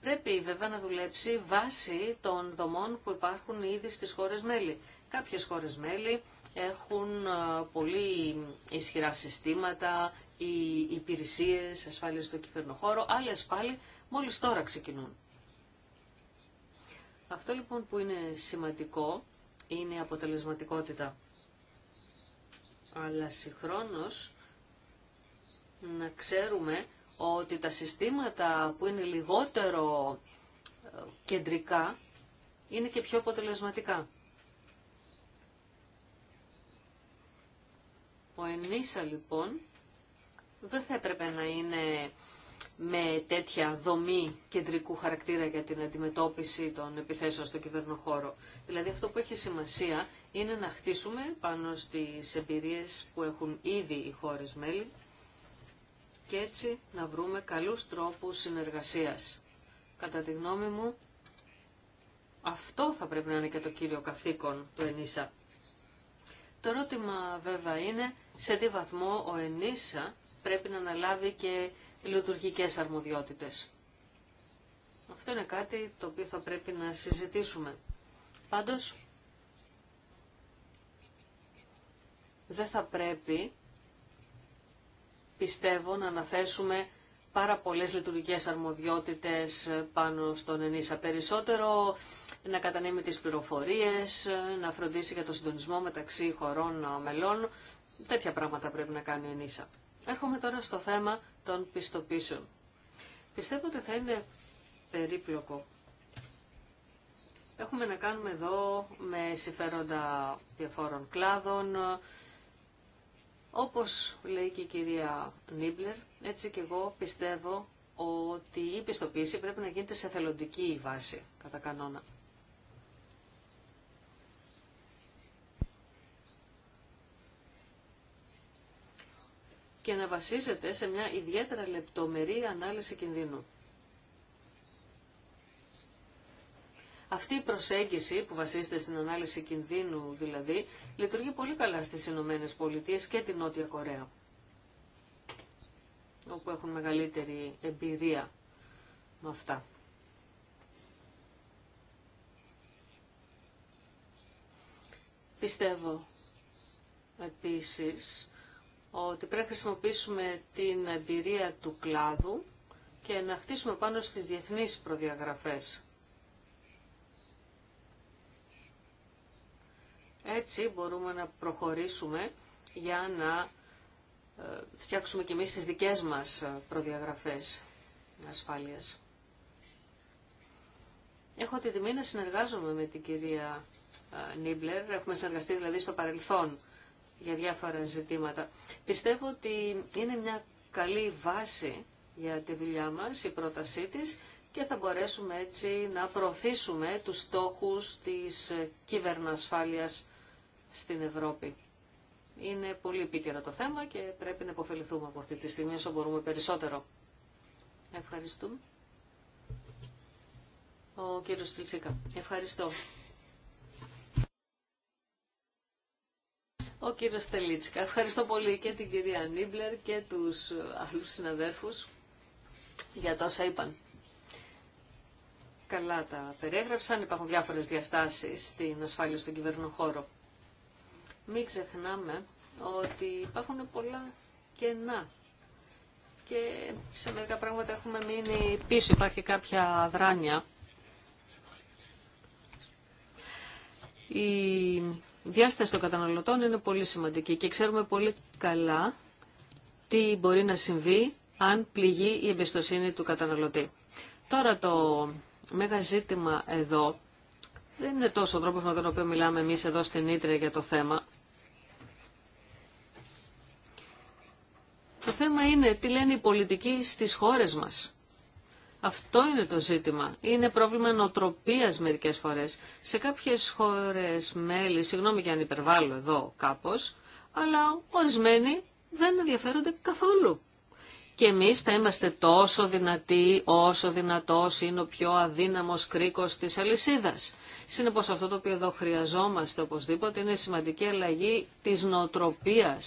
Πρέπει βέβαια να δουλέψει βάση των δομών που υπάρχουν ήδη στις χώρες μέλη. Κάποιες χώρες μέλη έχουν πολύ ισχυρά συστήματα, οι υπηρεσίες ασφάλειας στο κυβερνοχώρο, άλλες πάλι μόλις τώρα ξεκινούν. Αυτό λοιπόν που είναι σημαντικό είναι η αποτελεσματικότητα. Αλλά συγχρόνως να ξέρουμε ότι τα συστήματα που είναι λιγότερο ε, κεντρικά είναι και πιο αποτελεσματικά. Ο ΕΝΙΣΑ λοιπόν δεν θα έπρεπε να είναι με τέτοια δομή κεντρικού χαρακτήρα για την αντιμετώπιση των επιθέσεων στο κυβερνοχώρο. Δηλαδή αυτό που έχει σημασία είναι να χτίσουμε πάνω στις εμπειρίες που έχουν ήδη οι χώρες μέλη και έτσι να βρούμε καλούς τρόπους συνεργασίας. Κατά τη γνώμη μου, αυτό θα πρέπει να είναι και το κύριο καθήκον του ΕΝΙΣΑ. Το ερώτημα βέβαια είναι σε τι βαθμό ο ΕΝΙΣΑ πρέπει να αναλάβει και λειτουργικές αρμοδιότητες. Αυτό είναι κάτι το οποίο θα πρέπει να συζητήσουμε. Πάντως, δεν θα πρέπει, πιστεύω, να αναθέσουμε πάρα πολλές λειτουργικές αρμοδιότητες πάνω στον ΕΝΙΣΑ. Περισσότερο να κατανέμει τις πληροφορίες, να φροντίσει για το συντονισμό μεταξύ χωρών μελών. Τέτοια πράγματα πρέπει να κάνει ο ΕΝΙΣΑ. Έρχομαι τώρα στο θέμα των πιστοποίησεων. Πιστεύω ότι θα είναι περίπλοκο. Έχουμε να κάνουμε εδώ με συμφέροντα διαφόρων κλάδων. Όπως λέει και η κυρία Νίμπλερ, έτσι και εγώ πιστεύω ότι η πιστοποίηση πρέπει να γίνεται σε θελοντική βάση, κατά κανόνα. και να βασίζεται σε μια ιδιαίτερα λεπτομερή ανάλυση κινδύνου. Αυτή η προσέγγιση που βασίζεται στην ανάλυση κινδύνου δηλαδή λειτουργεί πολύ καλά στις Ηνωμένες Πολιτείες και την Νότια Κορέα όπου έχουν μεγαλύτερη εμπειρία με αυτά. Πιστεύω επίσης ότι πρέπει να χρησιμοποιήσουμε την εμπειρία του κλάδου και να χτίσουμε πάνω στις διεθνείς προδιαγραφές. Έτσι μπορούμε να προχωρήσουμε για να ε, φτιάξουμε και εμείς τις δικές μας ε, προδιαγραφές ασφάλειας. Έχω τη τιμή να συνεργάζομαι με την κυρία ε, Νίμπλερ, έχουμε συνεργαστεί δηλαδή στο παρελθόν για διάφορα ζητήματα. Πιστεύω ότι είναι μια καλή βάση για τη δουλειά μας, η πρότασή της και θα μπορέσουμε έτσι να προωθήσουμε τους στόχους της κυβερνοασφάλειας στην Ευρώπη. Είναι πολύ επίκαιρο το θέμα και πρέπει να υποφεληθούμε από αυτή τη στιγμή όσο μπορούμε περισσότερο. Ευχαριστούμε. Ο κύριος Τιλτσίκα. Ευχαριστώ. Ο κύριος Στελίτσκα. Ευχαριστώ πολύ και την κυρία Νίμπλερ και τους άλλους συναδέρφους για τα όσα είπαν. Καλά τα περιέγραψαν, υπάρχουν διάφορες διαστάσεις στην ασφάλεια στον κυβερνό χώρο. Μην ξεχνάμε ότι υπάρχουν πολλά κενά και σε μερικά πράγματα έχουμε μείνει πίσω, υπάρχει κάποια δράνεια. Η διάσταση των καταναλωτών είναι πολύ σημαντική και ξέρουμε πολύ καλά τι μπορεί να συμβεί αν πληγεί η εμπιστοσύνη του καταναλωτή. Τώρα το μέγα ζήτημα εδώ δεν είναι τόσο ο τρόπος με τον οποίο μιλάμε εμείς εδώ στην Ήτρια για το θέμα. Το θέμα είναι τι λένε οι πολιτικοί στις χώρες μας. Αυτό είναι το ζήτημα. Είναι πρόβλημα νοοτροπία μερικές φορές. Σε κάποιες χώρε μέλη, συγγνώμη για αν υπερβάλλω εδώ κάπως, αλλά ορισμένοι δεν ενδιαφέρονται καθόλου. Και εμεί θα είμαστε τόσο δυνατοί όσο δυνατός είναι ο πιο αδύναμος κρίκος τη αλυσίδα. Συνεπώ αυτό το οποίο εδώ χρειαζόμαστε οπωσδήποτε είναι σημαντική αλλαγή τη νοοτροπία.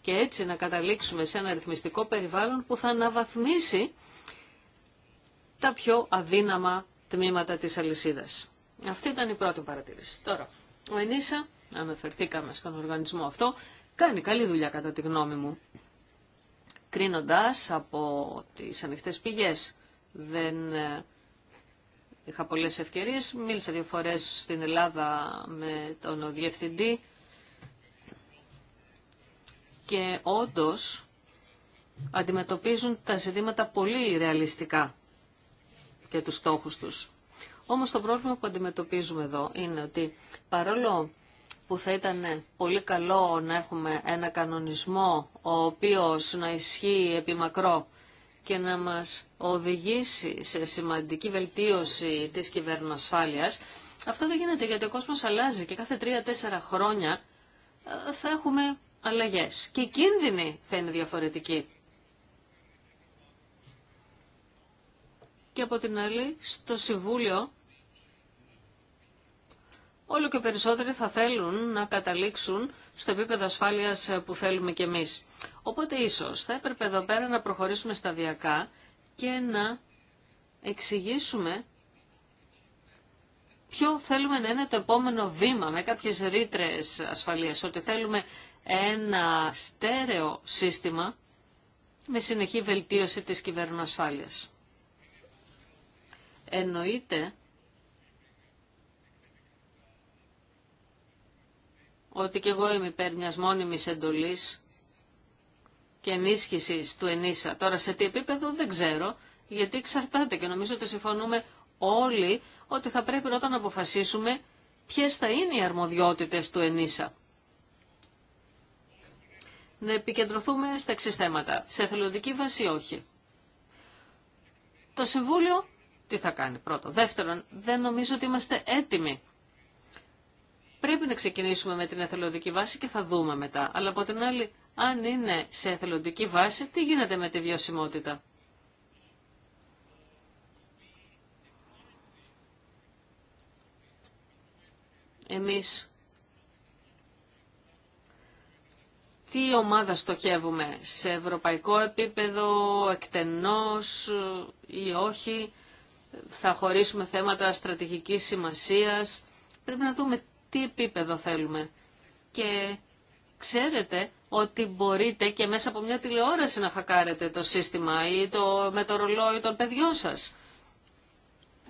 Και έτσι να καταλήξουμε σε ένα ρυθμιστικό περιβάλλον που θα αναβαθμίσει τα πιο αδύναμα τμήματα της αλυσίδας. Αυτή ήταν η πρώτη παρατήρηση. Τώρα, ο Ενίσα, αναφερθήκαμε στον οργανισμό αυτό, κάνει καλή δουλειά κατά τη γνώμη μου. Κρίνοντας από τις ανοιχτές πηγές, δεν ε, είχα πολλές ευκαιρίες. Μίλησα δύο φορές στην Ελλάδα με τον διευθυντή και όντως αντιμετωπίζουν τα ζητήματα πολύ ρεαλιστικά για τους στόχους τους. Όμως το πρόβλημα που αντιμετωπίζουμε εδώ είναι ότι παρόλο που θα ήταν πολύ καλό να έχουμε ένα κανονισμό ο οποίος να ισχύει επιμακρό και να μας οδηγήσει σε σημαντική βελτίωση της κυβερνοασφάλειας, αυτό δεν γίνεται γιατί ο κόσμος αλλάζει και κάθε τρία-τέσσερα χρόνια ε, θα έχουμε αλλαγές και οι κίνδυνοι θα είναι διαφορετικοί. και από την άλλη στο Συμβούλιο όλο και περισσότεροι θα θέλουν να καταλήξουν στο επίπεδο ασφάλειας που θέλουμε κι εμείς. Οπότε ίσως θα έπρεπε εδώ πέρα να προχωρήσουμε σταδιακά και να εξηγήσουμε ποιο θέλουμε να είναι το επόμενο βήμα με κάποιες ρήτρε ασφαλείας, ότι θέλουμε ένα στέρεο σύστημα με συνεχή βελτίωση της ασφάλειας εννοείται ότι και εγώ είμαι υπέρ μιας μόνιμης εντολής και ενίσχυσης του ενίσα. Τώρα σε τι επίπεδο δεν ξέρω, γιατί εξαρτάται και νομίζω ότι συμφωνούμε όλοι ότι θα πρέπει όταν αποφασίσουμε ποιες θα είναι οι αρμοδιότητες του ενίσα. Να επικεντρωθούμε στα εξή θέματα. Σε εθελοντική βάση όχι. Το Συμβούλιο τι θα κάνει πρώτο. Δεύτερον, δεν νομίζω ότι είμαστε έτοιμοι. Πρέπει να ξεκινήσουμε με την εθελοντική βάση και θα δούμε μετά. Αλλά από την άλλη, αν είναι σε εθελοντική βάση, τι γίνεται με τη βιωσιμότητα. Εμείς τι ομάδα στοχεύουμε, σε ευρωπαϊκό επίπεδο, εκτενώς ή όχι θα χωρίσουμε θέματα στρατηγικής σημασίας. Πρέπει να δούμε τι επίπεδο θέλουμε. Και ξέρετε ότι μπορείτε και μέσα από μια τηλεόραση να χακάρετε το σύστημα ή το, με το ρολόι των παιδιών σας.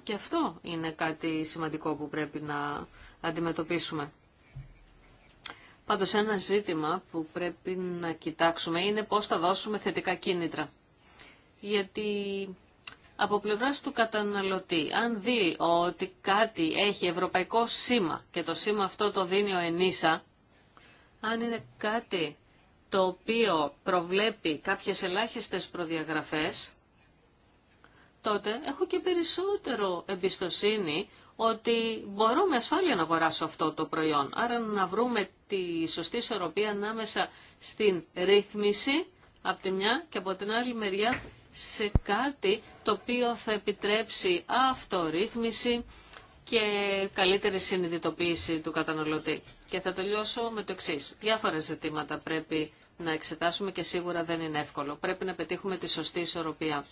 Και αυτό είναι κάτι σημαντικό που πρέπει να αντιμετωπίσουμε. Πάντως ένα ζήτημα που πρέπει να κοιτάξουμε είναι πώς θα δώσουμε θετικά κίνητρα. Γιατί από πλευρά του καταναλωτή, αν δει ότι κάτι έχει ευρωπαϊκό σήμα και το σήμα αυτό το δίνει ο ΕΝΙΣΑ, αν είναι κάτι το οποίο προβλέπει κάποιες ελάχιστες προδιαγραφές, τότε έχω και περισσότερο εμπιστοσύνη ότι μπορώ με ασφάλεια να αγοράσω αυτό το προϊόν. Άρα να βρούμε τη σωστή ισορροπία ανάμεσα στην ρύθμιση από τη μια και από την άλλη μεριά σε κάτι το οποίο θα επιτρέψει αυτορύθμιση και καλύτερη συνειδητοποίηση του καταναλωτή. Και θα τελειώσω με το εξή. Διάφορα ζητήματα πρέπει να εξετάσουμε και σίγουρα δεν είναι εύκολο. Πρέπει να πετύχουμε τη σωστή ισορροπία.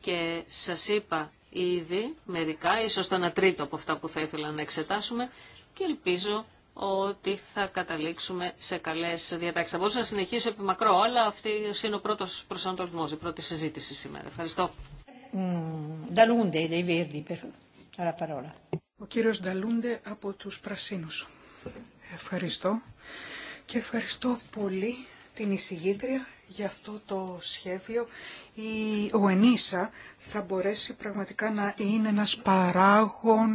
Και σας είπα ήδη μερικά, ίσως το ένα τρίτο από αυτά που θα ήθελα να εξετάσουμε και ελπίζω ότι θα καταλήξουμε σε καλές διατάξεις. Θα μπορούσα να συνεχίσω επί μακρό, αλλά αυτή είναι ο πρώτος προσανατολισμός, η πρώτη συζήτηση σήμερα. Ευχαριστώ. Mm, ο κύριος Νταλούντε από τους Πρασίνους. Ευχαριστώ και ευχαριστώ πολύ την εισηγήτρια για αυτό το σχέδιο, η ΟΕΝΙΣΑ θα μπορέσει πραγματικά να είναι ένας παράγων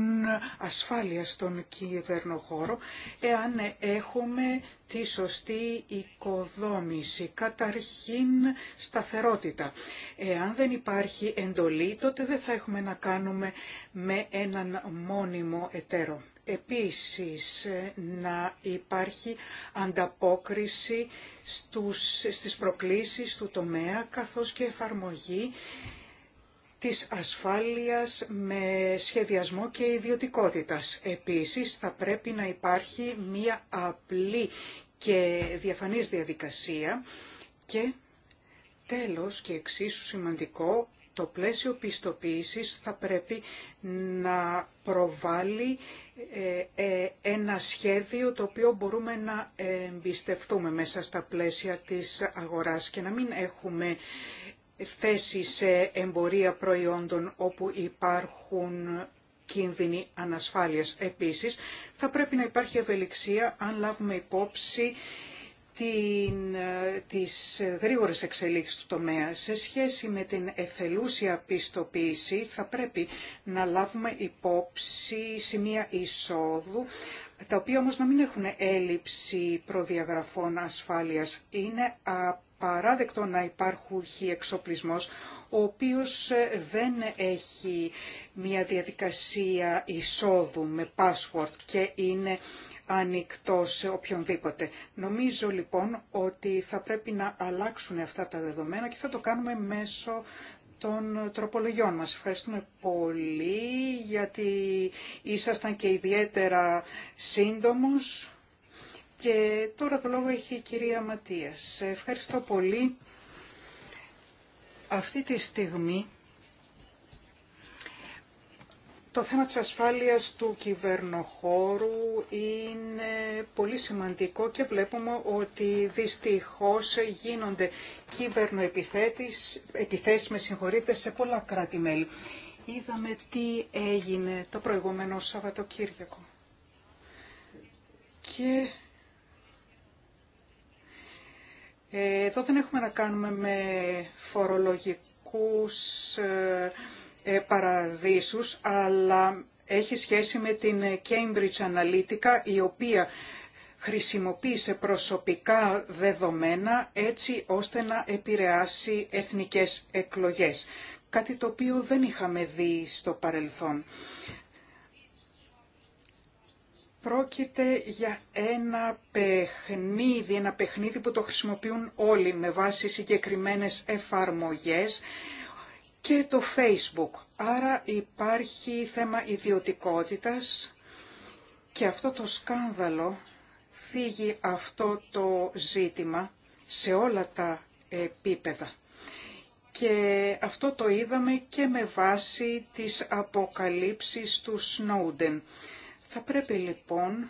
ασφάλειας στον κυβερνοχώρο, εάν έχουμε τη σωστή οικοδόμηση, καταρχήν σταθερότητα. Εάν δεν υπάρχει εντολή, τότε δεν θα έχουμε να κάνουμε με έναν μόνιμο εταίρο. Επίσης, να υπάρχει ανταπόκριση στους, στις προκλήσεις του τομέα καθώς και εφαρμογή της ασφάλειας με σχεδιασμό και ιδιωτικότητας. Επίσης θα πρέπει να υπάρχει μία απλή και διαφανής διαδικασία και τέλος και εξίσου σημαντικό το πλαίσιο πιστοποίησης θα πρέπει να προβάλλει ε, ε, ένα σχέδιο το οποίο μπορούμε να εμπιστευτούμε μέσα στα πλαίσια της αγοράς και να μην έχουμε θέση σε εμπορία προϊόντων όπου υπάρχουν κίνδυνοι ανασφάλειας. Επίσης, θα πρέπει να υπάρχει ευελιξία αν λάβουμε υπόψη την, ε, τις ε, γρήγορες εξελίξεις του τομέα. Σε σχέση με την εθελούσια πιστοποίηση θα πρέπει να λάβουμε υπόψη σημεία εισόδου τα οποία όμως να μην έχουν έλλειψη προδιαγραφών ασφάλειας. Είναι απαράδεκτο να υπάρχουν εξοπλισμός ο οποίος ε, δεν έχει μια διαδικασία εισόδου με password και είναι ανοιχτό σε οποιονδήποτε. Νομίζω λοιπόν ότι θα πρέπει να αλλάξουν αυτά τα δεδομένα και θα το κάνουμε μέσω των τροπολογιών μας. Ευχαριστούμε πολύ γιατί ήσασταν και ιδιαίτερα σύντομος. Και τώρα το λόγο έχει η κυρία Ματίας. Ευχαριστώ πολύ. Αυτή τη στιγμή το θέμα της ασφάλειας του κυβερνοχώρου είναι πολύ σημαντικό και βλέπουμε ότι δυστυχώς γίνονται κυβερνοεπιθέσεις με συγχωρείτε, σε πολλά κράτη-μέλη. Είδαμε τι έγινε το προηγούμενο Σαββατοκύριακο. Και εδώ δεν έχουμε να κάνουμε με φορολογικούς ε, ε, παραδείσους, αλλά έχει σχέση με την Cambridge Analytica, η οποία χρησιμοποίησε προσωπικά δεδομένα έτσι ώστε να επηρεάσει εθνικές εκλογές. Κάτι το οποίο δεν είχαμε δει στο παρελθόν. Πρόκειται για ένα παιχνίδι, ένα παιχνίδι που το χρησιμοποιούν όλοι με βάση συγκεκριμένες εφαρμογές και το Facebook. Άρα υπάρχει θέμα ιδιωτικότητας και αυτό το σκάνδαλο φύγει αυτό το ζήτημα σε όλα τα επίπεδα. Και αυτό το είδαμε και με βάση τις αποκαλύψεις του Σνόντεν. Θα πρέπει λοιπόν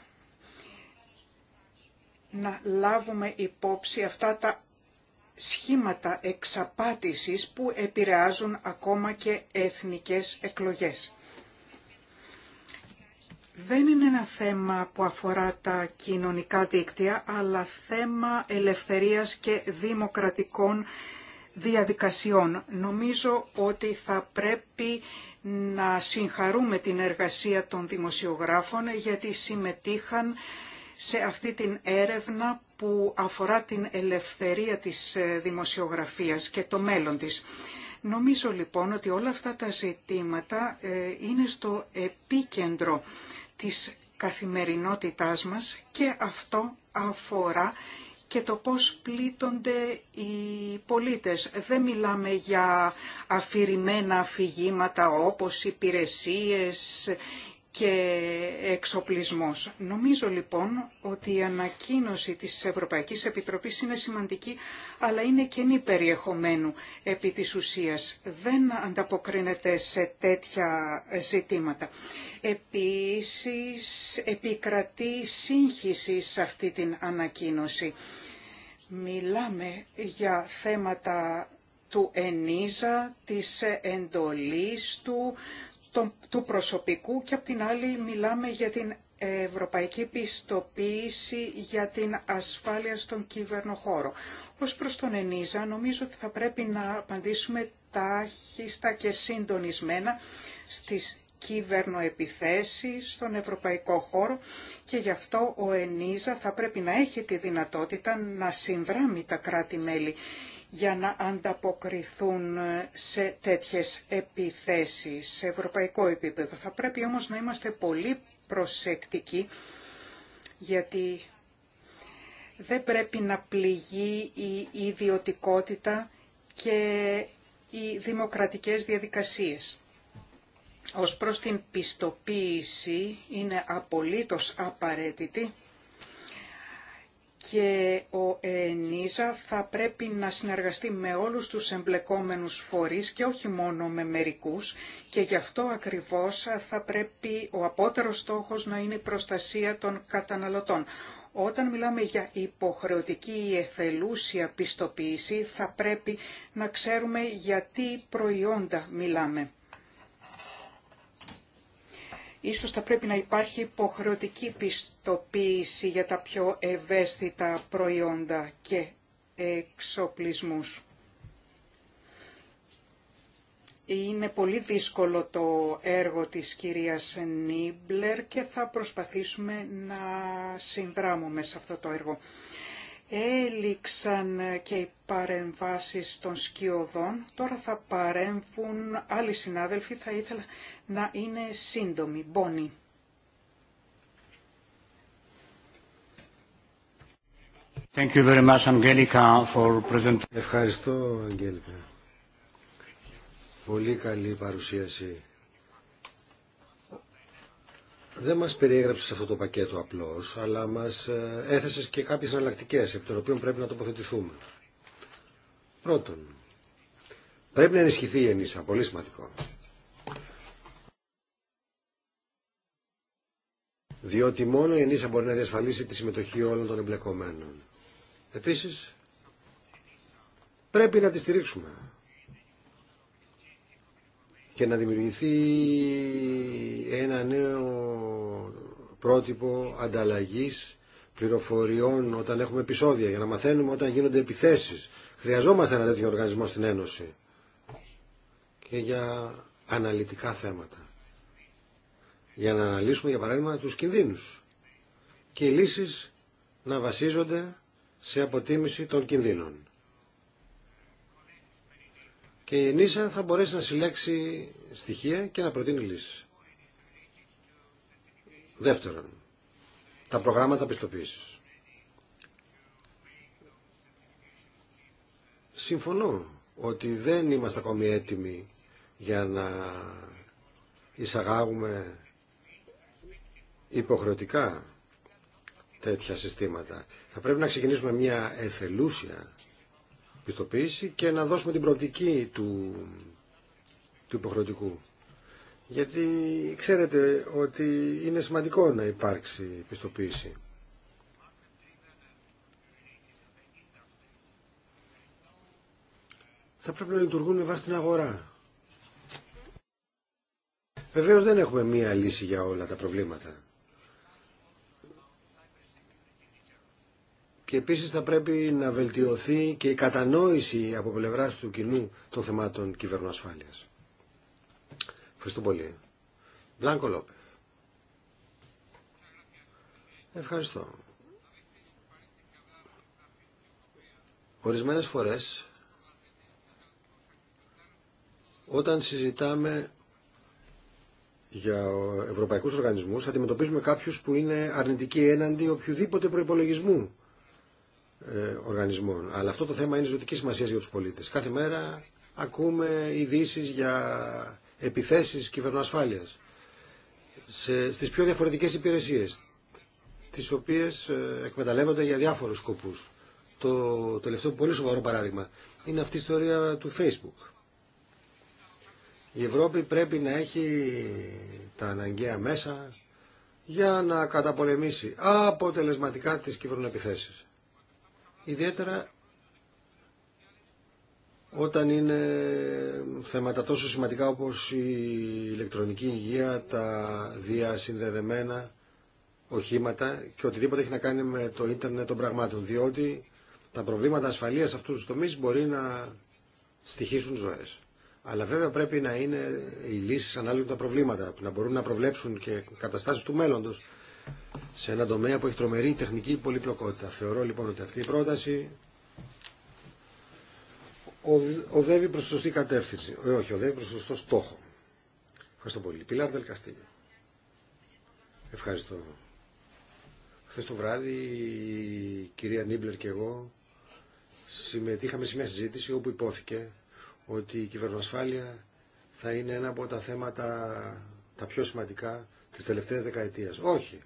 να λάβουμε υπόψη αυτά τα σχήματα εξαπάτησης που επηρεάζουν ακόμα και εθνικές εκλογές. Δεν είναι ένα θέμα που αφορά τα κοινωνικά δίκτυα, αλλά θέμα ελευθερίας και δημοκρατικών διαδικασιών. Νομίζω ότι θα πρέπει να συγχαρούμε την εργασία των δημοσιογράφων γιατί συμμετείχαν σε αυτή την έρευνα που αφορά την ελευθερία της ε, δημοσιογραφίας και το μέλλον της. Νομίζω λοιπόν ότι όλα αυτά τα ζητήματα ε, είναι στο επίκεντρο της καθημερινότητάς μας και αυτό αφορά και το πώς πλήττονται οι πολίτες. Δεν μιλάμε για αφηρημένα αφηγήματα όπως υπηρεσίες και εξοπλισμός. Νομίζω λοιπόν ότι η ανακοίνωση της Ευρωπαϊκής Επιτροπής είναι σημαντική, αλλά είναι κενή περιεχομένου επί της ουσίας. Δεν ανταποκρίνεται σε τέτοια ζητήματα. Επίσης, επικρατεί σύγχυση σε αυτή την ανακοίνωση. Μιλάμε για θέματα του ΕΝΙΖΑ, της εντολής του, του προσωπικού και από την άλλη μιλάμε για την ευρωπαϊκή πιστοποίηση για την ασφάλεια στον χώρο. Ως προς τον ΕΝΙΖΑ νομίζω ότι θα πρέπει να απαντήσουμε τάχιστα και συντονισμένα στις κυβερνοεπιθέσεις στον ευρωπαϊκό χώρο και γι' αυτό ο ΕΝΙΖΑ θα πρέπει να έχει τη δυνατότητα να συνδράμει τα κράτη-μέλη για να ανταποκριθούν σε τέτοιες επιθέσεις σε ευρωπαϊκό επίπεδο. Θα πρέπει όμως να είμαστε πολύ προσεκτικοί γιατί δεν πρέπει να πληγεί η ιδιωτικότητα και οι δημοκρατικές διαδικασίες. Ως προς την πιστοποίηση είναι απολύτως απαραίτητη και ο ΕΝΙΖΑ θα πρέπει να συνεργαστεί με όλους τους εμπλεκόμενους φορείς και όχι μόνο με μερικούς και γι' αυτό ακριβώς θα πρέπει ο απότερος στόχος να είναι η προστασία των καταναλωτών. Όταν μιλάμε για υποχρεωτική ή εθελούσια πιστοποίηση θα πρέπει να ξέρουμε για τι προϊόντα μιλάμε. Ίσως θα πρέπει να υπάρχει υποχρεωτική πιστοποίηση για τα πιο ευαίσθητα προϊόντα και εξοπλισμούς. Είναι πολύ δύσκολο το έργο της κυρίας Νίμπλερ και θα προσπαθήσουμε να συνδράμουμε σε αυτό το έργο έληξαν και οι παρεμβάσεις των σκιωδών. Τώρα θα παρέμβουν άλλοι συνάδελφοι, θα ήθελα να είναι σύντομοι. Μπόνι. Thank you very much, for Ευχαριστώ, Αγγέλικα. Πολύ καλή παρουσίαση δεν μας περιέγραψες αυτό το πακέτο απλώς, αλλά μας ε, έθεσες και κάποιες εναλλακτικέ επί των οποίων πρέπει να τοποθετηθούμε. Πρώτον, πρέπει να ενισχυθεί η ενίσα, πολύ σημαντικό. Διότι μόνο η ενίσα μπορεί να διασφαλίσει τη συμμετοχή όλων των εμπλεκομένων. Επίσης, πρέπει να τη στηρίξουμε και να δημιουργηθεί ένα νέο πρότυπο ανταλλαγής πληροφοριών όταν έχουμε επεισόδια, για να μαθαίνουμε όταν γίνονται επιθέσεις. Χρειαζόμαστε ένα τέτοιο οργανισμό στην Ένωση και για αναλυτικά θέματα. Για να αναλύσουμε, για παράδειγμα, τους κινδύνους και οι λύσεις να βασίζονται σε αποτίμηση των κινδύνων και η ΕΝΙΣΑ θα μπορέσει να συλλέξει στοιχεία και να προτείνει λύσεις. Δεύτερον, τα προγράμματα πιστοποίησης. Συμφωνώ ότι δεν είμαστε ακόμη έτοιμοι για να εισαγάγουμε υποχρεωτικά τέτοια συστήματα. Θα πρέπει να ξεκινήσουμε μια εθελούσια πιστοποίηση και να δώσουμε την προοπτική του, του υποχρεωτικού. Γιατί ξέρετε ότι είναι σημαντικό να υπάρξει πιστοποίηση. Θα πρέπει να λειτουργούν με βάση την αγορά. Βεβαίως δεν έχουμε μία λύση για όλα τα προβλήματα. και επίσης θα πρέπει να βελτιωθεί και η κατανόηση από πλευράς του κοινού των θεμάτων κυβερνοασφάλειας. Ευχαριστώ πολύ. Μπλάνκο Λόπεθ. Ευχαριστώ. Ορισμένες φορές όταν συζητάμε για ευρωπαϊκούς οργανισμούς αντιμετωπίζουμε κάποιους που είναι αρνητικοί έναντι οποιοδήποτε προϋπολογισμού ε, οργανισμών. Αλλά αυτό το θέμα είναι ζωτική σημασία για του πολίτες. Κάθε μέρα ακούμε ειδήσει για επιθέσεις κυβερνοασφάλεια σε, στις πιο διαφορετικές υπηρεσίες τις οποίες ε, εκμεταλλεύονται για διάφορους σκοπούς. Το τελευταίο πολύ σοβαρό παράδειγμα είναι αυτή η ιστορία του Facebook. Η Ευρώπη πρέπει να έχει τα αναγκαία μέσα για να καταπολεμήσει αποτελεσματικά τις κυβερνοεπιθέσεις ιδιαίτερα όταν είναι θέματα τόσο σημαντικά όπως η ηλεκτρονική υγεία, τα διασυνδεδεμένα οχήματα και οτιδήποτε έχει να κάνει με το ίντερνετ των πραγμάτων, διότι τα προβλήματα ασφαλείας αυτού του τομείς μπορεί να στοιχήσουν ζωές. Αλλά βέβαια πρέπει να είναι οι λύσεις ανάλογα με τα προβλήματα, που να μπορούν να προβλέψουν και καταστάσεις του μέλλοντος σε έναν τομέα που έχει τρομερή τεχνική πολυπλοκότητα. Θεωρώ λοιπόν ότι αυτή η πρόταση οδεύει προς σωστή κατεύθυνση. Ε, όχι, οδεύει προς σωστό στόχο. Ευχαριστώ πολύ. Πιλάρ Δελκαστήλιο. Ευχαριστώ. Χθε το βράδυ η κυρία Νίμπλερ και εγώ συμμετείχαμε σε μια συζήτηση όπου υπόθηκε ότι η κυβερνοασφάλεια θα είναι ένα από τα θέματα τα πιο σημαντικά της τελευταίας δεκαετίας. Όχι.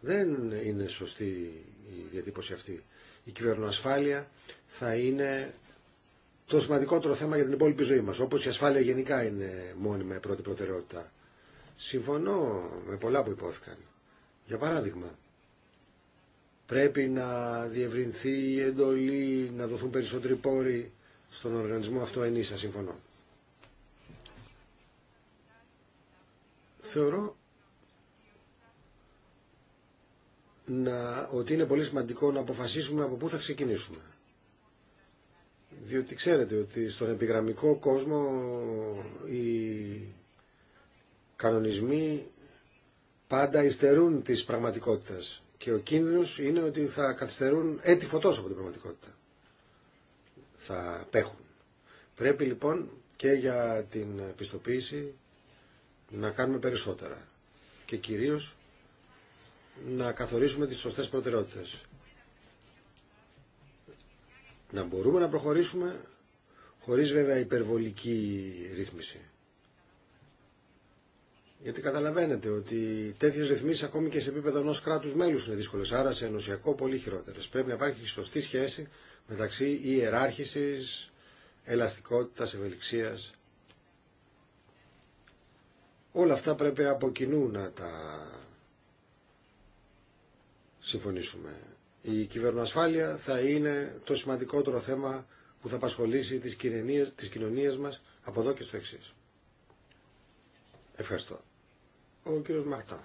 Δεν είναι σωστή η διατύπωση αυτή. Η κυβερνοασφάλεια θα είναι το σημαντικότερο θέμα για την υπόλοιπη ζωή μας, όπως η ασφάλεια γενικά είναι μόνιμα με πρώτη προτεραιότητα. Συμφωνώ με πολλά που υπόθηκαν. Για παράδειγμα, πρέπει να διευρυνθεί η εντολή, να δοθούν περισσότεροι πόροι στον οργανισμό αυτό ενίσα, συμφωνώ. Θεωρώ να, ότι είναι πολύ σημαντικό να αποφασίσουμε από πού θα ξεκινήσουμε. Διότι ξέρετε ότι στον επιγραμμικό κόσμο οι κανονισμοί πάντα υστερούν της πραγματικότητας και ο κίνδυνος είναι ότι θα καθυστερούν έτη φωτός από την πραγματικότητα. Θα πέχουν. Πρέπει λοιπόν και για την πιστοποίηση να κάνουμε περισσότερα και κυρίως να καθορίσουμε τις σωστές προτεραιότητες. Να μπορούμε να προχωρήσουμε χωρίς βέβαια υπερβολική ρύθμιση. Γιατί καταλαβαίνετε ότι τέτοιες ρυθμίσεις ακόμη και σε επίπεδο ενό κράτου μέλους είναι δύσκολες, Άρα σε ενωσιακό πολύ χειρότερες. Πρέπει να υπάρχει σωστή σχέση μεταξύ ιεράρχηση, ελαστικότητας, ευελιξίας. Όλα αυτά πρέπει από κοινού να τα συμφωνήσουμε. Η κυβερνοασφάλεια θα είναι το σημαντικότερο θέμα που θα απασχολήσει τις κοινωνίες, τις κοινωνίες μας από εδώ και στο εξή. Ευχαριστώ. Ο κύριος Μαρτά.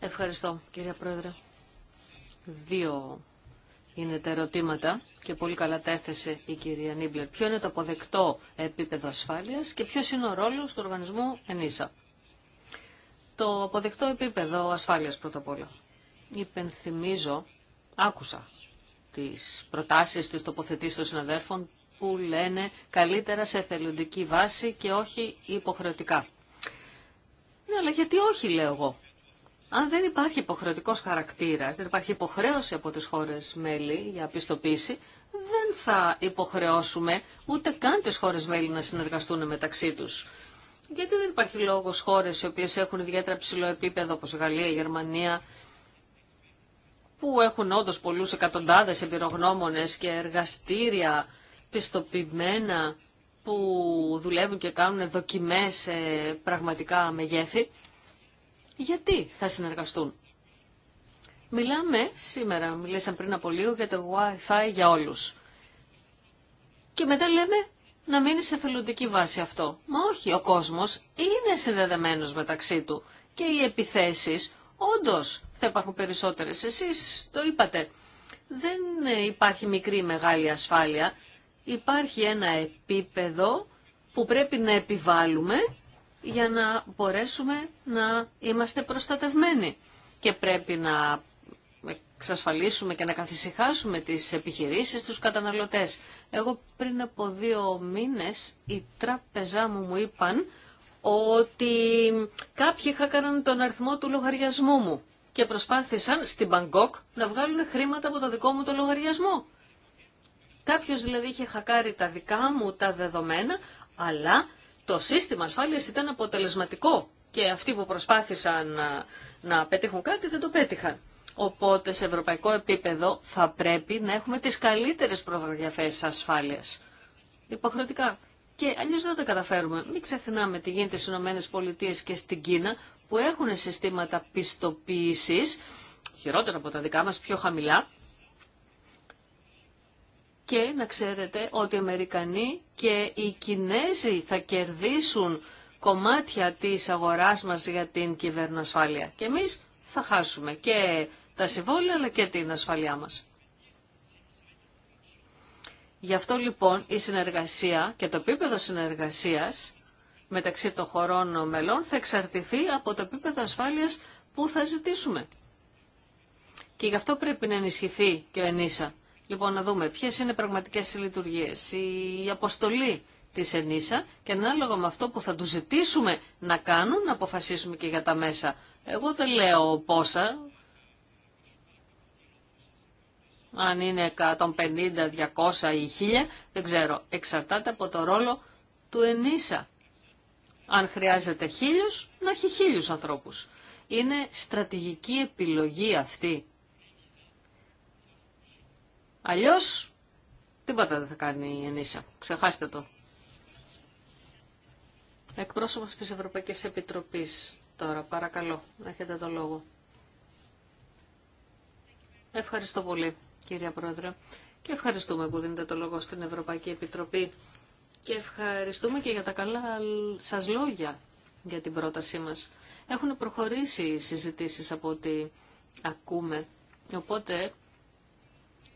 Ευχαριστώ κύριε Πρόεδρε. Δύο είναι τα ερωτήματα και πολύ καλά τα έθεσε η κυρία Νίμπλερ. Ποιο είναι το αποδεκτό επίπεδο ασφάλειας και ποιος είναι ο ρόλος του οργανισμού ΕΝΙΣΑ. Το αποδεκτό επίπεδο ασφάλειας πρώτα απ' όλα. Υπενθυμίζω, άκουσα τις προτάσεις, τις τοποθετήσεις των συναδέρφων που λένε καλύτερα σε θελοντική βάση και όχι υποχρεωτικά. Ναι, αλλά γιατί όχι, λέω εγώ. Αν δεν υπάρχει υποχρεωτικό χαρακτήρα, δεν υπάρχει υποχρέωση από τι χώρε μέλη για πιστοποίηση, δεν θα υποχρεώσουμε ούτε καν τι χώρε μέλη να συνεργαστούν μεταξύ του. Γιατί δεν υπάρχει λόγο χώρες οι οποίες έχουν ιδιαίτερα ψηλό επίπεδο όπω η Γαλλία, η Γερμανία, που έχουν όντω πολλούς εκατοντάδες επιρογνώμονες και εργαστήρια πιστοποιημένα που δουλεύουν και κάνουν δοκιμέ σε πραγματικά μεγέθη, γιατί θα συνεργαστούν. Μιλάμε σήμερα, μιλήσαμε πριν από λίγο για το Wi-Fi για όλους. Και μετά λέμε να μείνει σε θελοντική βάση αυτό. Μα όχι, ο κόσμος είναι συνδεδεμένος μεταξύ του και οι επιθέσεις όντως θα υπάρχουν περισσότερες. Εσείς το είπατε, δεν υπάρχει μικρή ή μεγάλη ασφάλεια, υπάρχει ένα επίπεδο που πρέπει να επιβάλλουμε για να μπορέσουμε να είμαστε προστατευμένοι. Και πρέπει να εξασφαλίσουμε και να καθησυχάσουμε τις επιχειρήσεις, τους καταναλωτές. Εγώ πριν από δύο μήνες η τράπεζά μου μου είπαν ότι κάποιοι χακάραν τον αριθμό του λογαριασμού μου και προσπάθησαν στην Μπαγκόκ να βγάλουν χρήματα από το δικό μου το λογαριασμό. Κάποιος δηλαδή είχε χακάρει τα δικά μου τα δεδομένα, αλλά το σύστημα ασφάλειας ήταν αποτελεσματικό και αυτοί που προσπάθησαν να, ε, να πετύχουν κάτι δεν το πέτυχαν. Οπότε σε ευρωπαϊκό επίπεδο θα πρέπει να έχουμε τις καλύτερες προδιαφέσεις ασφάλειας. Υποχρεωτικά. Και αλλιώς δεν τα καταφέρουμε. Μην ξεχνάμε τι γίνεται στις ΗΠΑ και στην Κίνα που έχουν συστήματα πιστοποίησης, χειρότερα από τα δικά μας, πιο χαμηλά, και να ξέρετε ότι οι Αμερικανοί και οι Κινέζοι θα κερδίσουν κομμάτια της αγοράς μας για την κυβέρνηση ασφάλεια. Και εμείς θα χάσουμε και τα συμβόλαια αλλά και την ασφαλειά μας. Γι' αυτό λοιπόν η συνεργασία και το επίπεδο συνεργασίας μεταξύ των χωρών μελών θα εξαρτηθεί από το επίπεδο ασφάλειας που θα ζητήσουμε. Και γι' αυτό πρέπει να ενισχυθεί και ο ΕΝΙΣΑ. Λοιπόν, να δούμε ποιε είναι οι πραγματικέ λειτουργίε, η αποστολή τη ΕΝΙΣΑ και ανάλογα με αυτό που θα του ζητήσουμε να κάνουν, να αποφασίσουμε και για τα μέσα. Εγώ δεν λέω πόσα, αν είναι 150, 200 ή 1000, δεν ξέρω. Εξαρτάται από το ρόλο του ενίσα. Αν χρειάζεται χίλιους, να έχει χίλιους ανθρώπους. Είναι στρατηγική επιλογή αυτή. Αλλιώς, τίποτα δεν θα κάνει η ενίσα. Ξεχάστε το. Εκπρόσωπος της Ευρωπαϊκής Επιτροπής τώρα, παρακαλώ, έχετε το λόγο. Ευχαριστώ πολύ κυρία Πρόεδρε, και ευχαριστούμε που δίνετε το λόγο στην Ευρωπαϊκή Επιτροπή και ευχαριστούμε και για τα καλά σας λόγια για την πρότασή μας. Έχουν προχωρήσει οι συζητήσεις από ό,τι ακούμε. Οπότε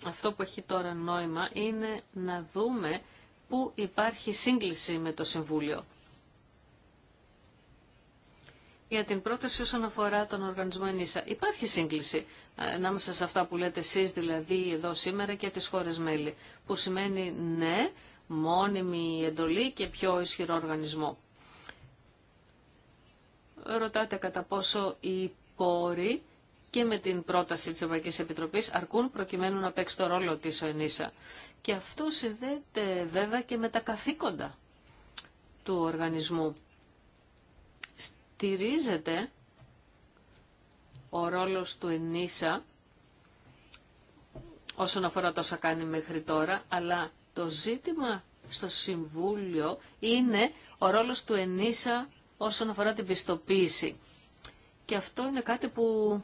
αυτό που έχει τώρα νόημα είναι να δούμε πού υπάρχει σύγκληση με το Συμβούλιο για την πρόταση όσον αφορά τον οργανισμό ΕΝΙΣΑ. Υπάρχει σύγκληση ε, ανάμεσα σε αυτά που λέτε εσείς δηλαδή εδώ σήμερα και τις χώρες μέλη, που σημαίνει ναι, μόνιμη εντολή και πιο ισχυρό οργανισμό. Ρωτάτε κατά πόσο οι πόροι και με την πρόταση της Ευρωπαϊκής Επιτροπής αρκούν προκειμένου να παίξει το ρόλο της ο ΕΝΙΣΑ. Και αυτό συνδέεται βέβαια και με τα καθήκοντα του οργανισμού τηρίζεται ο ρόλος του ΕΝΙΣΑ όσον αφορά τόσα κάνει μέχρι τώρα, αλλά το ζήτημα στο Συμβούλιο είναι ο ρόλος του ΕΝΙΣΑ όσον αφορά την πιστοποίηση. Και αυτό είναι κάτι που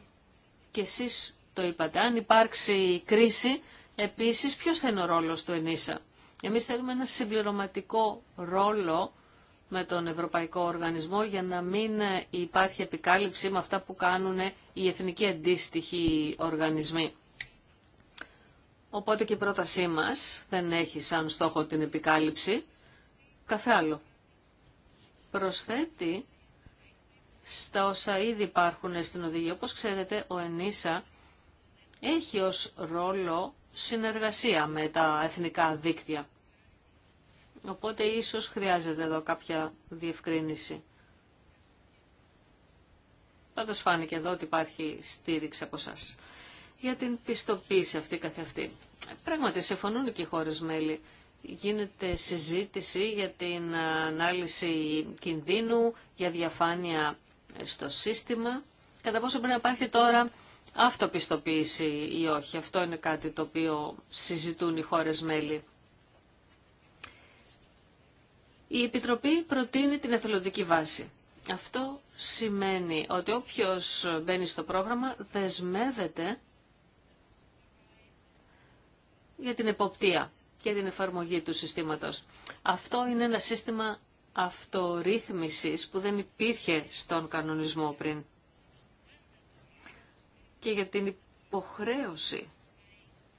και εσείς το είπατε. Αν υπάρξει κρίση, επίσης ποιος θα είναι ο ρόλος του ΕΝΙΣΑ. Εμείς θέλουμε ένα συμπληρωματικό ρόλο με τον Ευρωπαϊκό Οργανισμό για να μην υπάρχει επικάλυψη με αυτά που κάνουν οι εθνικοί αντίστοιχοι οργανισμοί. Οπότε και η πρότασή μας δεν έχει σαν στόχο την επικάλυψη. Καθ' άλλο. Προσθέτει στα όσα ήδη υπάρχουν στην οδηγία. Όπως ξέρετε, ο ΕΝΙΣΑ έχει ως ρόλο συνεργασία με τα εθνικά δίκτυα. Οπότε ίσως χρειάζεται εδώ κάποια διευκρίνηση. Πάντως φάνηκε εδώ ότι υπάρχει στήριξη από εσά. Για την πιστοποίηση αυτή καθ' αυτή. Πράγματι, συμφωνούν και οι χώρες μέλη. Γίνεται συζήτηση για την ανάλυση κινδύνου, για διαφάνεια στο σύστημα. Κατά πόσο πρέπει να υπάρχει τώρα αυτοπιστοποίηση ή όχι. Αυτό είναι κάτι το οποίο συζητούν οι χώρες μέλη. Η Επιτροπή προτείνει την εθελοντική βάση. Αυτό σημαίνει ότι όποιος μπαίνει στο πρόγραμμα δεσμεύεται για την εποπτεία και την εφαρμογή του συστήματος. Αυτό είναι ένα σύστημα αυτορύθμισης που δεν υπήρχε στον κανονισμό πριν. Και για την υποχρέωση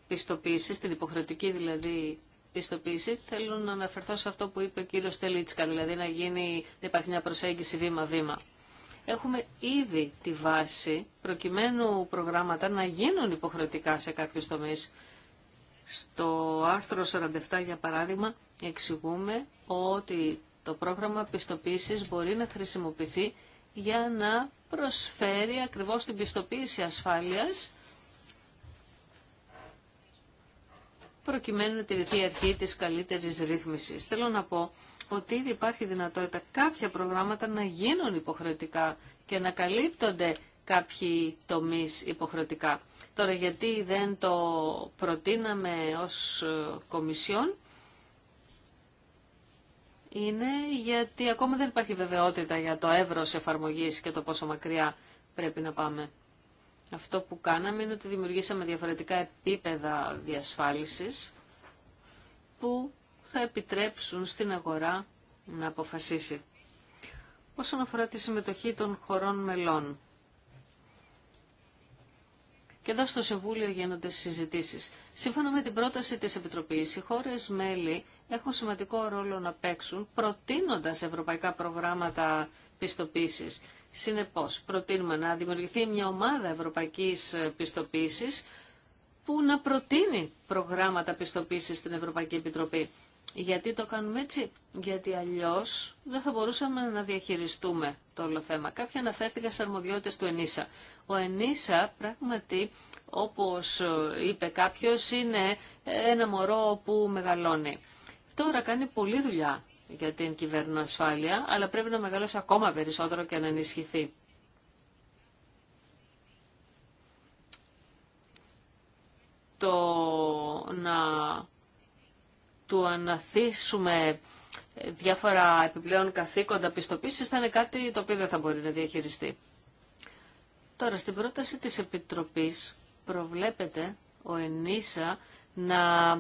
πιστοποίησης, την υποχρεωτική δηλαδή πιστοποίηση, θέλω να αναφερθώ σε αυτό που είπε ο κύριο Τελίτσκα, δηλαδή να, γίνει, να υπάρχει μια προσέγγιση βήμα-βήμα. Έχουμε ήδη τη βάση προκειμένου προγράμματα να γίνουν υποχρεωτικά σε κάποιου τομείς. Στο άρθρο 47, για παράδειγμα, εξηγούμε ότι το πρόγραμμα πιστοποίησης μπορεί να χρησιμοποιηθεί για να προσφέρει ακριβώς την πιστοποίηση ασφάλειας προκειμένου να τηρηθεί η αρχή της καλύτερης ρύθμισης. Θέλω να πω ότι ήδη υπάρχει δυνατότητα κάποια προγράμματα να γίνουν υποχρεωτικά και να καλύπτονται κάποιοι τομείς υποχρεωτικά. Τώρα γιατί δεν το προτείναμε ως ε, κομισιόν είναι γιατί ακόμα δεν υπάρχει βεβαιότητα για το εύρος εφαρμογής και το πόσο μακριά πρέπει να πάμε. Αυτό που κάναμε είναι ότι δημιουργήσαμε διαφορετικά επίπεδα διασφάλισης που θα επιτρέψουν στην αγορά να αποφασίσει. Όσον αφορά τη συμμετοχή των χωρών μελών. Και εδώ στο Συμβούλιο γίνονται συζητήσεις. Σύμφωνα με την πρόταση της Επιτροπής, οι χώρες μέλη έχουν σημαντικό ρόλο να παίξουν προτείνοντας ευρωπαϊκά προγράμματα πιστοποίησης. Συνεπώς, προτείνουμε να δημιουργηθεί μια ομάδα ευρωπαϊκής πιστοποίησης που να προτείνει προγράμματα πιστοποίησης στην Ευρωπαϊκή Επιτροπή. Γιατί το κάνουμε έτσι, γιατί αλλιώς δεν θα μπορούσαμε να διαχειριστούμε το όλο θέμα. Κάποια αναφέρθηκαν στις αρμοδιότητες του ΕΝΙΣΑ. Ο ΕΝΙΣΑ πράγματι, όπως είπε κάποιος, είναι ένα μωρό που μεγαλώνει. Τώρα κάνει πολλή δουλειά για την ασφάλεια, αλλά πρέπει να μεγαλώσει ακόμα περισσότερο και να ενισχυθεί. Το να του αναθίσουμε διάφορα επιπλέον καθήκοντα πιστοποίησης θα είναι κάτι το οποίο δεν θα μπορεί να διαχειριστεί. Τώρα, στην πρόταση της Επιτροπής προβλέπεται ο ΕΝΙΣΑ να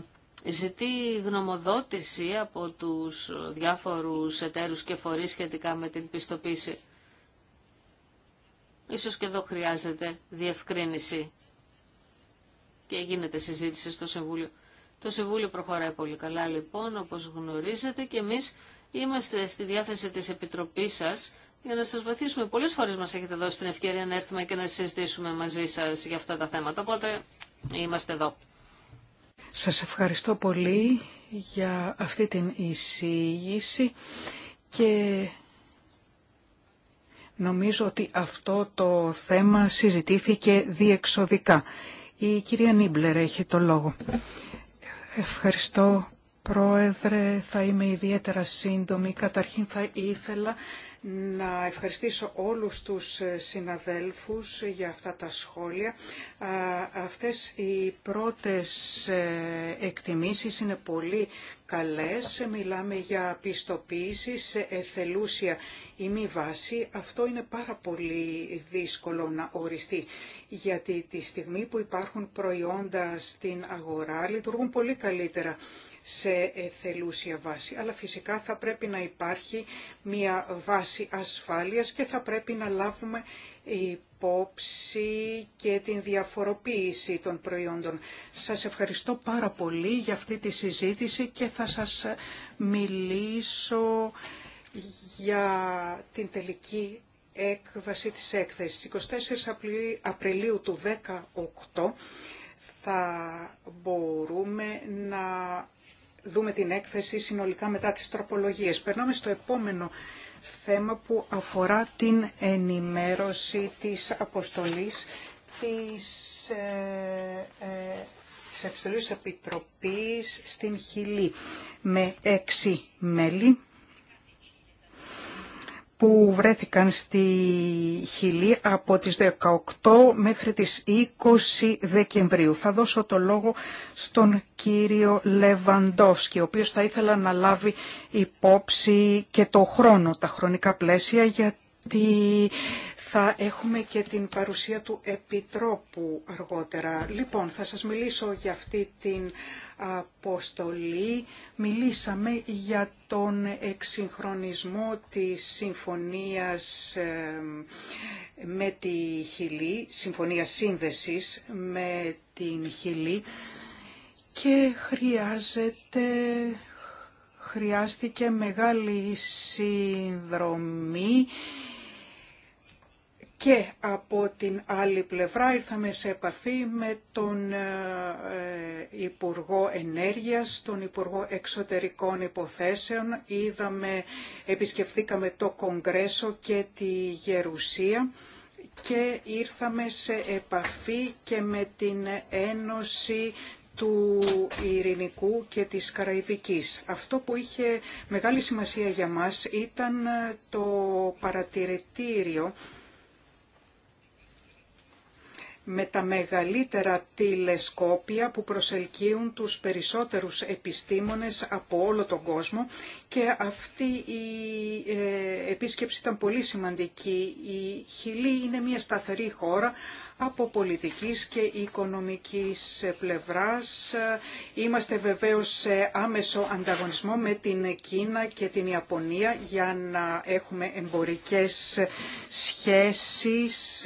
ζητεί γνωμοδότηση από τους διάφορους εταίρους και φορείς σχετικά με την πιστοποίηση. Ίσως και εδώ χρειάζεται διευκρίνηση και γίνεται συζήτηση στο Συμβούλιο. Το Συμβούλιο προχωράει πολύ καλά λοιπόν, όπως γνωρίζετε και εμείς είμαστε στη διάθεση της Επιτροπής σας για να σας βοηθήσουμε. Πολλές φορές μας έχετε δώσει την ευκαιρία να έρθουμε και να συζητήσουμε μαζί σας για αυτά τα θέματα, οπότε είμαστε εδώ. Σας ευχαριστώ πολύ για αυτή την εισήγηση και νομίζω ότι αυτό το θέμα συζητήθηκε διεξοδικά. Η κυρία Νίμπλερ έχει το λόγο. Ευχαριστώ Πρόεδρε, θα είμαι ιδιαίτερα σύντομη. Καταρχήν θα ήθελα να ευχαριστήσω όλους τους συναδέλφους για αυτά τα σχόλια. Αυτές οι πρώτες ε, εκτιμήσεις είναι πολύ καλές. Μιλάμε για πιστοποίηση σε εθελούσια ή μη βάση. Αυτό είναι πάρα πολύ δύσκολο να οριστεί, γιατί τη στιγμή που υπάρχουν προϊόντα στην αγορά λειτουργούν πολύ καλύτερα σε θελούσια βάση. Αλλά φυσικά θα πρέπει να υπάρχει μια βάση ασφάλειας και θα πρέπει να λάβουμε υπόψη και την διαφοροποίηση των προϊόντων. Σας ευχαριστώ πάρα πολύ για αυτή τη συζήτηση και θα σας μιλήσω για την τελική έκβαση της έκθεσης. 24 Απριλίου του 2018 θα μπορούμε να δούμε την έκθεση συνολικά μετά τις τροπολογίες. Περνάμε στο επόμενο θέμα που αφορά την ενημέρωση της αποστολής της, ε, ε, Επιτροπής στην Χιλή με έξι μέλη που βρέθηκαν στη Χιλή από τις 18 μέχρι τις 20 Δεκεμβρίου. Θα δώσω το λόγο στον κύριο Λεβαντόφσκι, ο οποίος θα ήθελα να λάβει υπόψη και το χρόνο, τα χρονικά πλαίσια, γιατί θα έχουμε και την παρουσία του Επιτρόπου αργότερα. Λοιπόν, θα σας μιλήσω για αυτή την αποστολή. Μιλήσαμε για τον εξυγχρονισμό της συμφωνίας με τη Χιλή, συμφωνία σύνδεσης με την Χιλή και χρειάζεται χρειάστηκε μεγάλη συνδρομή και από την άλλη πλευρά ήρθαμε σε επαφή με τον ε, ε, Υπουργό Ενέργειας, τον Υπουργό Εξωτερικών Υποθέσεων. Είδαμε, επισκεφθήκαμε το Κογκρέσο και τη Γερουσία και ήρθαμε σε επαφή και με την Ένωση του Ειρηνικού και της Καραϊβικής. Αυτό που είχε μεγάλη σημασία για μας ήταν το παρατηρητήριο με τα μεγαλύτερα τηλεσκόπια που προσελκύουν τους περισσότερους επιστήμονες από όλο τον κόσμο και αυτή η ε, επίσκεψη ήταν πολύ σημαντική. Η Χιλή είναι μια σταθερή χώρα από πολιτικής και οικονομικής πλευράς. Είμαστε βεβαίως σε άμεσο ανταγωνισμό με την Κίνα και την Ιαπωνία για να έχουμε εμπορικές σχέσεις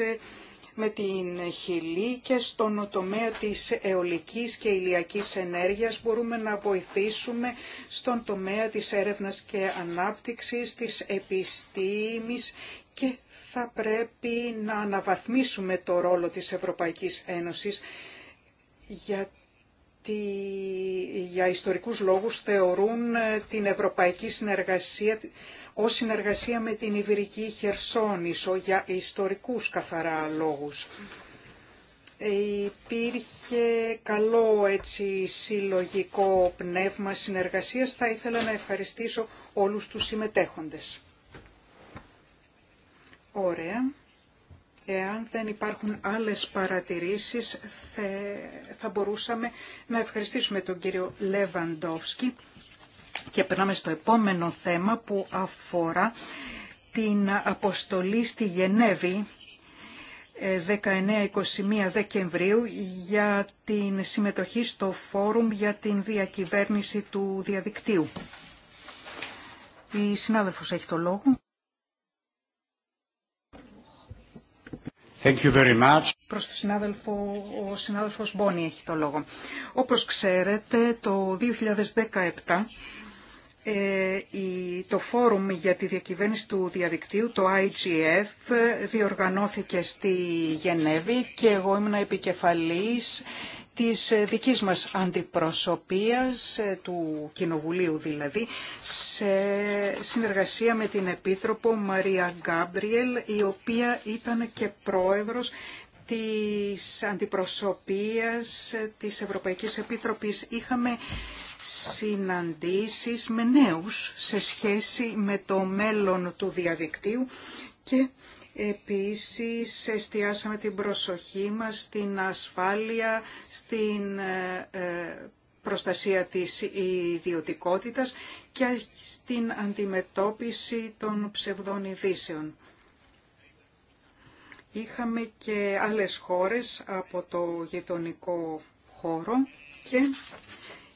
με την Χιλή και στον τομέα της αιωλικής και ηλιακής ενέργειας μπορούμε να βοηθήσουμε στον τομέα της έρευνας και ανάπτυξης, της επιστήμης και θα πρέπει να αναβαθμίσουμε το ρόλο της Ευρωπαϊκής Ένωσης γιατί για ιστορικούς λόγους θεωρούν την ευρωπαϊκή συνεργασία Ω συνεργασία με την Ιβυρική Χερσόνησο για ιστορικούς καθαρά λόγους. Ε, υπήρχε καλό έτσι συλλογικό πνεύμα συνεργασίας. Θα ήθελα να ευχαριστήσω όλους τους συμμετέχοντες. Ωραία. Εάν δεν υπάρχουν άλλες παρατηρήσεις, θα μπορούσαμε να ευχαριστήσουμε τον κύριο Λεβαντόφσκι και περνάμε στο επόμενο θέμα που αφορά την αποστολή στη Γενέβη 19-21 ε, Δεκεμβρίου για την συμμετοχή στο Φόρουμ για την διακυβέρνηση του διαδικτύου. Η συνάδελφος έχει το λόγο. Thank you very much. Προς τον συνάδελφο, ο συνάδελφος Μπόνι έχει το λόγο. Όπως ξέρετε, το 2017 ε, το Φόρουμ για τη Διακυβέρνηση του Διαδικτύου, το IGF, διοργανώθηκε στη Γενέβη και εγώ ήμουν επικεφαλής της δικής μας αντιπροσωπείας, ε, του Κοινοβουλίου δηλαδή, σε συνεργασία με την Επίτροπο Μαρία Γκάμπριελ, η οποία ήταν και πρόεδρος της αντιπροσωπείας της Ευρωπαϊκής Επίτροπης. Είχαμε συναντήσεις με νέους σε σχέση με το μέλλον του διαδικτύου και επίσης εστιάσαμε την προσοχή μας στην ασφάλεια, στην ε, ε, προστασία της ιδιωτικότητας και στην αντιμετώπιση των ψευδών ειδήσεων. Είχαμε και άλλες χώρες από το γειτονικό χώρο και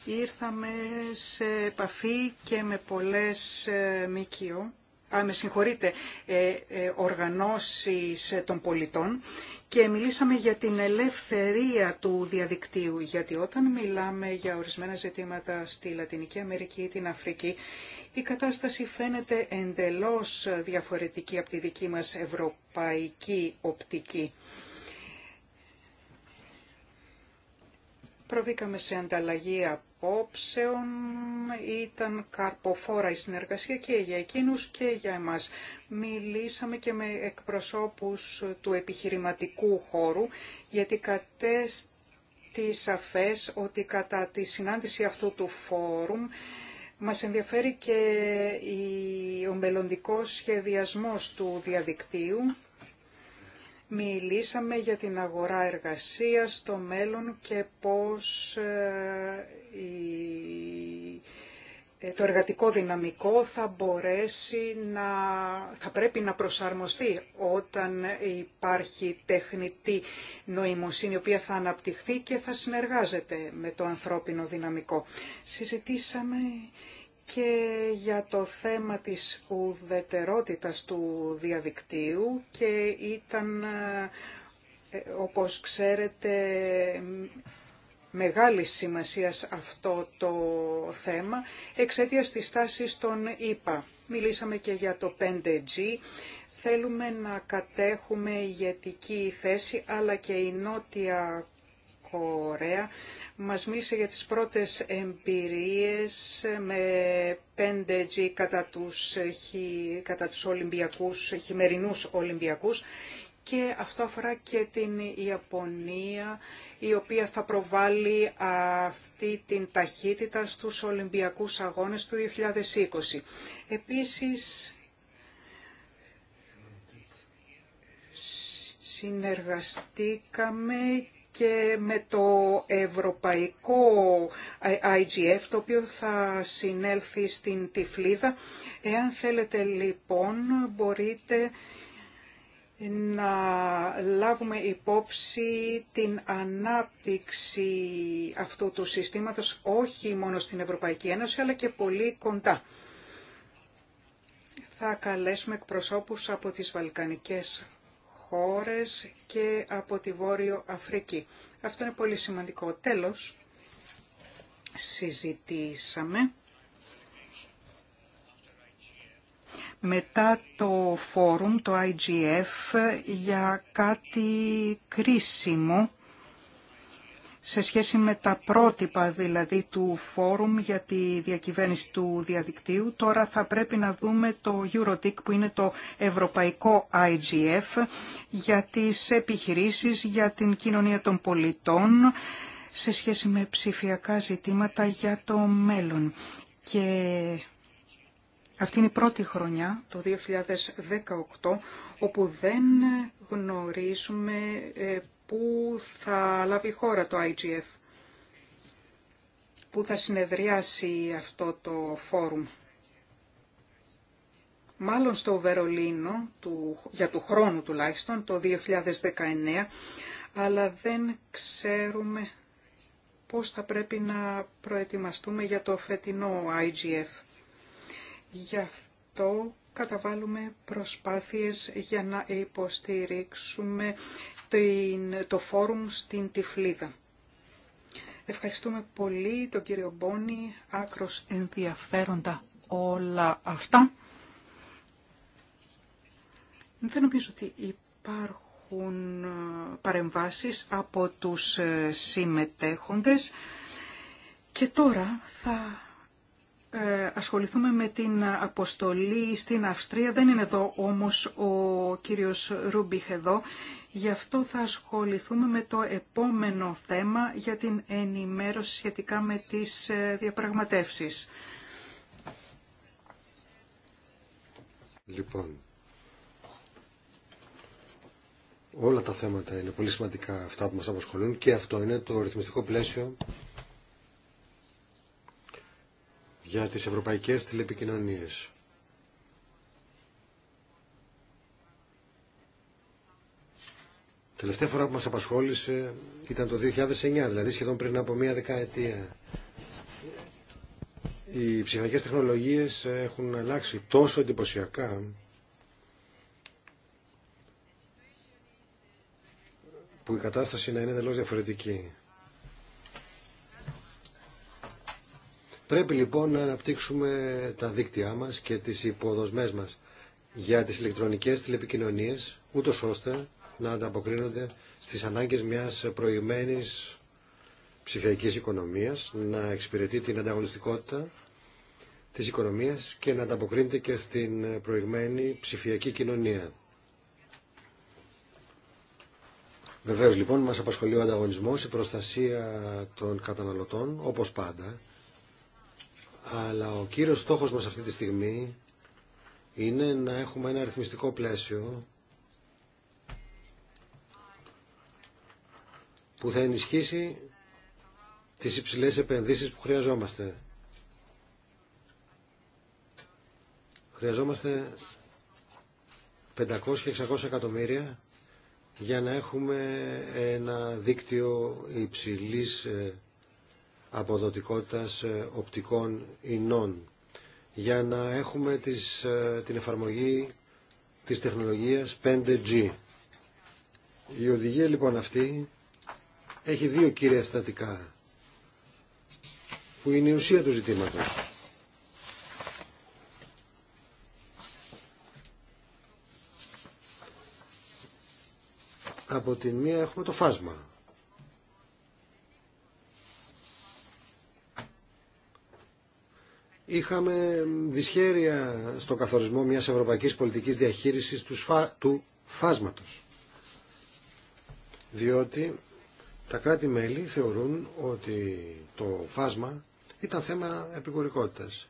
ήρθαμε σε επαφή και με πολλές ε, ΜΚΟ, α, ε, ε, οργανώσεις των πολιτών και μιλήσαμε για την ελευθερία του διαδικτύου, γιατί όταν μιλάμε για ορισμένα ζητήματα στη Λατινική Αμερική ή την Αφρική, η κατάσταση φαίνεται εντελώς διαφορετική από τη δική μας ευρωπαϊκή οπτική. Προβήκαμε σε ανταλλαγή απόψεων ήταν καρποφόρα η συνεργασία και για εκείνους και για εμάς. Μιλήσαμε και με εκπροσώπους του επιχειρηματικού χώρου, γιατί κατέστη σαφές ότι κατά τη συνάντηση αυτού του φόρουμ μας ενδιαφέρει και ο μελλοντικός σχεδιασμός του διαδικτύου Μιλήσαμε για την αγορά εργασίας στο μέλλον και πώς ε, ε, το εργατικό δυναμικό θα μπορέσει να, θα πρέπει να προσαρμοστεί όταν υπάρχει τεχνητή νοημοσύνη η οποία θα αναπτυχθεί και θα συνεργάζεται με το ανθρώπινο δυναμικό. Συζητήσαμε και για το θέμα της ουδετερότητας του διαδικτύου και ήταν, ε, όπως ξέρετε, μεγάλη σημασία αυτό το θέμα εξαιτίας της τάσης των ΙΠΑ. Μιλήσαμε και για το 5G. Θέλουμε να κατέχουμε ηγετική θέση, αλλά και η Νότια ωραία. μας μίλησε για τις πρώτες εμπειρίες με 5G κατά τους, κατά τους Ολυμπιακούς, χειμερινούς Ολυμπιακούς και αυτό αφορά και την Ιαπωνία η οποία θα προβάλλει αυτή την ταχύτητα στους Ολυμπιακούς Αγώνες του 2020. Επίσης, συνεργαστήκαμε και με το ευρωπαϊκό IGF, το οποίο θα συνέλθει στην Τυφλίδα. Εάν θέλετε λοιπόν, μπορείτε να λάβουμε υπόψη την ανάπτυξη αυτού του συστήματος, όχι μόνο στην Ευρωπαϊκή Ένωση, αλλά και πολύ κοντά. Θα καλέσουμε εκπροσώπους από τις Βαλκανικές χώρες και από τη Βόρειο Αφρική. Αυτό είναι πολύ σημαντικό. Τέλος, συζητήσαμε μετά το φόρουμ, το IGF, για κάτι κρίσιμο σε σχέση με τα πρότυπα δηλαδή του φόρουμ για τη διακυβέρνηση του διαδικτύου. Τώρα θα πρέπει να δούμε το Eurotic που είναι το ευρωπαϊκό IGF για τις επιχειρήσεις, για την κοινωνία των πολιτών σε σχέση με ψηφιακά ζητήματα για το μέλλον. Και αυτή είναι η πρώτη χρονιά, το 2018, όπου δεν γνωρίζουμε ε, που θα λάβει χώρα το IGF, που θα συνεδριάσει αυτό το φόρουμ. Μάλλον στο Βερολίνο, του, για του χρόνου τουλάχιστον, το 2019, αλλά δεν ξέρουμε πώς θα πρέπει να προετοιμαστούμε για το φετινό IGF. Γι' αυτό καταβάλουμε προσπάθειες για να υποστηρίξουμε το φόρουμ στην Τυφλίδα. Ευχαριστούμε πολύ τον κύριο Μπόνι, άκρος ενδιαφέροντα όλα αυτά. Δεν νομίζω ότι υπάρχουν ε, παρεμβάσεις από τους ε, συμμετέχοντες. Και τώρα θα ε, ασχοληθούμε με την αποστολή στην Αυστρία. Δεν είναι εδώ όμως ο κύριος Ρούμπιχ εδώ Γι' αυτό θα ασχοληθούμε με το επόμενο θέμα για την ενημέρωση σχετικά με τις ε, διαπραγματεύσεις. Λοιπόν, όλα τα θέματα είναι πολύ σημαντικά αυτά που μας απασχολούν και αυτό είναι το ρυθμιστικό πλαίσιο για τις ευρωπαϊκές τηλεπικοινωνίες. Τελευταία φορά που μας απασχόλησε ήταν το 2009, δηλαδή σχεδόν πριν από μία δεκαετία. Οι ψηφιακές τεχνολογίες έχουν αλλάξει τόσο εντυπωσιακά που η κατάσταση να είναι εντελώ διαφορετική. Πρέπει λοιπόν να αναπτύξουμε τα δίκτυά μας και τις υποδοσμές μας για τις ηλεκτρονικές τηλεπικοινωνίες, ούτως ώστε να ανταποκρίνονται στις ανάγκες μιας προηγμένης ψηφιακής οικονομίας, να εξυπηρετεί την ανταγωνιστικότητα της οικονομίας και να ανταποκρίνεται και στην προηγμένη ψηφιακή κοινωνία. Βεβαίω λοιπόν μας απασχολεί ο ανταγωνισμός, η προστασία των καταναλωτών, όπως πάντα. Αλλά ο κύριος στόχος μας αυτή τη στιγμή είναι να έχουμε ένα αριθμιστικό πλαίσιο που θα ενισχύσει τις υψηλές επενδύσεις που χρειαζόμαστε. Χρειαζόμαστε 500-600 εκατομμύρια για να έχουμε ένα δίκτυο υψηλής ε, αποδοτικότητας ε, οπτικών ινών για να έχουμε τις, ε, την εφαρμογή της τεχνολογίας 5G. Η οδηγία λοιπόν αυτή έχει δύο κύρια στατικά που είναι η ουσία του ζητήματος. Από την μία έχουμε το φάσμα. Είχαμε δυσχέρεια στο καθορισμό μιας ευρωπαϊκής πολιτικής διαχείρισης του φάσματος. Διότι τα κράτη-μέλη θεωρούν ότι το φάσμα ήταν θέμα επικουρικότητας.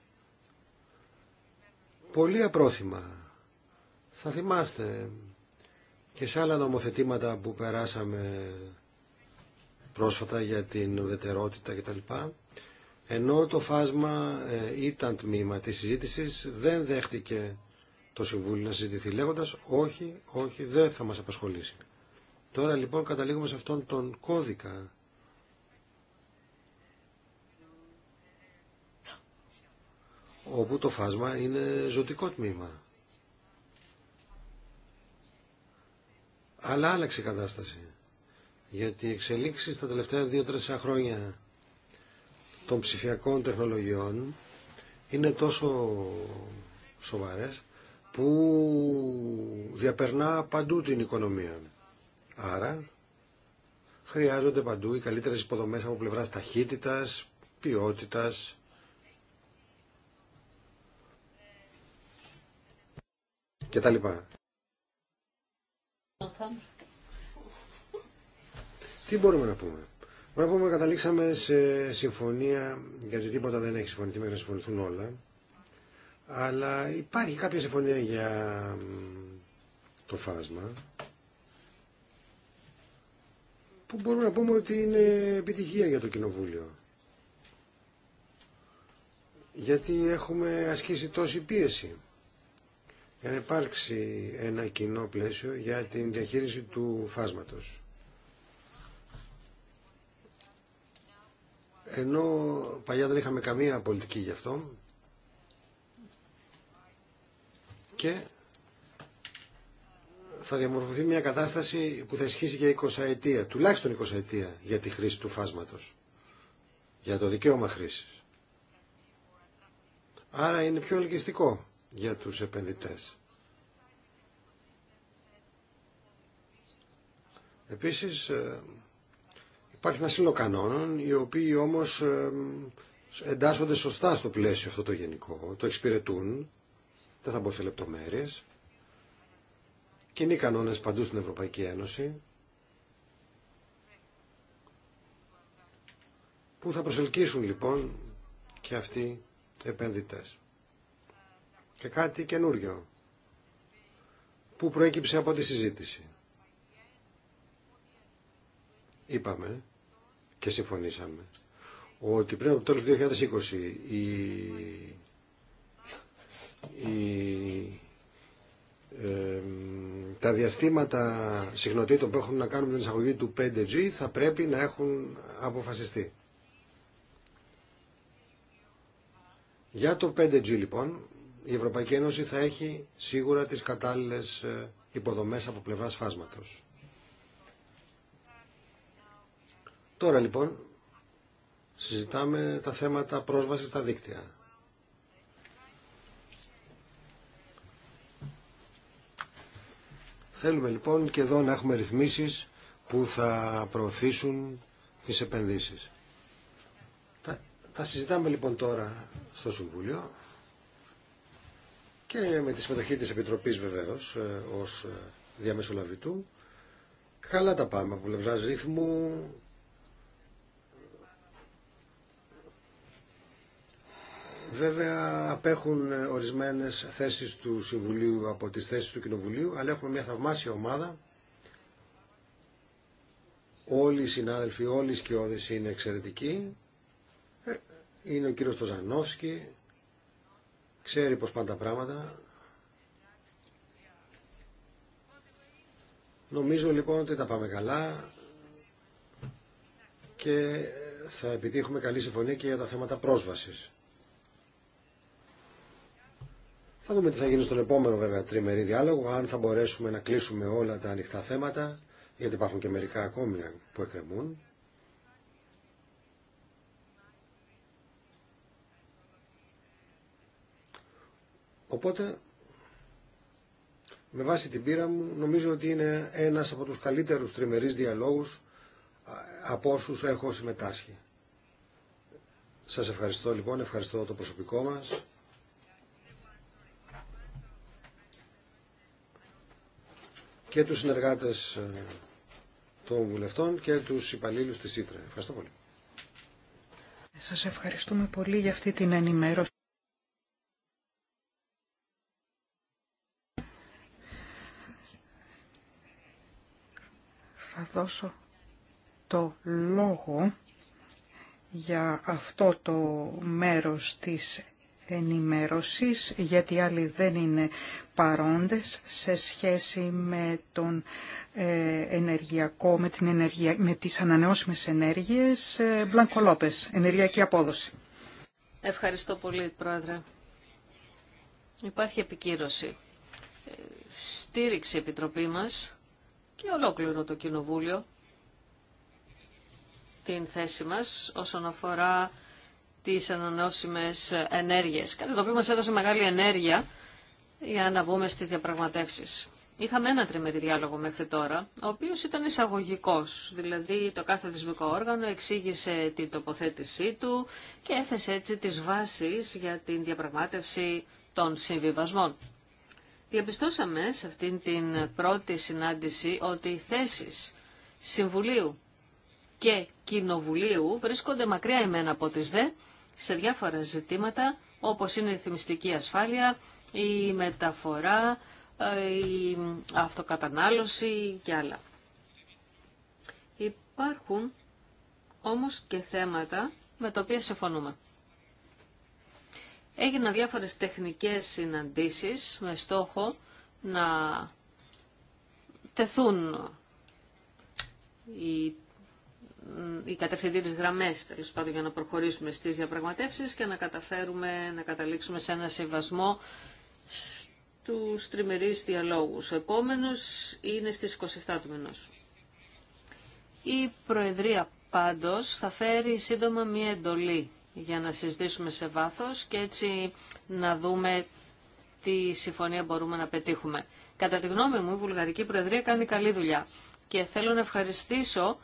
Πολύ απρόθυμα. Θα θυμάστε και σε άλλα νομοθετήματα που περάσαμε πρόσφατα για την ουδετερότητα κτλ. Ενώ το φάσμα ε, ήταν τμήμα της συζήτησης, δεν δέχτηκε το Συμβούλιο να συζητηθεί λέγοντας όχι, όχι, δεν θα μας απασχολήσει. Τώρα λοιπόν καταλήγουμε σε αυτόν τον κώδικα. όπου το φάσμα είναι ζωτικό τμήμα. Αλλά άλλαξε η κατάσταση. Γιατί οι εξελίξεις τα τελευταία 2-3 χρόνια των ψηφιακών τεχνολογιών είναι τόσο σοβαρές που διαπερνά παντού την οικονομία. Άρα χρειάζονται παντού οι καλύτερες υποδομές από πλευράς ταχύτητας, ποιότητας, και τα λοιπά. Τι μπορούμε να πούμε. Μπορούμε να πούμε καταλήξαμε σε συμφωνία, γιατί τίποτα δεν έχει συμφωνηθεί μέχρι να συμφωνηθούν όλα. Αλλά υπάρχει κάποια συμφωνία για το φάσμα που μπορούμε να πούμε ότι είναι επιτυχία για το Κοινοβούλιο. Γιατί έχουμε ασκήσει τόση πίεση για να υπάρξει ένα κοινό πλαίσιο για την διαχείριση του φάσματος. Ενώ παλιά δεν είχαμε καμία πολιτική γι' αυτό και θα διαμορφωθεί μια κατάσταση που θα ισχύσει για 20 ετία, τουλάχιστον 20 ετία για τη χρήση του φάσματος, για το δικαίωμα χρήσης. Άρα είναι πιο ελκυστικό για τους επενδυτές. Επίσης ε, υπάρχει ένα σύνολο κανόνων οι οποίοι όμως ε, εντάσσονται σωστά στο πλαίσιο αυτό το γενικό, το εξυπηρετούν, δεν θα μπω σε λεπτομέρειες κοινοί κανόνες παντού στην Ευρωπαϊκή Ένωση που θα προσελκύσουν λοιπόν και αυτοί οι επενδυτές. Και κάτι καινούριο που προέκυψε από τη συζήτηση. Είπαμε και συμφωνήσαμε ότι πριν από το 2020 η, η τα διαστήματα συχνοτήτων που έχουν να κάνουν με την εισαγωγή του 5G θα πρέπει να έχουν αποφασιστεί. Για το 5G λοιπόν η Ευρωπαϊκή Ένωση θα έχει σίγουρα τις κατάλληλες ε, υποδομές από πλευράς φάσματος. Τώρα λοιπόν συζητάμε τα θέματα πρόσβασης στα δίκτυα. Θέλουμε λοιπόν και εδώ να έχουμε ρυθμίσεις που θα προωθήσουν τις επενδύσεις. Τα, τα συζητάμε λοιπόν τώρα στο Συμβούλιο και με τη συμμετοχή της Επιτροπής βεβαίως ε, ως ε, διαμεσολαβητού. Καλά τα πάμε από πλευρά ρυθμού, Βέβαια απέχουν ε, ορισμένες θέσεις του Συμβουλίου από τις θέσεις του Κοινοβουλίου, αλλά έχουμε μια θαυμάσια ομάδα. Όλοι οι συνάδελφοι, όλοι οι σκιώδες είναι εξαιρετικοί. Ε, είναι ο κύριος Τοζανόφσκι, ξέρει πως πάντα πράγματα. Νομίζω λοιπόν ότι τα πάμε καλά και θα επιτύχουμε καλή συμφωνία και για τα θέματα πρόσβασης. Θα δούμε τι θα γίνει στον επόμενο βέβαια τριμερή διάλογο, αν θα μπορέσουμε να κλείσουμε όλα τα ανοιχτά θέματα, γιατί υπάρχουν και μερικά ακόμη που εκκρεμούν. Οπότε, με βάση την πείρα μου, νομίζω ότι είναι ένας από τους καλύτερους τριμερείς διαλόγους από όσους έχω συμμετάσχει. Σας ευχαριστώ λοιπόν, ευχαριστώ το προσωπικό μας και τους συνεργάτες ε, των βουλευτών και τους υπαλλήλους της Ήτρε. Ευχαριστώ πολύ. Σας ευχαριστούμε πολύ για αυτή την ενημέρωση. Θα δώσω το λόγο για αυτό το μέρος της ενημέρωσης, γιατί άλλοι δεν είναι παρόντες σε σχέση με, τον, ε, ενεργειακό, με, την ενεργεια, με τις ανανεώσιμες ενέργειες, ε, μπλανκολόπες, ενεργειακή απόδοση. Ευχαριστώ πολύ, Πρόεδρε. Υπάρχει επικύρωση. Ε, στήριξη Επιτροπή μας και ολόκληρο το Κοινοβούλιο την θέση μας όσον αφορά τις ανανεώσιμες ενέργειες. Κάτι το οποίο μας έδωσε μεγάλη ενέργεια για να μπούμε στις διαπραγματεύσεις. Είχαμε ένα τριμερή διάλογο μέχρι τώρα, ο οποίος ήταν εισαγωγικό. Δηλαδή το κάθε δυσμικό όργανο εξήγησε την τοποθέτησή του και έθεσε έτσι τις βάσεις για την διαπραγμάτευση των συμβιβασμών. Διαπιστώσαμε σε αυτήν την πρώτη συνάντηση ότι οι θέσεις Συμβουλίου και Κοινοβουλίου βρίσκονται μακριά εμένα από τις ΔΕ σε διάφορα ζητήματα όπως είναι η θυμιστική ασφάλεια, η μεταφορά, ε, η αυτοκατανάλωση και άλλα. Υπάρχουν όμως και θέματα με τα οποία συμφωνούμε. Έγιναν διάφορες τεχνικές συναντήσεις με στόχο να τεθούν οι οι κατευθυντήριε γραμμέ τέλο πάντων για να προχωρήσουμε στις διαπραγματεύσεις και να καταφέρουμε να καταλήξουμε σε ένα σεβασμό του τριμερεί διαλόγου. Ο επόμενος είναι στις 27 του μηνό. Η Προεδρία πάντως θα φέρει σύντομα μία εντολή για να συζητήσουμε σε βάθος και έτσι να δούμε τι συμφωνία μπορούμε να πετύχουμε. Κατά τη γνώμη μου η Βουλγαρική Προεδρία κάνει καλή δουλειά και θέλω να ευχαριστήσω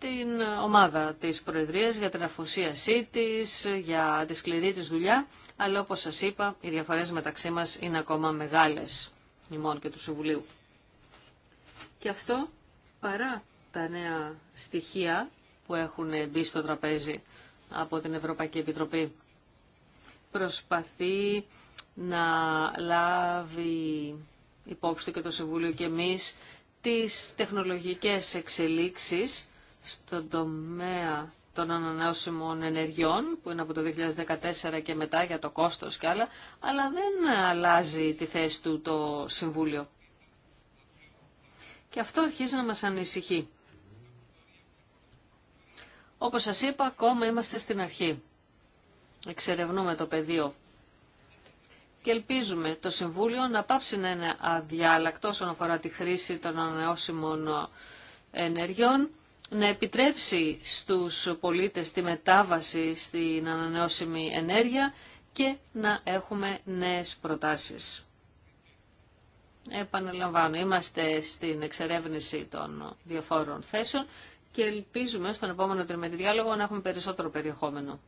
την ομάδα της Προεδρίας για την αφοσίασή της, για τη σκληρή της δουλειά, αλλά όπως σας είπα, οι διαφορές μεταξύ μας είναι ακόμα μεγάλες, ημών και του Συμβουλίου. Και αυτό παρά τα νέα στοιχεία που έχουν μπει στο τραπέζι από την Ευρωπαϊκή Επιτροπή. Προσπαθεί να λάβει υπόψη του και το Συμβούλιο και εμείς τις τεχνολογικές εξελίξεις στον τομέα των ανανεώσιμων ενεργειών, που είναι από το 2014 και μετά για το κόστος και άλλα, αλλά δεν αλλάζει τη θέση του το Συμβούλιο. Και αυτό αρχίζει να μας ανησυχεί. Όπως σας είπα, ακόμα είμαστε στην αρχή. Εξερευνούμε το πεδίο και ελπίζουμε το Συμβούλιο να πάψει να είναι αδιάλακτο όσον αφορά τη χρήση των ανανεώσιμων ενεργειών να επιτρέψει στους πολίτες τη μετάβαση στην ανανεώσιμη ενέργεια και να έχουμε νέες προτάσεις. Επαναλαμβάνω, είμαστε στην εξερεύνηση των διαφόρων θέσεων και ελπίζουμε στον επόμενο τριμερή διάλογο να έχουμε περισσότερο περιεχόμενο.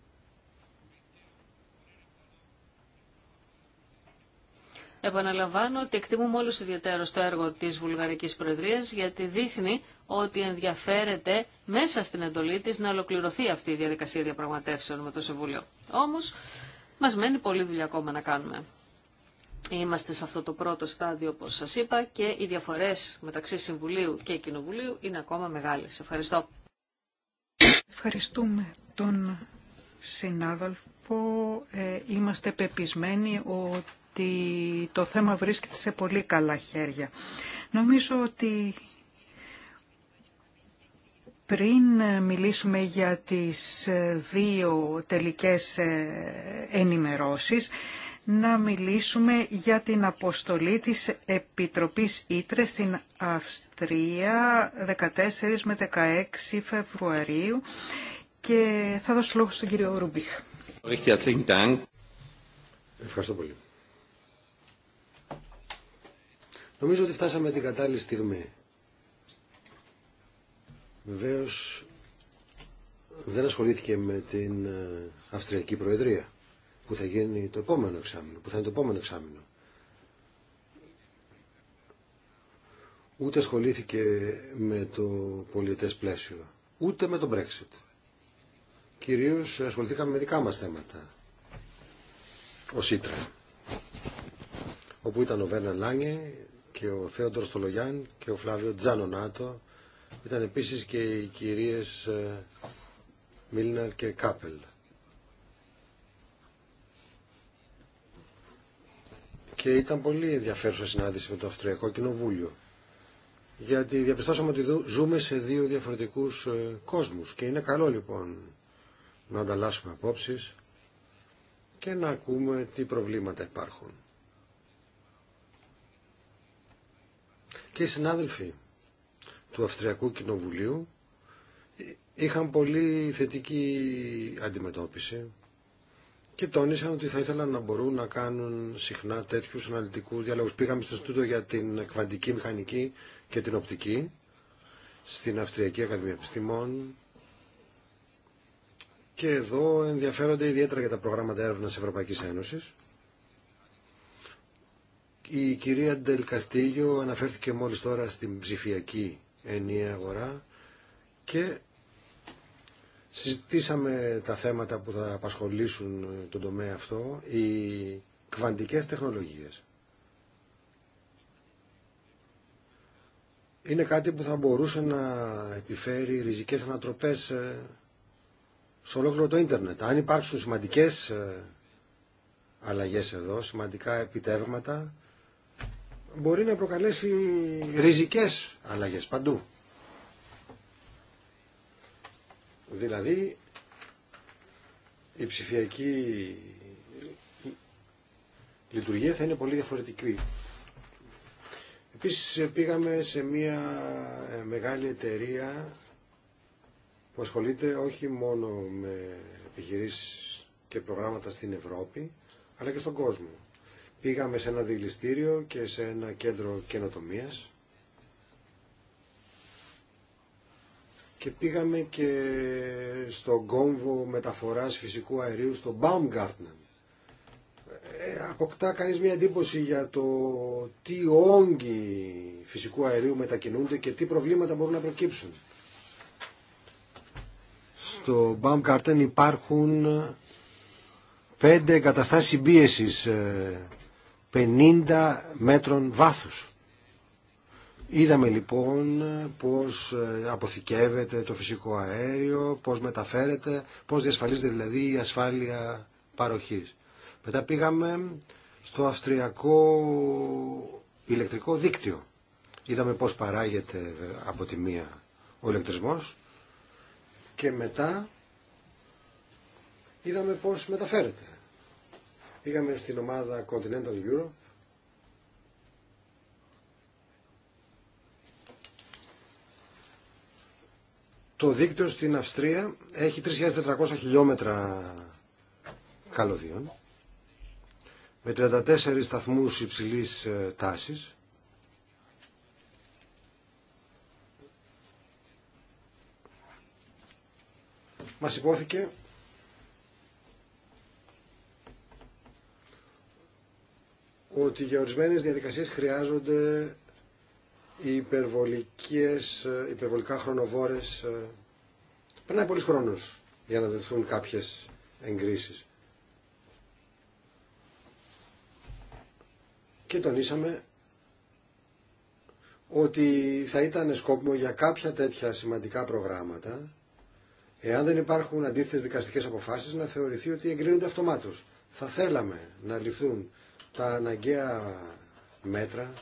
Επαναλαμβάνω ότι εκτιμούμε όλους ιδιαίτερο το έργο της Βουλγαρικής Προεδρίας γιατί δείχνει ότι ενδιαφέρεται μέσα στην εντολή της να ολοκληρωθεί αυτή η διαδικασία διαπραγματεύσεων με το Συμβούλιο. Όμως, μας μένει πολλή δουλειά ακόμα να κάνουμε. Είμαστε σε αυτό το πρώτο στάδιο, όπως σας είπα, και οι διαφορές μεταξύ Συμβουλίου και Κοινοβουλίου είναι ακόμα μεγάλες. Ευχαριστώ. Ευχαριστούμε τον συνάδελφο. Ε, είμαστε πεπισμένοι ότι ότι το θέμα βρίσκεται σε πολύ καλά χέρια. Νομίζω ότι πριν μιλήσουμε για τις δύο τελικές ενημερώσεις, να μιλήσουμε για την αποστολή της Επιτροπής Ήτρε στην Αυστρία 14 με 16 Φεβρουαρίου και θα δώσω λόγο στον κύριο Ρούμπιχ. Ευχαριστώ πολύ. Νομίζω ότι φτάσαμε την κατάλληλη στιγμή. Βεβαίω δεν ασχολήθηκε με την ε, Αυστριακή Προεδρία που θα γίνει το επόμενο εξάμεινο, που θα είναι το επόμενο εξάμεινο. Ούτε ασχολήθηκε με το πολιτές πλαίσιο, ούτε με το Brexit. Κυρίως ασχοληθήκαμε με δικά μας θέματα. Ο Σίτρα, όπου ήταν ο Βέρνα Λάγκε, και ο Θέοντρος Τολογιάν και ο Φλάβιο Τζάνονάτο. Ήταν επίσης και οι κυρίες ε, Μίλναρ και Κάπελ. Και ήταν πολύ ενδιαφέρουσα συνάντηση με το Αυστριακό Κοινοβούλιο. Γιατί διαπιστώσαμε ότι ζούμε σε δύο διαφορετικούς ε, κόσμους. Και είναι καλό λοιπόν να ανταλλάσσουμε απόψεις και να ακούμε τι προβλήματα υπάρχουν. και οι συνάδελφοι του Αυστριακού Κοινοβουλίου είχαν πολύ θετική αντιμετώπιση και τόνισαν ότι θα ήθελαν να μπορούν να κάνουν συχνά τέτοιους αναλυτικούς διαλόγους. Πήγαμε στο στούτο για την κβαντική μηχανική και την οπτική στην Αυστριακή Ακαδημία Επιστημών και εδώ ενδιαφέρονται ιδιαίτερα για τα προγράμματα έρευνας Ευρωπαϊκής Ένωσης η κυρία Καστίγιο αναφέρθηκε μόλις τώρα στην ψηφιακή ενιαία αγορά και συζητήσαμε τα θέματα που θα απασχολήσουν τον τομέα αυτό, οι κβαντικές τεχνολογίες. Είναι κάτι που θα μπορούσε να επιφέρει ριζικές ανατροπές ε, σε ολόκληρο το ίντερνετ. Αν υπάρξουν σημαντικές ε, αλλαγές εδώ, σημαντικά επιτεύγματα, μπορεί να προκαλέσει ριζικές αλλαγές παντού. Δηλαδή η ψηφιακή λειτουργία θα είναι πολύ διαφορετική. Επίσης πήγαμε σε μια ε, μεγάλη εταιρεία που ασχολείται όχι μόνο με επιχειρήσεις και προγράμματα στην Ευρώπη, αλλά και στον κόσμο. Πήγαμε σε ένα δηληστήριο και σε ένα κέντρο καινοτομία. και πήγαμε και στον κόμβο μεταφοράς φυσικού αερίου στο Baumgarten. Ε, αποκτά κανείς μια εντύπωση για το τι όγκοι φυσικού αερίου μετακινούνται και τι προβλήματα μπορούν να προκύψουν. Στο Baumgarten υπάρχουν πέντε εγκαταστάσεις πίεσης ε, 50 μέτρων βάθους. Είδαμε λοιπόν πώς ε, αποθηκεύεται το φυσικό αέριο, πώς μεταφέρεται, πώς διασφαλίζεται δηλαδή η ασφάλεια παροχής. Μετά πήγαμε στο αυστριακό ηλεκτρικό δίκτυο. Είδαμε πώς παράγεται από τη μία ο ηλεκτρισμός και μετά είδαμε πώς μεταφέρεται. Πήγαμε στην ομάδα Continental Euro Το δίκτυο στην Αυστρία έχει 3.400 χιλιόμετρα καλωδίων με 34 σταθμούς υψηλής ε, τάσης Μας υπόθηκε ότι για ορισμένε διαδικασίες χρειάζονται υπερβολικές, ε, υπερβολικά χρονοβόρες ε, περνάει πολλοί χρόνο για να δεθούν κάποιες εγκρίσει. Και τονίσαμε ότι θα ήταν σκόπιμο για κάποια τέτοια σημαντικά προγράμματα, εάν δεν υπάρχουν αντίθετες δικαστικέ αποφάσεις, να θεωρηθεί ότι εγκρίνονται αυτομάτω. Θα θέλαμε να ληφθούν τα αναγκαία μέτρα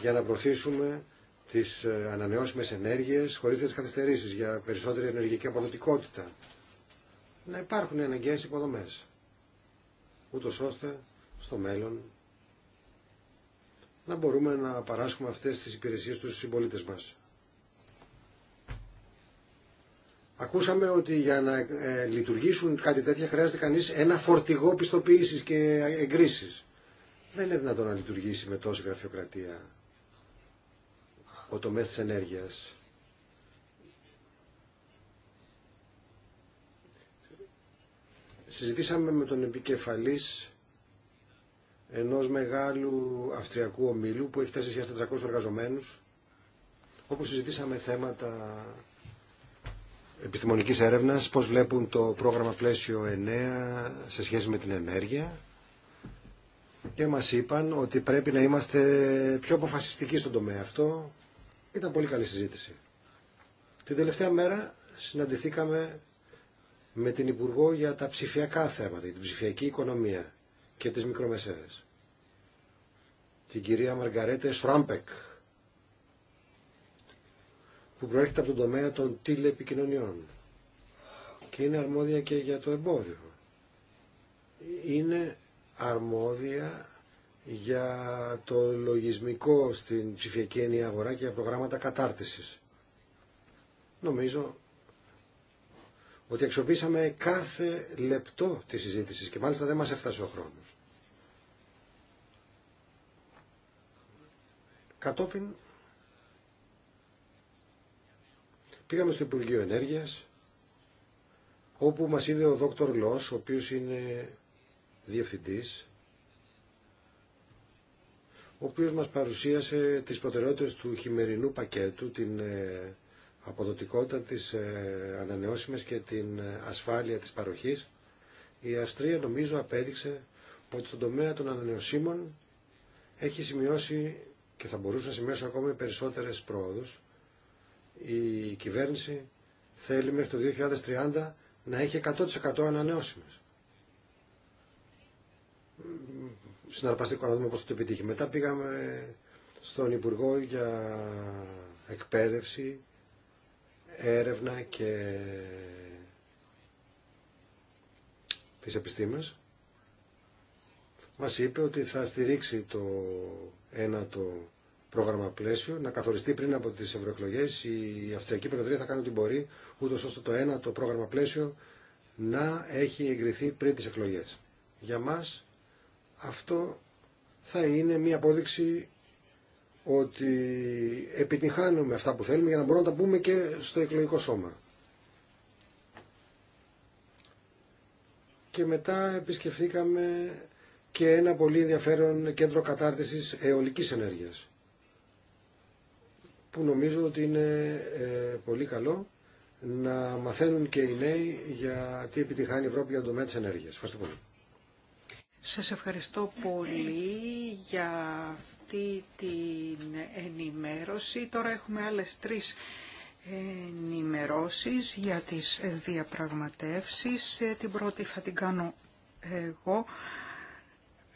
για να προωθήσουμε τις ε, ανανεώσιμες ενέργειες χωρίς τις καθυστερήσεις για περισσότερη ενεργειακή αποδοτικότητα. Να υπάρχουν αναγκαίες υποδομές, ούτως ώστε στο μέλλον να μπορούμε να παράσχουμε αυτές τις υπηρεσίες στους συμπολίτε μας. Ακούσαμε ότι για να ε, λειτουργήσουν κάτι τέτοια χρειάζεται κανείς ένα φορτηγό πιστοποίησης και εγκρίσης δεν είναι δυνατόν να λειτουργήσει με τόση γραφειοκρατία ο τομέας της ενέργειας. Συζητήσαμε με τον επικεφαλής ενός μεγάλου αυστριακού ομίλου που έχει 400 εργαζομένους όπου συζητήσαμε θέματα επιστημονικής έρευνας, πώς βλέπουν το πρόγραμμα πλαίσιο 9 σε σχέση με την ενέργεια και μας είπαν ότι πρέπει να είμαστε πιο αποφασιστικοί στον τομέα αυτό. Ήταν πολύ καλή συζήτηση. Την τελευταία μέρα συναντηθήκαμε με την Υπουργό για τα ψηφιακά θέματα, για την ψηφιακή οικονομία και τις μικρομεσαίες. Την κυρία Μαργαρέτε Σφράμπεκ, που προέρχεται από τον τομέα των τηλεπικοινωνιών και είναι αρμόδια και για το εμπόριο. Είναι αρμόδια για το λογισμικό στην ψηφιακή ενία αγορά και για προγράμματα κατάρτισης. Νομίζω ότι αξιοποιήσαμε κάθε λεπτό της συζήτησης και μάλιστα δεν μας έφτασε ο χρόνος. Κατόπιν πήγαμε στο Υπουργείο Ενέργειας όπου μας είδε ο Δόκτωρ Λος, ο οποίος είναι διευθυντής ο οποίος μας παρουσίασε τις προτεραιότητες του χειμερινού πακέτου, την ε, αποδοτικότητα της ε, ανανεώσιμες και την ε, ασφάλεια της παροχής. Η Αυστρία νομίζω απέδειξε ότι στον τομέα των ανανεωσίμων έχει σημειώσει και θα μπορούσε να σημειώσει ακόμη περισσότερες πρόοδους. Η κυβέρνηση θέλει μέχρι το 2030 να έχει 100% ανανεώσιμες. συναρπαστικό να δούμε πώς το επιτύχει. Μετά πήγαμε στον Υπουργό για εκπαίδευση, έρευνα και τις επιστήμες. Μας είπε ότι θα στηρίξει το ένα το πρόγραμμα πλαίσιο, να καθοριστεί πριν από τις ευρωεκλογέ. Η Αυστριακή Προεδρία θα κάνει ό,τι μπορεί, ούτως ώστε το ένα το πρόγραμμα πλαίσιο να έχει εγκριθεί πριν τις εκλογές. Για μας αυτό θα είναι μια απόδειξη ότι επιτυχάνουμε αυτά που θέλουμε για να μπορούμε να τα πούμε και στο εκλογικό σώμα. Και μετά επισκεφθήκαμε και ένα πολύ ενδιαφέρον κέντρο κατάρτισης αιωλικής ενέργειας που νομίζω ότι είναι ε, πολύ καλό να μαθαίνουν και οι νέοι για τι επιτυχάνει η Ευρώπη για το τομέα της ενέργειας. Ευχαριστώ πολύ. Σας ευχαριστώ πολύ για αυτή την ενημέρωση. Τώρα έχουμε άλλες τρεις ενημερώσεις για τις διαπραγματεύσεις. Ε, την πρώτη θα την κάνω εγώ,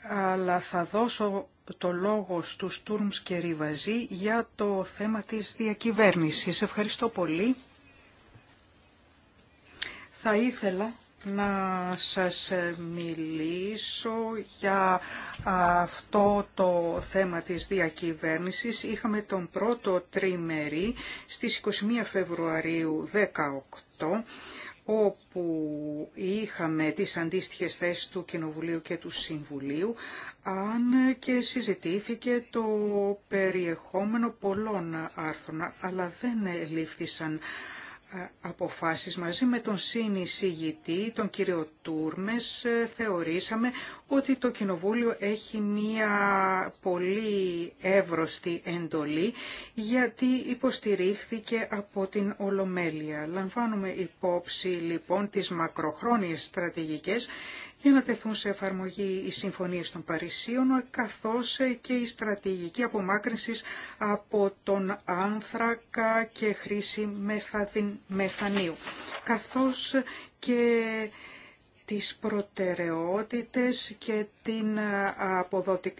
αλλά θα δώσω το λόγο στους Τούρμς και Ριβαζή για το θέμα της διακυβέρνησης. Ευχαριστώ πολύ. Θα ήθελα να σας μιλήσω για αυτό το θέμα της διακυβέρνησης. Είχαμε τον πρώτο τρίμερη στις 21 Φεβρουαρίου 18 όπου είχαμε τις αντίστοιχες θέσεις του Κοινοβουλίου και του Συμβουλίου, αν και συζητήθηκε το περιεχόμενο πολλών άρθρων, αλλά δεν λήφθησαν ε, αποφάσεις μαζί με τον συνεισηγητή, τον κύριο Τούρμες, ε, θεωρήσαμε ότι το Κοινοβούλιο έχει μία πολύ εύρωστη εντολή γιατί υποστηρίχθηκε από την Ολομέλεια. Λαμβάνουμε υπόψη λοιπόν τις μακροχρόνιες στρατηγικές για να τεθούν σε εφαρμογή οι συμφωνίες των Παρισίων καθώς και η στρατηγική απομάκρυνσης από τον άνθρακα και χρήση μεθανίου καθώς και τις προτεραιότητες και την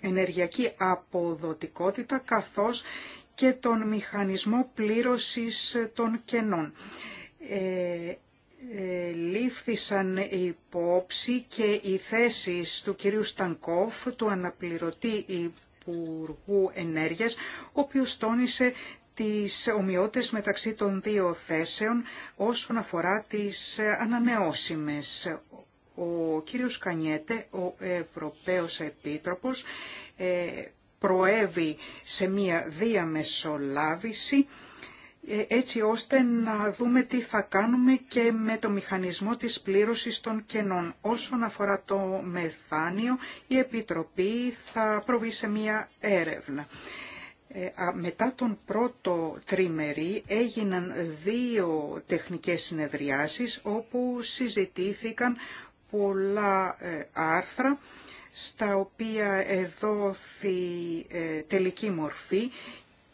ενεργειακή αποδοτικότητα καθώς και τον μηχανισμό πλήρωσης των κενών. Ε, λήφθησαν υπόψη και οι θέσεις του κυρίου Στανκόφ, του αναπληρωτή Υπουργού Ενέργειας, ο οποίος τόνισε τις ομοιότητες μεταξύ των δύο θέσεων όσον αφορά τις ανανεώσιμες. Ο κύριος Κανιέτε, ο Ευρωπαίος Επίτροπος, ε, προέβη σε μία διαμεσολάβηση ε, έτσι ώστε να δούμε τι θα κάνουμε και με το μηχανισμό της πλήρωσης των κενών. Όσον αφορά το μεθάνιο, η Επιτροπή θα προβεί σε μία έρευνα. Ε, μετά τον πρώτο τριμερή έγιναν δύο τεχνικές συνεδριάσεις όπου συζητήθηκαν πολλά ε, άρθρα στα οποία εδόθη τελική μορφή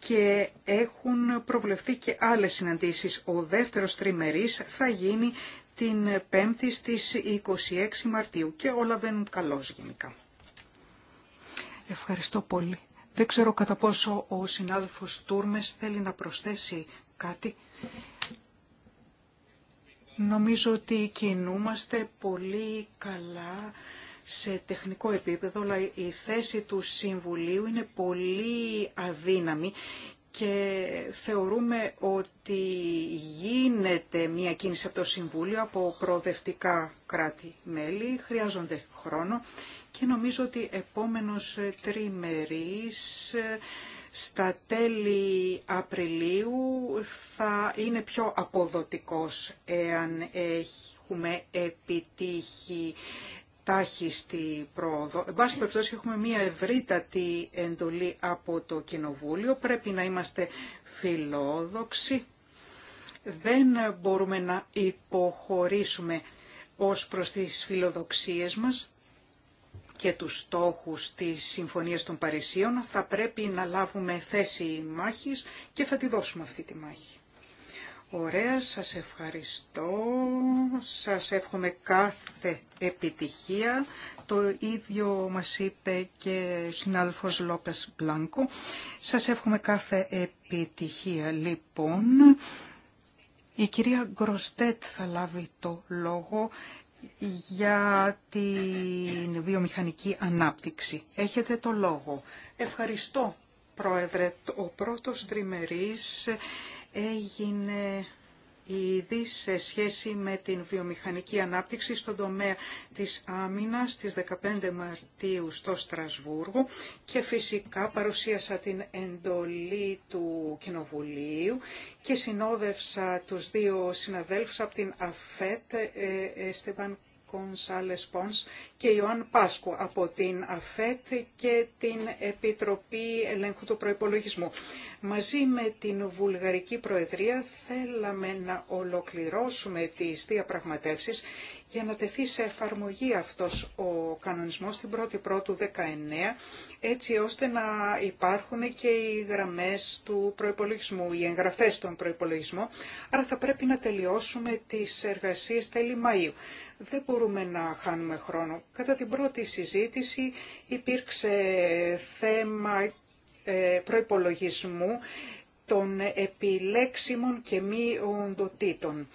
και έχουν προβλεφθεί και άλλες συναντήσεις. Ο δεύτερος τριμερής θα γίνει την 5η στις 26 Μαρτίου και όλα βαίνουν καλώς γενικά. Ευχαριστώ πολύ. Δεν ξέρω κατά πόσο ο συνάδελφος Τούρμες θέλει να προσθέσει κάτι. Νομίζω ότι κινούμαστε πολύ καλά σε τεχνικό επίπεδο, αλλά η θέση του Συμβουλίου είναι πολύ αδύναμη και θεωρούμε ότι γίνεται μια κίνηση από το Συμβούλιο από προοδευτικά κράτη-μέλη, χρειάζονται χρόνο και νομίζω ότι επόμενος τριμερής στα τέλη Απριλίου θα είναι πιο αποδοτικός εάν έχουμε επιτύχει τάχιστη πρόοδο. Εν πάση περιπτώσει έχουμε μια ευρύτατη εντολή από το Κοινοβούλιο. Πρέπει να είμαστε φιλόδοξοι. Δεν μπορούμε να υποχωρήσουμε ως προς τις φιλοδοξίες μας και τους στόχους της Συμφωνίας των Παρισίων. Θα πρέπει να λάβουμε θέση μάχης και θα τη δώσουμε αυτή τη μάχη. Ωραία, σας ευχαριστώ. Σας εύχομαι κάθε επιτυχία. Το ίδιο μας είπε και ο συνάδελφος Λόπες Μπλάνκο. Σας εύχομαι κάθε επιτυχία. Λοιπόν, η κυρία Γκροστέτ θα λάβει το λόγο για την βιομηχανική ανάπτυξη. Έχετε το λόγο. Ευχαριστώ, Πρόεδρε. Ο πρώτος τριμερής έγινε ήδη σε σχέση με την βιομηχανική ανάπτυξη στον τομέα της άμυνας στις 15 Μαρτίου στο Στρασβούργο και φυσικά παρουσίασα την εντολή του Κοινοβουλίου και συνόδευσα τους δύο συναδέλφους από την ΑΦΕΤ, ε, Εστεβαν Κονσάλες Πόνς και Ιωάνν Πάσκου από την ΑΦΕΤ και την Επιτροπή Ελέγχου του Προϋπολογισμού. Μαζί με την Βουλγαρική Προεδρία θέλαμε να ολοκληρώσουμε τις διαπραγματεύσεις για να τεθεί σε εφαρμογή αυτός ο κανονισμός την 1η Πρώτου 19, έτσι ώστε να υπάρχουν και οι γραμμές του προϋπολογισμού, οι εγγραφές των προϋπολογισμών, άρα θα πρέπει να τελειώσουμε τις εργασίες τέλη Μαΐου. Δεν μπορούμε να χάνουμε χρόνο. Κατά την πρώτη συζήτηση υπήρξε θέμα ε, προϋπολογισμού των επιλέξιμων και μη οντοτήτων.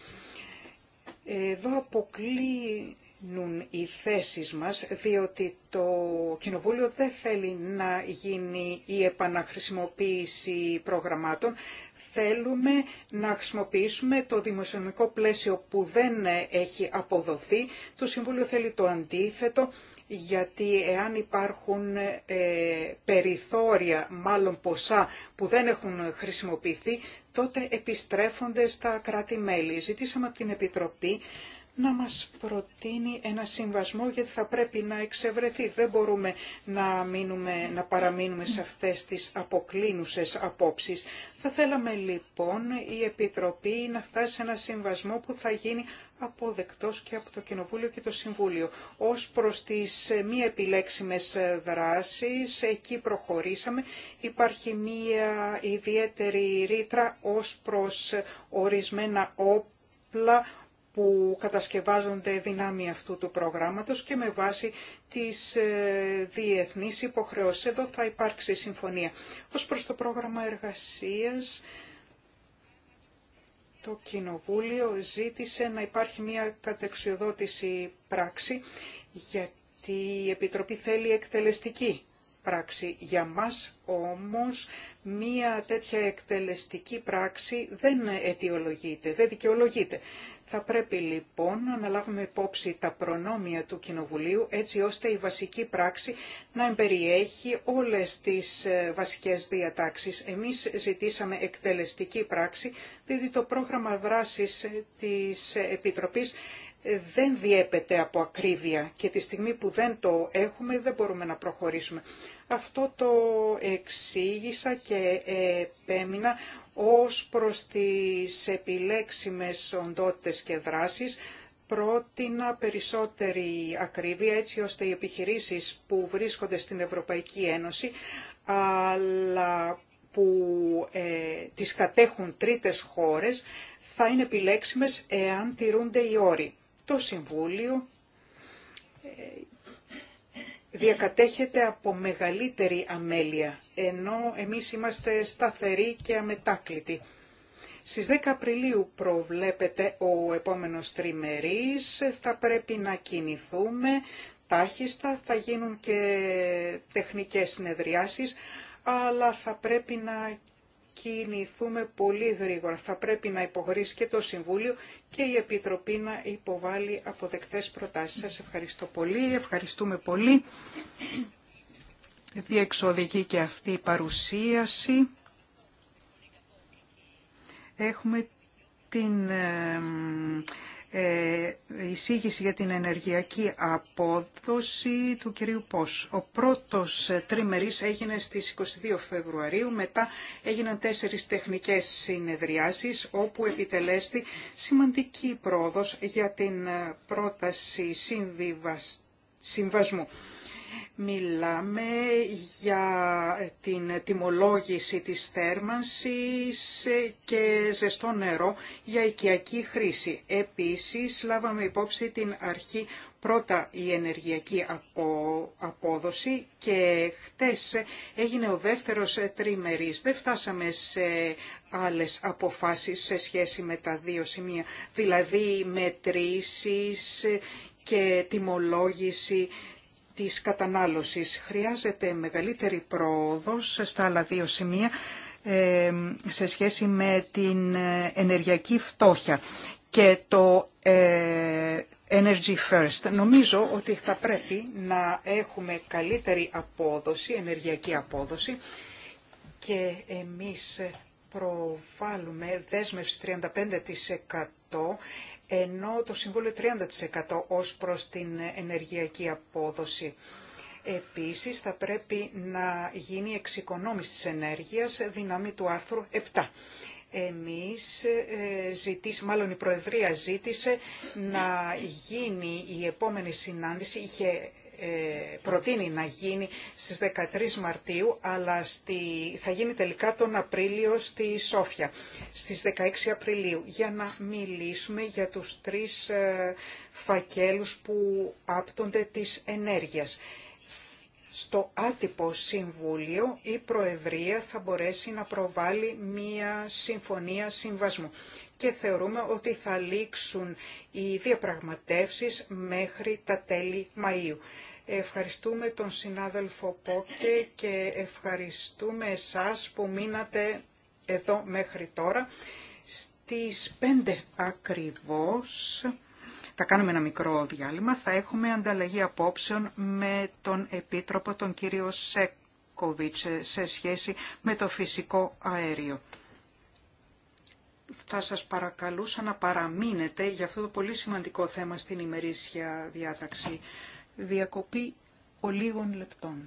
Εδώ αποκλίνουν οι θέσεις μας, διότι το Κοινοβούλιο δεν θέλει να γίνει η επαναχρησιμοποίηση προγραμμάτων. Θέλουμε να χρησιμοποιήσουμε το δημοσιονομικό πλαίσιο που δεν έχει αποδοθεί. Το Συμβούλιο θέλει το αντίθετο γιατί εάν υπάρχουν ε, περιθώρια, μάλλον ποσά που δεν έχουν χρησιμοποιηθεί, τότε επιστρέφονται στα κράτη-μέλη. Ζητήσαμε από την Επιτροπή να μας προτείνει ένα συμβασμό γιατί θα πρέπει να εξευρεθεί. Δεν μπορούμε να, μείνουμε, να παραμείνουμε σε αυτές τις αποκλίνουσες απόψεις. Θα θέλαμε λοιπόν η Επιτροπή να φτάσει σε ένα συμβασμό που θα γίνει αποδεκτός και από το Κοινοβούλιο και το Συμβούλιο. Ως προς τις ε, μη επιλέξιμες ε, δράσεις, εκεί προχωρήσαμε. Υπάρχει μία ιδιαίτερη ρήτρα ως προς ε, ορισμένα όπλα που κατασκευάζονται δυνάμει αυτού του προγράμματος και με βάση τις διεθνείς υποχρεώσεις. Εδώ θα υπάρξει συμφωνία. Ως προς το πρόγραμμα εργασίας το Κοινοβούλιο ζήτησε να υπάρχει μια κατεξιοδότηση πράξη γιατί η Επιτροπή θέλει εκτελεστική πράξη. Για μας όμως μία τέτοια εκτελεστική πράξη δεν αιτιολογείται, δεν δικαιολογείται. Θα πρέπει λοιπόν να λάβουμε υπόψη τα προνόμια του Κοινοβουλίου έτσι ώστε η βασική πράξη να εμπεριέχει όλες τις ε, βασικές διατάξεις. Εμείς ζητήσαμε εκτελεστική πράξη, διότι το πρόγραμμα δράσης ε, της Επιτροπής δεν διέπεται από ακρίβεια και τη στιγμή που δεν το έχουμε δεν μπορούμε να προχωρήσουμε. Αυτό το εξήγησα και επέμεινα ως προς τις επιλέξιμες οντότητες και δράσεις πρότεινα περισσότερη ακρίβεια έτσι ώστε οι επιχειρήσεις που βρίσκονται στην Ευρωπαϊκή Ένωση αλλά που ε, τις κατέχουν τρίτες χώρες θα είναι επιλέξιμες εάν τηρούνται οι όροι το Συμβούλιο ε, διακατέχεται από μεγαλύτερη αμέλεια, ενώ εμείς είμαστε σταθεροί και αμετάκλητοι. Στις 10 Απριλίου προβλέπεται ο επόμενος τριμερής, θα πρέπει να κινηθούμε τάχιστα, θα γίνουν και τεχνικές συνεδριάσεις, αλλά θα πρέπει να κινηθούμε πολύ γρήγορα. Θα πρέπει να υποχωρήσει και το Συμβούλιο και η Επιτροπή να υποβάλει αποδεκτές προτάσεις. Σας ευχαριστώ πολύ, ευχαριστούμε πολύ. Διεξοδική και αυτή η παρουσίαση. Έχουμε την ε, εισήγηση για την ενεργειακή απόδοση του κυρίου Πώς. Ο πρώτος ε, τριμερής έγινε στις 22 Φεβρουαρίου, μετά έγιναν τέσσερις τεχνικές συνεδριάσεις όπου επιτελέστη σημαντική πρόοδος για την ε, πρόταση συμβασμού. Μιλάμε για την τιμολόγηση της θέρμανσης και ζεστό νερό για οικιακή χρήση. Επίσης, λάβαμε υπόψη την αρχή πρώτα η ενεργειακή απόδοση και χτες έγινε ο δεύτερος τριμερής. Δεν φτάσαμε σε άλλες αποφάσεις σε σχέση με τα δύο σημεία, δηλαδή μετρήσεις και τιμολόγηση της κατανάλωσης. Χρειάζεται μεγαλύτερη πρόοδος στα άλλα δύο σημεία ε, σε σχέση με την ενεργειακή φτώχεια και το ε, Energy First. Νομίζω ότι θα πρέπει να έχουμε καλύτερη απόδοση, ενεργειακή απόδοση και εμείς προβάλλουμε δέσμευση 35% ενώ το Συμβούλιο 30% ως προς την ενεργειακή απόδοση. Επίσης θα πρέπει να γίνει εξοικονόμηση της ενέργειας δυνάμη του άρθρου 7. Εμείς ε, ζητήσει, μάλλον η Προεδρία ζήτησε να γίνει η επόμενη συνάντηση, είχε ε, προτείνει να γίνει στις 13 Μαρτίου, αλλά στη, θα γίνει τελικά τον Απρίλιο στη Σόφια, στις 16 Απριλίου, για να μιλήσουμε για τους τρεις ε, φακέλους που άπτονται της ενέργειας. Στο άτυπο συμβούλιο η Προεδρία θα μπορέσει να προβάλλει μία συμφωνία συμβασμού και θεωρούμε ότι θα λήξουν οι διαπραγματεύσεις μέχρι τα τέλη Μαΐου. Ευχαριστούμε τον συνάδελφο Πόκε και ευχαριστούμε εσάς που μείνατε εδώ μέχρι τώρα. Στις 5 ακριβώς, θα κάνουμε ένα μικρό διάλειμμα, θα έχουμε ανταλλαγή απόψεων με τον Επίτροπο, τον κύριο Σέκοβιτς, σε σχέση με το φυσικό αέριο. Θα σας παρακαλούσα να παραμείνετε για αυτό το πολύ σημαντικό θέμα στην ημερήσια διάταξη διακοπή ολίγων λεπτών.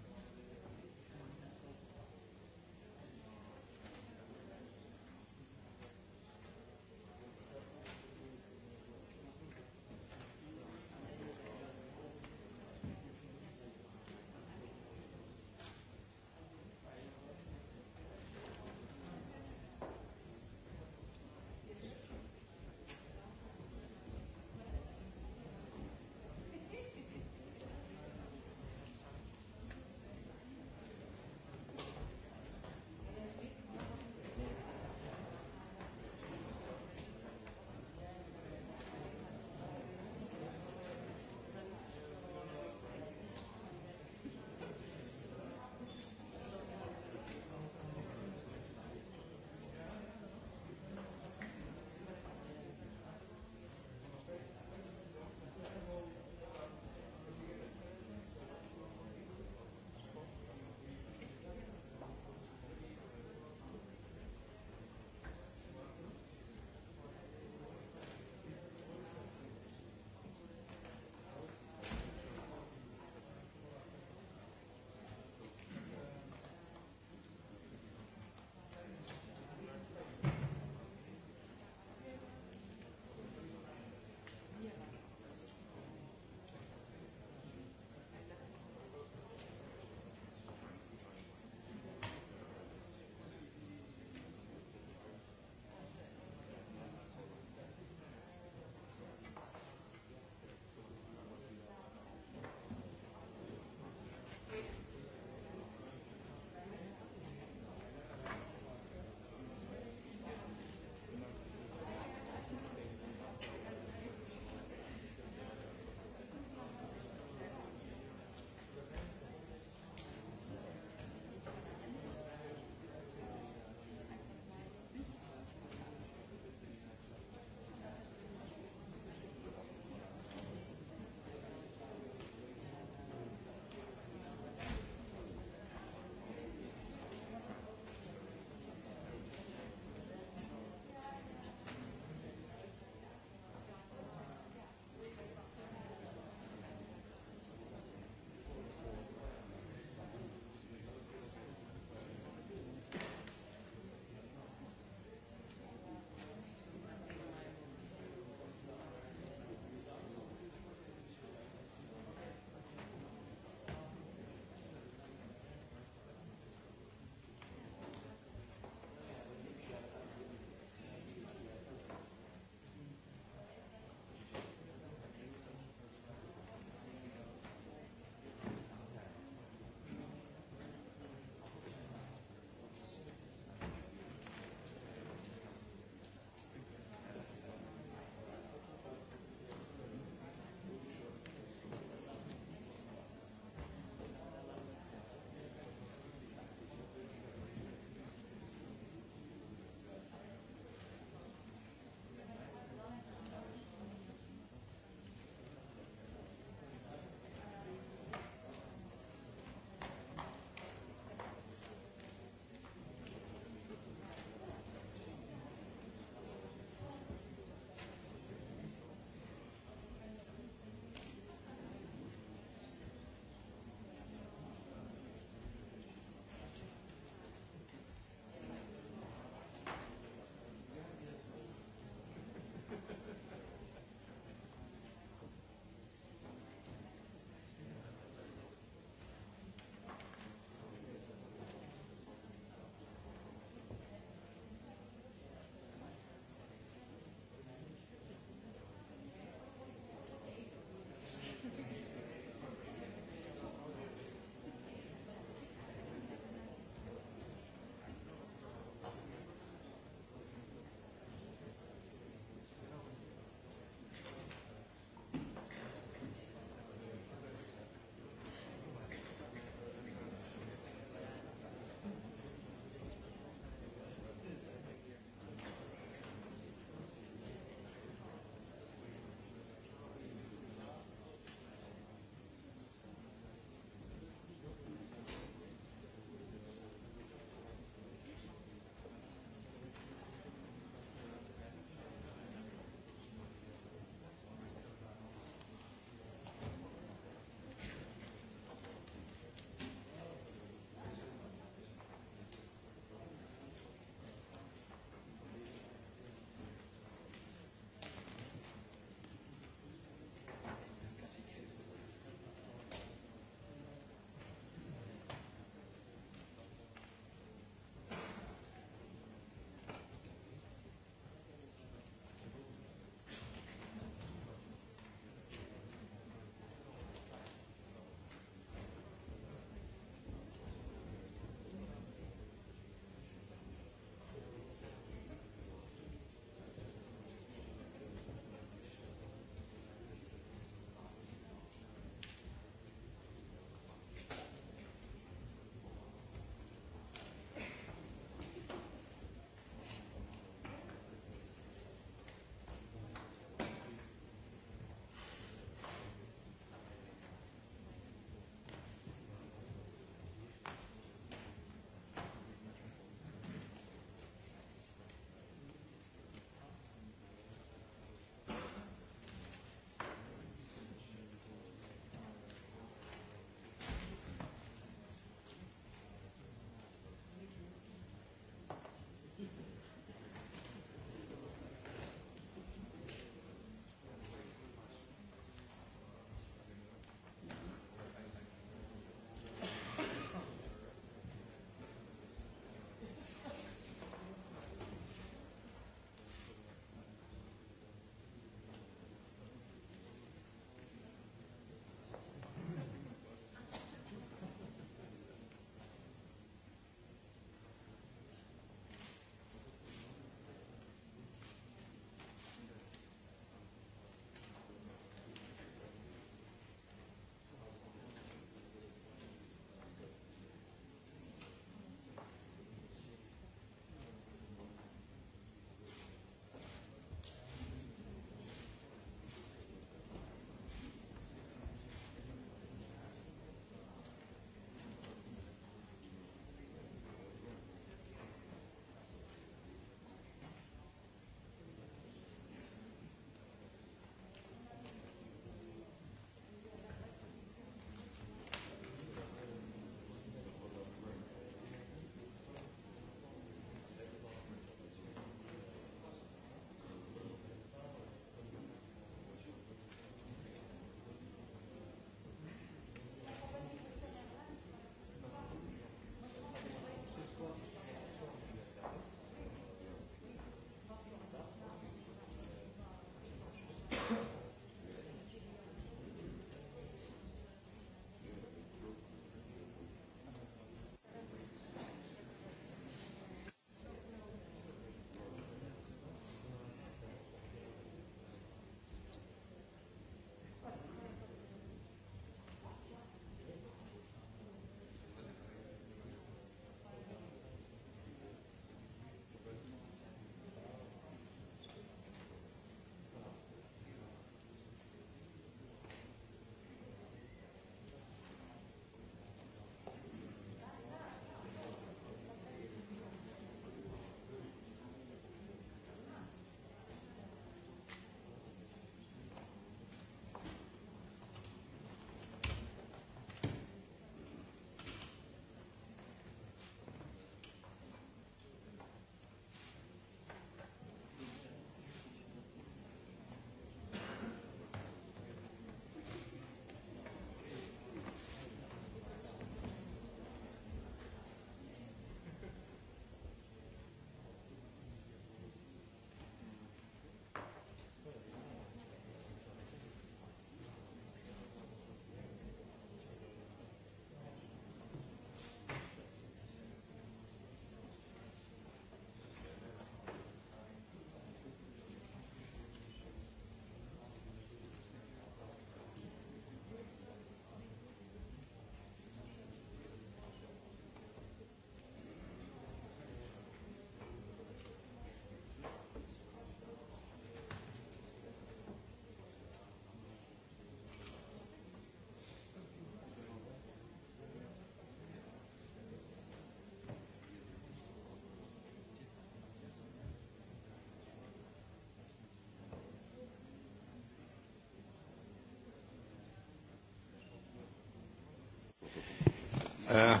Uh,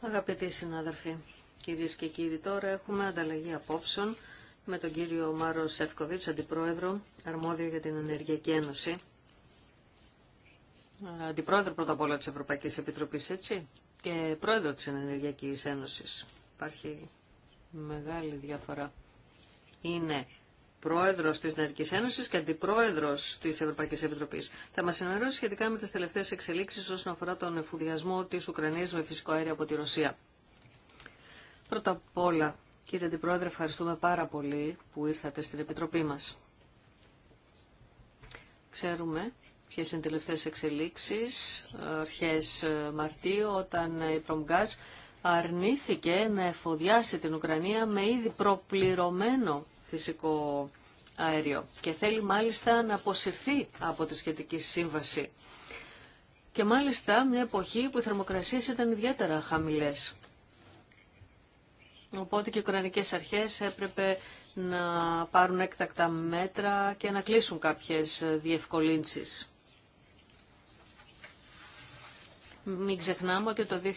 Αγαπητοί συνάδελφοι, κυρίες και κύριοι, τώρα έχουμε ανταλλαγή απόψεων με τον κύριο Μάρο Σεφκοβίτς, Αντιπρόεδρο, αρμόδιο για την Ενεργειακή Ένωση. Αντιπρόεδρο πρώτα απ' όλα της Ευρωπαϊκής Επιτροπής, έτσι, και πρόεδρο της Ενεργειακής Ένωσης. Υπάρχει μεγάλη διαφορά. Είναι πρόεδρος της Νερική Ένωσης και αντιπρόεδρος της Ευρωπαϊκής Επιτροπής. Θα μας ενημερώσει σχετικά με τις τελευταίες εξελίξεις όσον αφορά τον εφουδιασμό της Ουκρανίας με φυσικό αέριο από τη Ρωσία. Πρώτα απ' όλα, κύριε Αντιπρόεδρε, ευχαριστούμε πάρα πολύ που ήρθατε στην Επιτροπή μας. Ξέρουμε ποιες είναι οι τελευταίες εξελίξεις, αρχές Μαρτίου, όταν η Προμγκάζ αρνήθηκε να εφοδιάσει την Ουκρανία με ήδη προπληρωμένο φυσικό αέριο και θέλει μάλιστα να αποσυρθεί από τη σχετική σύμβαση. Και μάλιστα μια εποχή που οι θερμοκρασίες ήταν ιδιαίτερα χαμηλές. Οπότε και οι κρανικές αρχές έπρεπε να πάρουν έκτακτα μέτρα και να κλείσουν κάποιες διευκολύνσεις. Μην ξεχνάμε ότι το 2006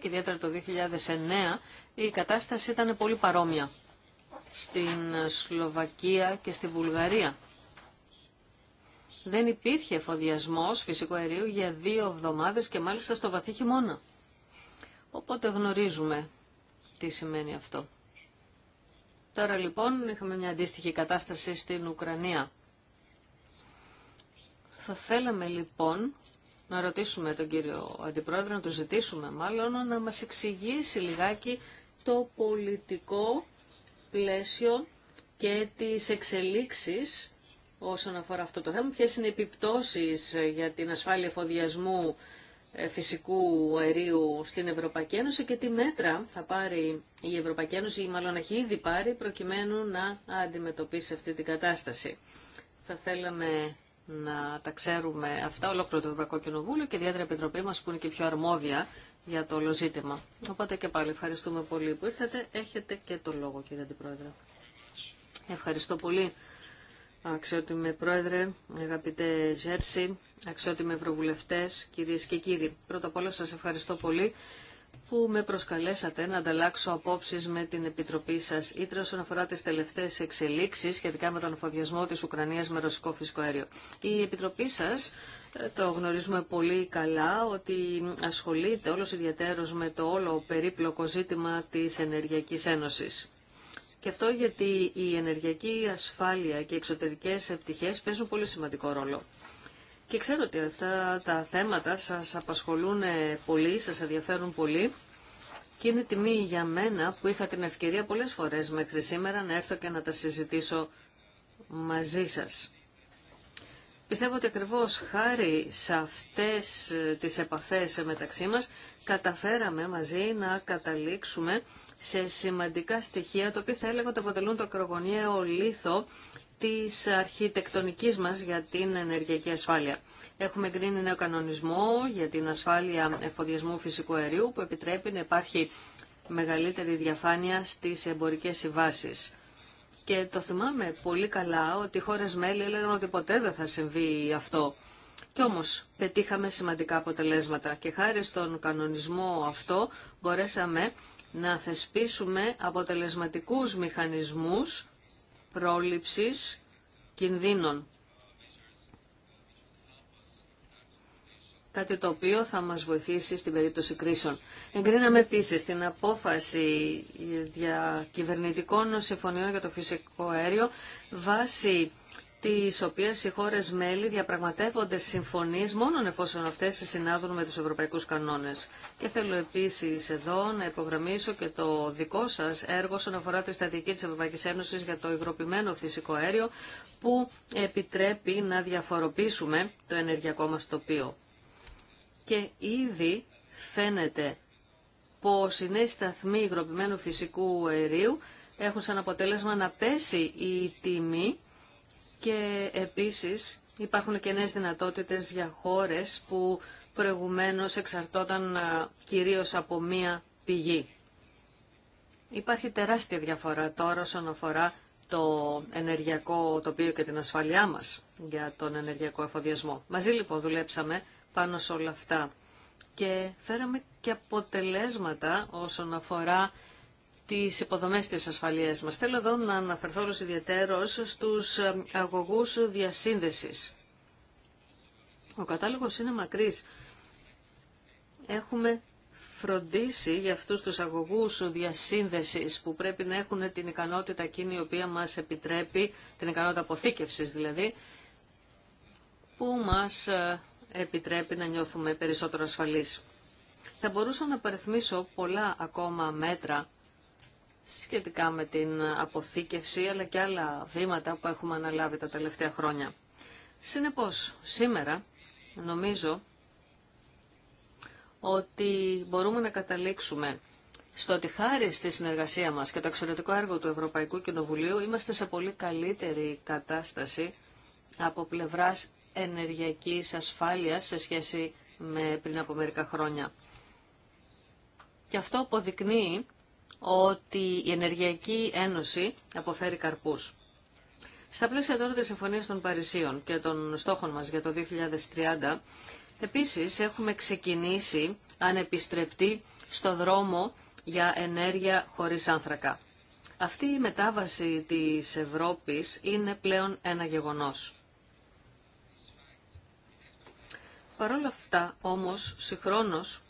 και ιδιαίτερα το 2009 η κατάσταση ήταν πολύ παρόμοια στην Σλοβακία και στη Βουλγαρία. Δεν υπήρχε φοδιασμός φυσικού αερίου για δύο εβδομάδες και μάλιστα στο βαθύ χειμώνα. Οπότε γνωρίζουμε τι σημαίνει αυτό. Τώρα λοιπόν είχαμε μια αντίστοιχη κατάσταση στην Ουκρανία. Θα θέλαμε λοιπόν να ρωτήσουμε τον κύριο Αντιπρόεδρο, να του ζητήσουμε μάλλον να μας εξηγήσει λιγάκι το πολιτικό πλαίσιο και τις εξελίξεις όσον αφορά αυτό το θέμα, ποιες είναι οι επιπτώσεις ε, για την ασφάλεια εφοδιασμού ε, φυσικού αερίου στην Ευρωπαϊκή Ένωση και τι μέτρα θα πάρει η Ευρωπαϊκή Ένωση ή μάλλον έχει ήδη πάρει προκειμένου να αντιμετωπίσει αυτή την κατάσταση. Θα θέλαμε να τα ξέρουμε αυτά ολόκληρο το Ευρωπαϊκό Κοινοβούλιο και ιδιαίτερα η Επιτροπή μας που είναι και πιο αρμόδια για το όλο ζήτημα. Οπότε και πάλι ευχαριστούμε πολύ που ήρθατε. Έχετε και το λόγο κύριε Αντιπρόεδρε. Ευχαριστώ πολύ αξιότιμε Πρόεδρε, αγαπητέ Ζέρση, αξιότιμε Ευρωβουλευτές, κυρίες και κύριοι. Πρώτα απ' όλα σας ευχαριστώ πολύ που με προσκαλέσατε να ανταλλάξω απόψεις με την Επιτροπή σας Ήτρα όσον αφορά τις τελευταίες εξελίξεις σχετικά με τον φοδιασμό της Ουκρανίας με ρωσικό φυσικό αέριο. Η Επιτροπή σας, ε, το γνωρίζουμε πολύ καλά, ότι ασχολείται όλος ιδιαίτερος με το όλο περίπλοκο ζήτημα της Ενεργειακής Ένωσης. Και αυτό γιατί η ενεργειακή ασφάλεια και οι εξωτερικές επιτυχίες παίζουν πολύ σημαντικό ρόλο. Και ξέρω ότι αυτά τα θέματα σας απασχολούν πολύ, σας ενδιαφέρουν πολύ. Και είναι τιμή για μένα που είχα την ευκαιρία πολλές φορές μέχρι σήμερα να έρθω και να τα συζητήσω μαζί σας. Πιστεύω ότι ακριβώ χάρη σε αυτές τις επαφές μεταξύ μας καταφέραμε μαζί να καταλήξουμε σε σημαντικά στοιχεία, τα οποία θα έλεγα ότι αποτελούν το ακρογωνιαίο λίθο της αρχιτεκτονικής μας για την ενεργειακή ασφάλεια. Έχουμε εγκρίνει νέο κανονισμό για την ασφάλεια εφοδιασμού φυσικού αερίου που επιτρέπει να υπάρχει μεγαλύτερη διαφάνεια στις εμπορικές συμβάσεις. Και το θυμάμαι πολύ καλά ότι οι χώρες μέλη έλεγαν ότι ποτέ δεν θα συμβεί αυτό. Κι όμως πετύχαμε σημαντικά αποτελέσματα και χάρη στον κανονισμό αυτό μπορέσαμε να θεσπίσουμε αποτελεσματικούς μηχανισμούς πρόληψης κινδύνων. Κάτι το οποίο θα μας βοηθήσει στην περίπτωση κρίσεων. Εγκρίναμε επίσης την απόφαση για συμφωνιών για το φυσικό αέριο βάσει τις οποίες οι χώρες μέλη διαπραγματεύονται συμφωνίε μόνον εφόσον αυτές συνάδουν με τους ευρωπαϊκούς κανόνες. Και θέλω επίσης εδώ να υπογραμμίσω και το δικό σας έργο όσον αφορά τη στατική της Ευρωπαϊκής Ένωσης για το υγροποιημένο φυσικό αέριο που επιτρέπει να διαφοροποιήσουμε το ενεργειακό μας τοπίο. Και ήδη φαίνεται πως οι νέοι σταθμοί υγροποιημένου φυσικού αερίου έχουν σαν αποτέλεσμα να πέσει η τιμή και επίσης υπάρχουν και νέες δυνατότητες για χώρες που προηγουμένως εξαρτώταν κυρίως από μία πηγή. Υπάρχει τεράστια διαφορά τώρα όσον αφορά το ενεργειακό τοπίο και την ασφαλειά μας για τον ενεργειακό εφοδιασμό. Μαζί λοιπόν δουλέψαμε πάνω σε όλα αυτά και φέραμε και αποτελέσματα όσον αφορά τις υποδομές της ασφαλείας μας. Θέλω εδώ να αναφερθώ ως ιδιαιτέρως στους ε, αγωγούς διασύνδεσης. Ο κατάλογος είναι μακρύς. Έχουμε φροντίσει για αυτούς τους αγωγούς διασύνδεσης που πρέπει να έχουν την ικανότητα εκείνη η οποία μας επιτρέπει, την ικανότητα αποθήκευσης δηλαδή, που μας ε, επιτρέπει να νιώθουμε περισσότερο ασφαλείς. Θα μπορούσα να παριθμίσω πολλά ακόμα μέτρα σχετικά με την αποθήκευση αλλά και άλλα βήματα που έχουμε αναλάβει τα τελευταία χρόνια. Συνεπώς, σήμερα νομίζω ότι μπορούμε να καταλήξουμε στο ότι χάρη στη συνεργασία μας και το εξαιρετικό έργο του Ευρωπαϊκού Κοινοβουλίου είμαστε σε πολύ καλύτερη κατάσταση από πλευράς ενεργειακής ασφάλειας σε σχέση με πριν από μερικά χρόνια. Και αυτό αποδεικνύει ότι η Ενεργειακή Ένωση αποφέρει καρπούς. Στα πλαίσια τώρα της Συμφωνίας των Παρισίων και των στόχων μας για το 2030, επίσης έχουμε ξεκινήσει ανεπιστρεπτή στο δρόμο για ενέργεια χωρίς άνθρακα. Αυτή η μετάβαση της Ευρώπης είναι πλέον ένα γεγονός. Παρ' όλα αυτά, όμως, συγχρόνως,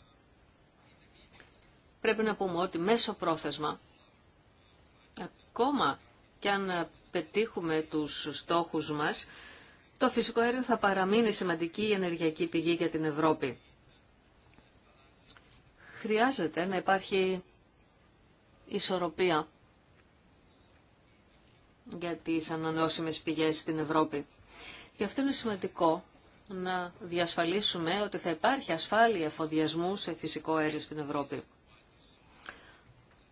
πρέπει να πούμε ότι μέσω πρόθεσμα, ακόμα και αν πετύχουμε τους στόχους μας, το φυσικό αέριο θα παραμείνει σημαντική ενεργειακή πηγή για την Ευρώπη. Χρειάζεται να υπάρχει ισορροπία για τις ανανεώσιμες πηγές στην Ευρώπη. Γι' αυτό είναι σημαντικό να διασφαλίσουμε ότι θα υπάρχει ασφάλεια εφοδιασμού σε φυσικό αέριο στην Ευρώπη.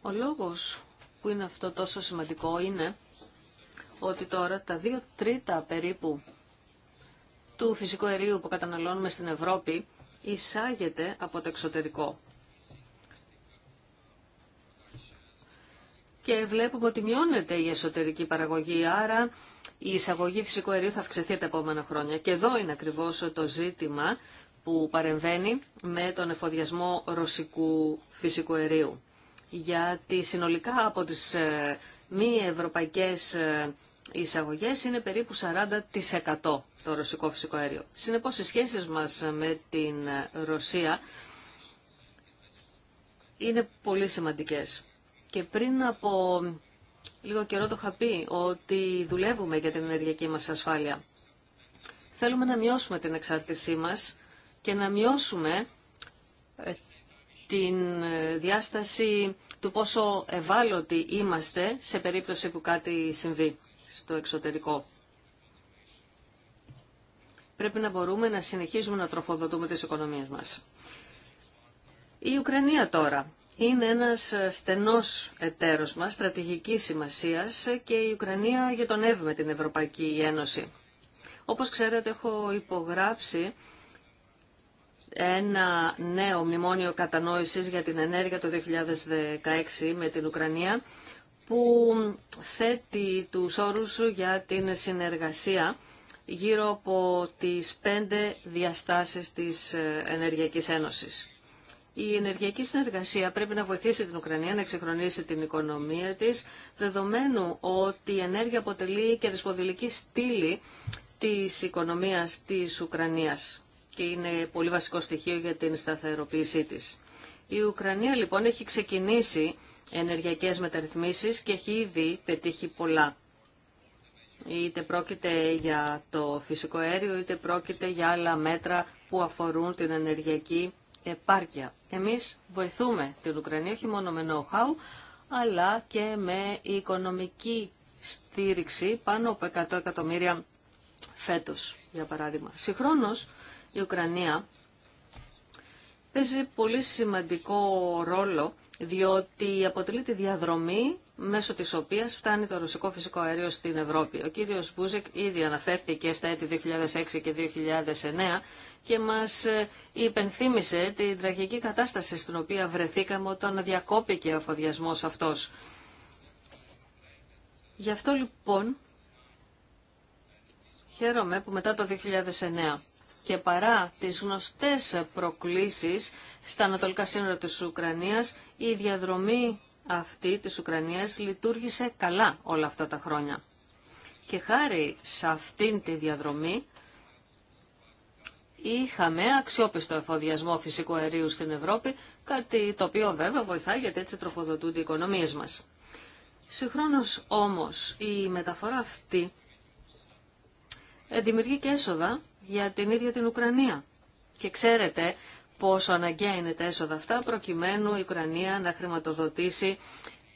Ο λόγος που είναι αυτό τόσο σημαντικό είναι ότι τώρα τα δύο τρίτα περίπου του φυσικού αερίου που καταναλώνουμε στην Ευρώπη εισάγεται από το εξωτερικό. Και βλέπουμε ότι μειώνεται η εσωτερική παραγωγή, άρα η εισαγωγή φυσικού αερίου θα αυξηθεί τα επόμενα χρόνια. Και εδώ είναι ακριβώς το ζήτημα που παρεμβαίνει με τον εφοδιασμό ρωσικού φυσικού αερίου γιατί συνολικά από τις ε, μη ευρωπαϊκές ε, εισαγωγές είναι περίπου 40% το ρωσικό φυσικό αέριο. Συνεπώς οι σχέσεις μας με την ε, Ρωσία είναι πολύ σημαντικές. Και πριν από λίγο καιρό το είχα πει ότι δουλεύουμε για την ενεργειακή μας ασφάλεια. Θέλουμε να μειώσουμε την εξάρτησή μας και να μειώσουμε την ε, διάσταση του πόσο ευάλωτοι είμαστε σε περίπτωση που κάτι συμβεί στο εξωτερικό. Πρέπει να μπορούμε να συνεχίζουμε να τροφοδοτούμε τις οικονομίες μας. Η Ουκρανία τώρα είναι ένας ε, στενός εταίρος μας, στρατηγικής σημασίας και η Ουκρανία γετονεύει με την Ευρωπαϊκή Ένωση. Όπως ξέρετε έχω υπογράψει ένα νέο μνημόνιο κατανόησης για την ενέργεια το 2016 με την Ουκρανία που θέτει τους όρους για την συνεργασία γύρω από τις πέντε διαστάσεις της ε, Ενεργειακής Ένωσης. Η ενεργειακή συνεργασία πρέπει να βοηθήσει την Ουκρανία να εξυγχρονίσει την οικονομία της, δεδομένου ότι η ενέργεια αποτελεί και δυσποδηλική στήλη της οικονομίας της Ουκρανίας και είναι πολύ βασικό στοιχείο για την σταθεροποίησή της. Η Ουκρανία λοιπόν έχει ξεκινήσει ενεργειακές μεταρρυθμίσεις και έχει ήδη πετύχει πολλά. Είτε πρόκειται για το φυσικό αέριο, είτε πρόκειται για άλλα μέτρα που αφορούν την ενεργειακή επάρκεια. Εμείς βοηθούμε την Ουκρανία όχι μόνο με know αλλά και με οικονομική στήριξη πάνω από 100 εκατομμύρια φέτος, για παράδειγμα. Συγχρόνως, η Ουκρανία παίζει πολύ σημαντικό ρόλο διότι αποτελεί τη διαδρομή μέσω της οποίας φτάνει το ρωσικό φυσικό αέριο στην Ευρώπη. Ο κύριος Μπούζεκ ήδη αναφέρθηκε στα έτη 2006 και 2009 και μας ε, υπενθύμησε την τραγική κατάσταση στην οποία βρεθήκαμε όταν διακόπηκε ο αφοδιασμός αυτός. Γι' αυτό λοιπόν χαίρομαι που μετά το 2009 και παρά τις γνωστές προκλήσεις στα ανατολικά σύνορα της Ουκρανίας, η διαδρομή αυτή της Ουκρανίας λειτουργήσε καλά όλα αυτά τα χρόνια. Και χάρη σε αυτήν τη διαδρομή είχαμε αξιόπιστο εφοδιασμό φυσικού αερίου στην Ευρώπη, κάτι το οποίο βέβαια βοηθάει γιατί έτσι τροφοδοτούνται οι οικονομίες μας. Συγχρόνως όμως η μεταφορά αυτή δημιουργεί και έσοδα για την ίδια την Ουκρανία. Και ξέρετε πόσο αναγκαία είναι τα έσοδα αυτά προκειμένου η Ουκρανία να χρηματοδοτήσει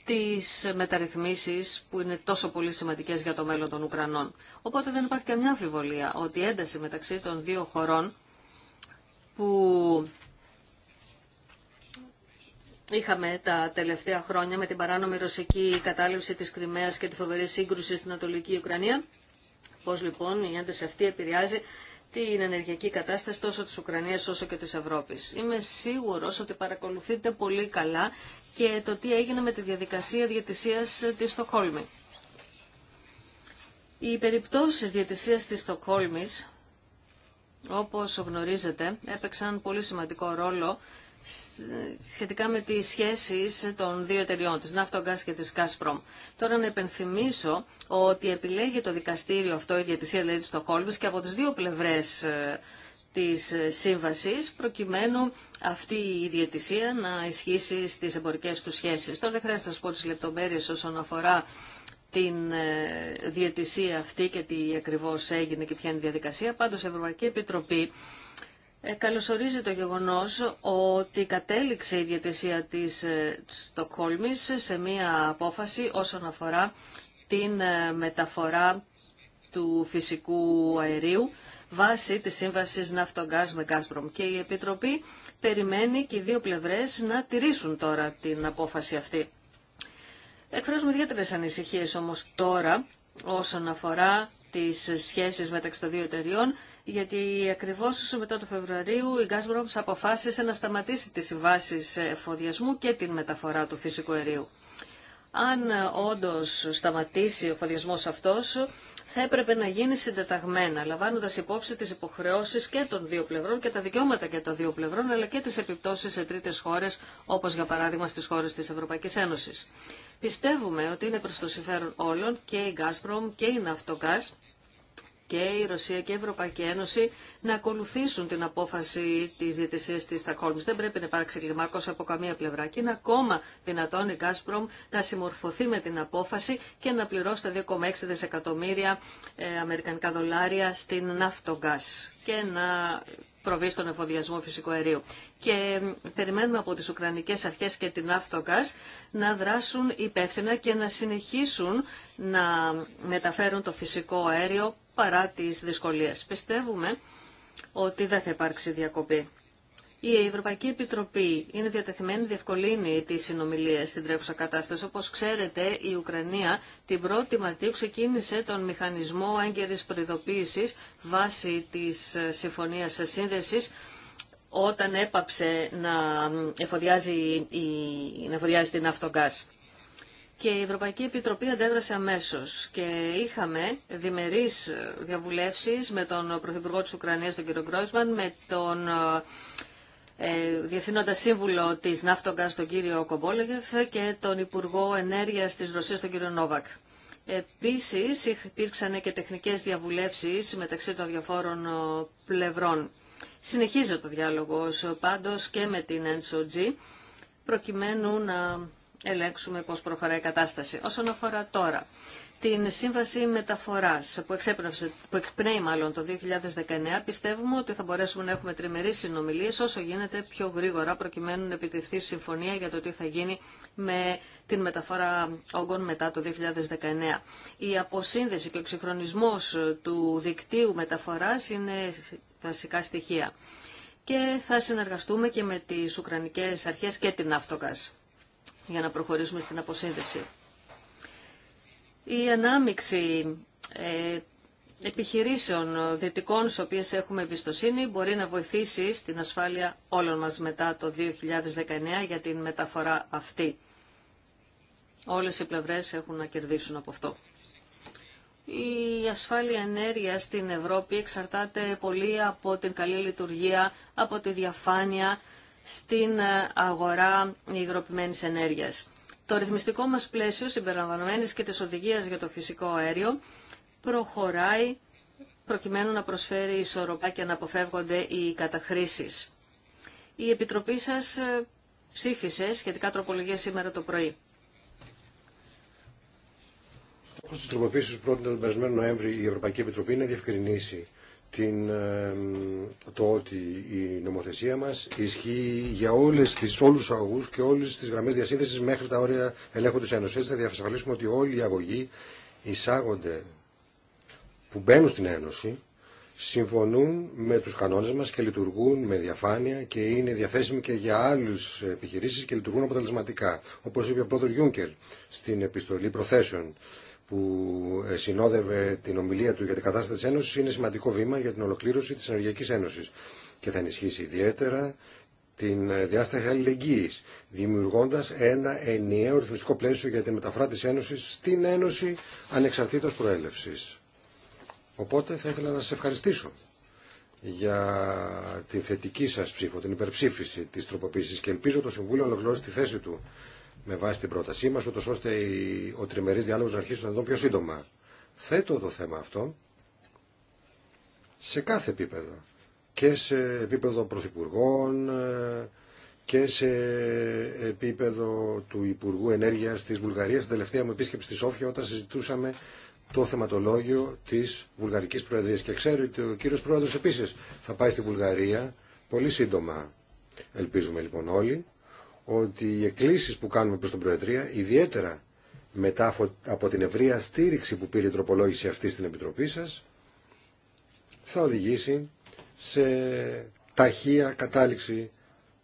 τις μεταρρυθμίσεις που είναι τόσο πολύ σημαντικές για το μέλλον των Ουκρανών. Οπότε δεν υπάρχει καμιά αμφιβολία ότι η ένταση μεταξύ των δύο χωρών που είχαμε τα τελευταία χρόνια με την παράνομη ρωσική κατάληψη της Κρυμαίας και τη φοβερή σύγκρουση στην Ανατολική Ουκρανία, πώς λοιπόν η ένταση αυτή επηρεάζει την ενεργειακή κατάσταση τόσο της Ουκρανίας όσο και της Ευρώπης. Είμαι σίγουρος ότι παρακολουθείτε πολύ καλά και το τι έγινε με τη διαδικασία διατησίας της Στοκχόλμη. Οι περιπτώσεις διατησίας της Στοκχόλμης, όπως γνωρίζετε, έπαιξαν πολύ σημαντικό ρόλο σχετικά με τις σχέσεις των δύο εταιριών της, Ναυτογκάς και της ΚΑΣΠΡΟΜ. Τώρα να υπενθυμίσω ότι επιλέγει το δικαστήριο αυτό η διατησία δηλαδή της Στοχόλμης και από τις δύο πλευρές ε, της σύμβασης προκειμένου αυτή η διετησία να ισχύσει στις εμπορικές του σχέσεις. Τώρα δεν χρειάζεται να σας πω τις λεπτομέρειες όσον αφορά την ε, διετησία αυτή και τι ακριβώς έγινε και ποια είναι η διαδικασία. Πάντως η Ευρωπαϊκή Επιτροπή ε, καλωσορίζει το γεγονός ότι κατέληξε η διατησία της ε, Στοκχόλμης σε μία απόφαση όσον αφορά την ε, μεταφορά του φυσικού αερίου βάσει της σύμβασης Ναυτογκάς με Γκάσπρομ. Και η Επιτροπή περιμένει και οι δύο πλευρές να τηρήσουν τώρα την απόφαση αυτή. Εκφράζουμε ιδιαίτερε ανησυχίες όμως τώρα όσον αφορά τις σχέσεις μεταξύ των δύο εταιριών γιατί ακριβώς μετά το Φεβρουαρίου η Gazprom αποφάσισε να σταματήσει τις συμβάσεις εφοδιασμού και την μεταφορά του φυσικού αερίου. Αν όντως σταματήσει ο εφοδιασμός αυτός, θα έπρεπε να γίνει συντεταγμένα, λαμβάνοντα υπόψη τι υποχρεώσει και των δύο πλευρών και τα δικαιώματα και των δύο πλευρών, αλλά και τι επιπτώσει σε τρίτε χώρε, όπω για παράδειγμα στι χώρε τη Ευρωπαϊκή Ένωση. Πιστεύουμε ότι είναι προ το συμφέρον όλων και η Gazprom και η Ναυτογκάς και η Ρωσία και η Ευρωπαϊκή Ένωση να ακολουθήσουν την απόφαση τη διαιτησία τη Στακχόλμη. Δεν πρέπει να υπάρξει κλιμάκωση από καμία πλευρά. Και είναι ακόμα δυνατόν η Γκάσπρομ να συμμορφωθεί με την απόφαση και να πληρώσει τα 2,6 δισεκατομμύρια ε, αμερικανικά δολάρια στην Ναυτογκάς και να προβεί στον εφοδιασμό φυσικού αερίου. Και ε, περιμένουμε από τις Ουκρανικές Αρχές και την Αυτογκάς να δράσουν υπεύθυνα και να συνεχίσουν να μεταφέρουν το φυσικό αέριο παρά τις δυσκολίες. Πιστεύουμε ότι δεν θα υπάρξει διακοπή. Η Ευρωπαϊκή Επιτροπή είναι διατεθειμένη να διευκολύνει τις συνομιλίε στην τρέχουσα κατάσταση. Όπως ξέρετε, η Ουκρανία την 1η Μαρτίου ξεκίνησε τον μηχανισμό έγκαιρη προειδοποίησης βάσει τη Συμφωνία Σύνδεση όταν έπαψε να εφοδιάζει, να εφοδιάζει την αυτογκάς. Και η Ευρωπαϊκή Επιτροπή αντέδρασε αμέσω και είχαμε διμερεί διαβουλεύσει με τον Πρωθυπουργό τη Ουκρανία, τον κύριο Γκρόισμαν, με τον ε, Διευθύνοντα Σύμβουλο τη Ναύτογκα, τον κύριο Κομπόλεγεφ και τον Υπουργό Ενέργεια τη Ρωσία, τον κύριο Νόβακ. Επίσης υπήρξαν και τεχνικέ διαβουλεύσεις μεταξύ των διαφόρων πλευρών. Συνεχίζεται ο διάλογο πάντως και με την NSOG προκειμένου ελέγξουμε πώς προχωράει η κατάσταση. Όσον αφορά τώρα την σύμβαση μεταφοράς που, εκπνέει μάλλον το 2019, πιστεύουμε ότι θα μπορέσουμε να έχουμε τριμερείς συνομιλίες όσο γίνεται πιο γρήγορα προκειμένου να επιτευχθεί συμφωνία για το τι θα γίνει με την μεταφορά όγκων μετά το 2019. Η αποσύνδεση και ο εξυγχρονισμός του δικτύου μεταφοράς είναι βασικά στοιχεία. Και θα συνεργαστούμε και με τις Ουκρανικές Αρχές και την Αύτογκας για να προχωρήσουμε στην αποσύνδεση. Η ανάμιξη ε, επιχειρήσεων δυτικών στις οποίες έχουμε εμπιστοσύνη μπορεί να βοηθήσει στην ασφάλεια όλων μας μετά το 2019 για την μεταφορά αυτή. Όλες οι πλευρές έχουν να κερδίσουν από αυτό. Η ασφάλεια ενέργεια στην Ευρώπη εξαρτάται πολύ από την καλή λειτουργία, από τη διαφάνεια, στην ε, αγορά υγροποιημένης ενέργειας. Το ρυθμιστικό μας πλαίσιο, συμπεριλαμβανομένης και της οδηγίας για το φυσικό αέριο, προχωράει προκειμένου να προσφέρει ισορροπά και να αποφεύγονται οι καταχρήσεις. Η Επιτροπή σας ε, ψήφισε σχετικά τροπολογία σήμερα το πρωί. χώρο της τροποποίησης που πρότεινε τον περασμένο Νοέμβρη η Ευρωπαϊκή Επιτροπή είναι να διευκρινίσει την, το ότι η νομοθεσία μας ισχύει για όλες τις, όλους τους αγωγούς και όλες τις γραμμές διασύνδεσης μέχρι τα όρια ελέγχου της Ένωσης. Έτσι θα διασφαλίσουμε ότι όλοι οι αγωγοί εισάγονται που μπαίνουν στην Ένωση συμφωνούν με τους κανόνες μας και λειτουργούν με διαφάνεια και είναι διαθέσιμοι και για άλλους επιχειρήσεις και λειτουργούν αποτελεσματικά. Όπως είπε ο πρόεδρος Γιούνκερ στην επιστολή προθέσεων που ε, συνόδευε την ομιλία του για την κατάσταση της Ένωσης είναι σημαντικό βήμα για την ολοκλήρωση της Ενεργειακής Ένωσης και θα ενισχύσει ιδιαίτερα την ε, διάσταση αλληλεγγύης, δημιουργώντας ένα ενιαίο ρυθμιστικό πλαίσιο για τη μεταφορά της Ένωσης στην Ένωση ανεξαρτήτως προέλευσης. Οπότε θα ήθελα να σας ευχαριστήσω για τη θετική σας ψήφο, την υπερψήφιση της τροποποίησης και ελπίζω το Συμβούλιο να ολοκληρώσει τη θέση του με βάση την πρότασή μα, ώστε ο τριμερής διάλογο να αρχίσει να τον πιο σύντομα. Θέτω το θέμα αυτό σε κάθε επίπεδο και σε επίπεδο πρωθυπουργών ε, και σε επίπεδο του Υπουργού Ενέργειας της Βουλγαρίας στην τελευταία μου επίσκεψη στη Σόφια όταν συζητούσαμε το θεματολόγιο της Βουλγαρικής Προεδρίας και ξέρω ότι ο κύριος Πρόεδρος επίσης θα πάει στη Βουλγαρία πολύ σύντομα ελπίζουμε λοιπόν όλοι ότι οι εκκλήσεις που κάνουμε προς την Προεδρία, ιδιαίτερα μετά από την ευρεία στήριξη που πήρε η τροπολόγηση αυτή στην Επιτροπή σας, θα οδηγήσει σε ταχεία κατάληξη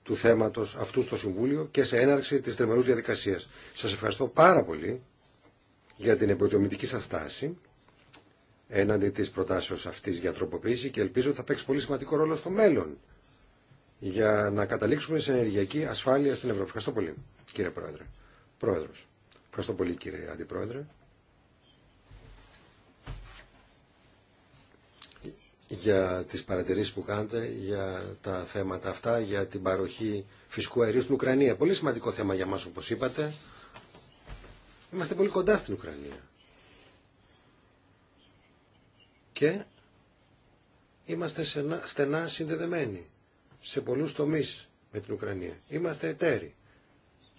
του θέματος αυτού στο Συμβούλιο και σε έναρξη της τρεμερούς διαδικασίας. Σας ευχαριστώ πάρα πολύ για την εμποδιομητική σας στάση έναντι της προτάσεως αυτής για τροποποίηση και ελπίζω ότι θα παίξει πολύ σημαντικό ρόλο στο μέλλον για να καταλήξουμε σε ενεργειακή ασφάλεια στην Ευρώπη. Ευχαριστώ πολύ, κύριε Πρόεδρε. Πρόεδρος. Ευχαριστώ πολύ, κύριε Αντιπρόεδρε. για τις παρατηρήσεις που κάνετε για τα θέματα αυτά, για την παροχή φυσικού αερίου στην Ουκρανία. Πολύ σημαντικό θέμα για μας όπως είπατε. Είμαστε πολύ κοντά στην Ουκρανία. Και είμαστε στενά συνδεδεμένοι σε πολλούς τομείς με την Ουκρανία. Είμαστε εταίροι.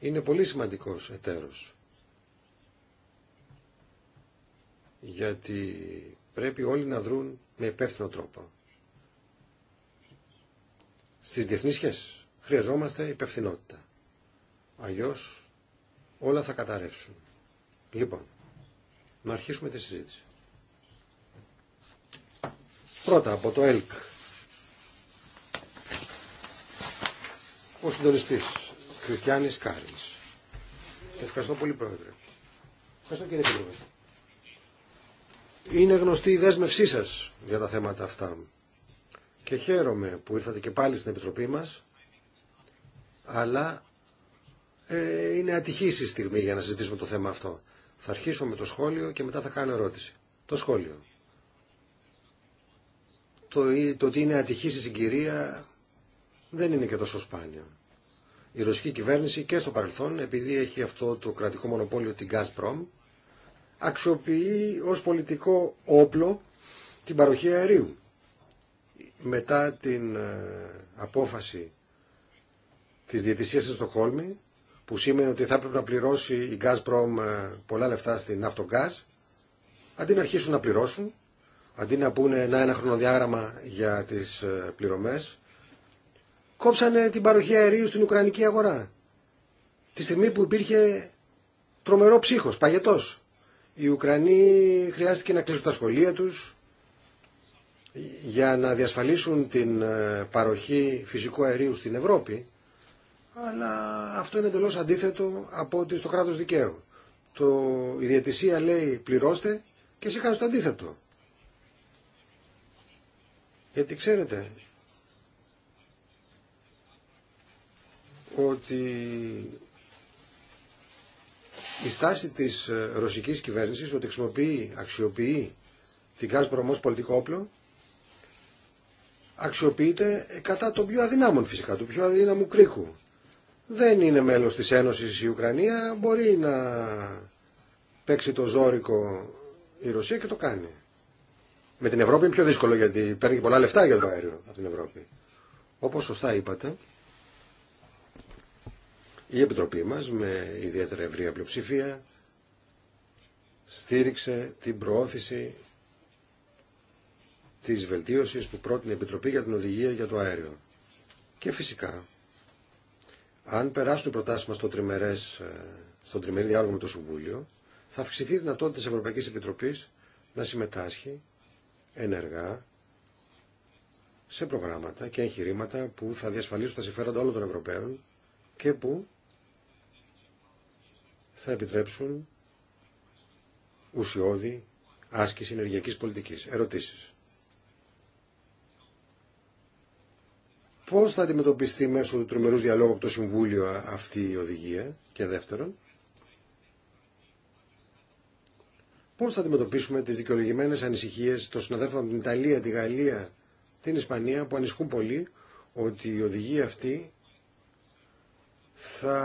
Είναι πολύ σημαντικός εταίρος. Γιατί πρέπει όλοι να δρουν με υπεύθυνο τρόπο. Στις διεθνείς σχέσεις χρειαζόμαστε υπευθυνότητα. Αλλιώς όλα θα καταρρεύσουν. Λοιπόν, να αρχίσουμε τη συζήτηση. Πρώτα από το ΕΛΚ. Ο συντονιστής Χριστιανής Κάρης. Ευχαριστώ πολύ πρόεδρε. Ευχαριστώ κύριε Πρόεδρε. Είναι γνωστή η δέσμευσή σας για τα θέματα αυτά. Και χαίρομαι που ήρθατε και πάλι στην Επιτροπή μας, αλλά ε, είναι ατυχής η στιγμή για να συζητήσουμε το θέμα αυτό. Θα αρχίσω με το σχόλιο και μετά θα κάνω ερώτηση. Το σχόλιο. Το, το ότι είναι ατυχής η συγκυρία δεν είναι και τόσο σπάνιο. Η ρωσική κυβέρνηση και στο παρελθόν, επειδή έχει αυτό το κρατικό μονοπόλιο την Gazprom, αξιοποιεί ως πολιτικό όπλο την παροχή αερίου. Μετά την ε, απόφαση της διαιτησίας στη Στοχόλμη που σήμαινε ότι θα έπρεπε να πληρώσει η Gazprom ε, πολλά λεφτά στην Αυτογκάζ, αντί να αρχίσουν να πληρώσουν, αντί να πούνε να ένα χρονοδιάγραμμα για τις ε, πληρωμές, κόψανε την παροχή αερίου στην Ουκρανική αγορά. Τη στιγμή που υπήρχε τρομερό ψύχος, παγετός. Οι Ουκρανοί χρειάστηκε να κλείσουν τα σχολεία τους για να διασφαλίσουν την ε, παροχή φυσικού αερίου στην Ευρώπη, αλλά αυτό είναι εντελώς αντίθετο από ότι στο κράτος δικαίου. Το, η διατησία λέει πληρώστε και εσύ το αντίθετο. Γιατί ξέρετε, ότι η στάση της ρωσικής κυβέρνησης ότι χρησιμοποιεί, αξιοποιεί την κάθε ως πολιτικό όπλο αξιοποιείται κατά των πιο αδυνάμων φυσικά, του πιο αδύναμου κρίκου. Δεν είναι μέλος της Ένωσης η Ουκρανία, μπορεί να παίξει το ζόρικο η Ρωσία και το κάνει. Με την Ευρώπη είναι πιο δύσκολο γιατί παίρνει πολλά λεφτά για το αέριο από την Ευρώπη. Όπως σωστά είπατε, η Επιτροπή μας με ιδιαίτερα ευρία πλειοψηφία στήριξε την προώθηση της βελτίωσης που πρότεινε η Επιτροπή για την οδηγία για το αέριο. Και φυσικά, αν περάσουν οι προτάσεις μας στο, τριμερές, ε, στο τριμερή διάλογο με το Συμβούλιο, θα αυξηθεί η δυνατότητα της Ευρωπαϊκής Επιτροπής να συμμετάσχει ενεργά σε προγράμματα και εγχειρήματα που θα διασφαλίσουν τα συμφέροντα όλων των Ευρωπαίων και που θα επιτρέψουν ουσιώδη άσκηση ενεργειακής πολιτικής. Ερωτήσεις. Πώς θα αντιμετωπιστεί μέσω του τρομερούς διαλόγου από το Συμβούλιο αυτή η οδηγία και δεύτερον, πώς θα αντιμετωπίσουμε τις δικαιολογημένες ανησυχίες των συναδέλφων από την Ιταλία, τη Γαλλία, την Ισπανία που ανησυχούν πολύ ότι η οδηγία αυτή θα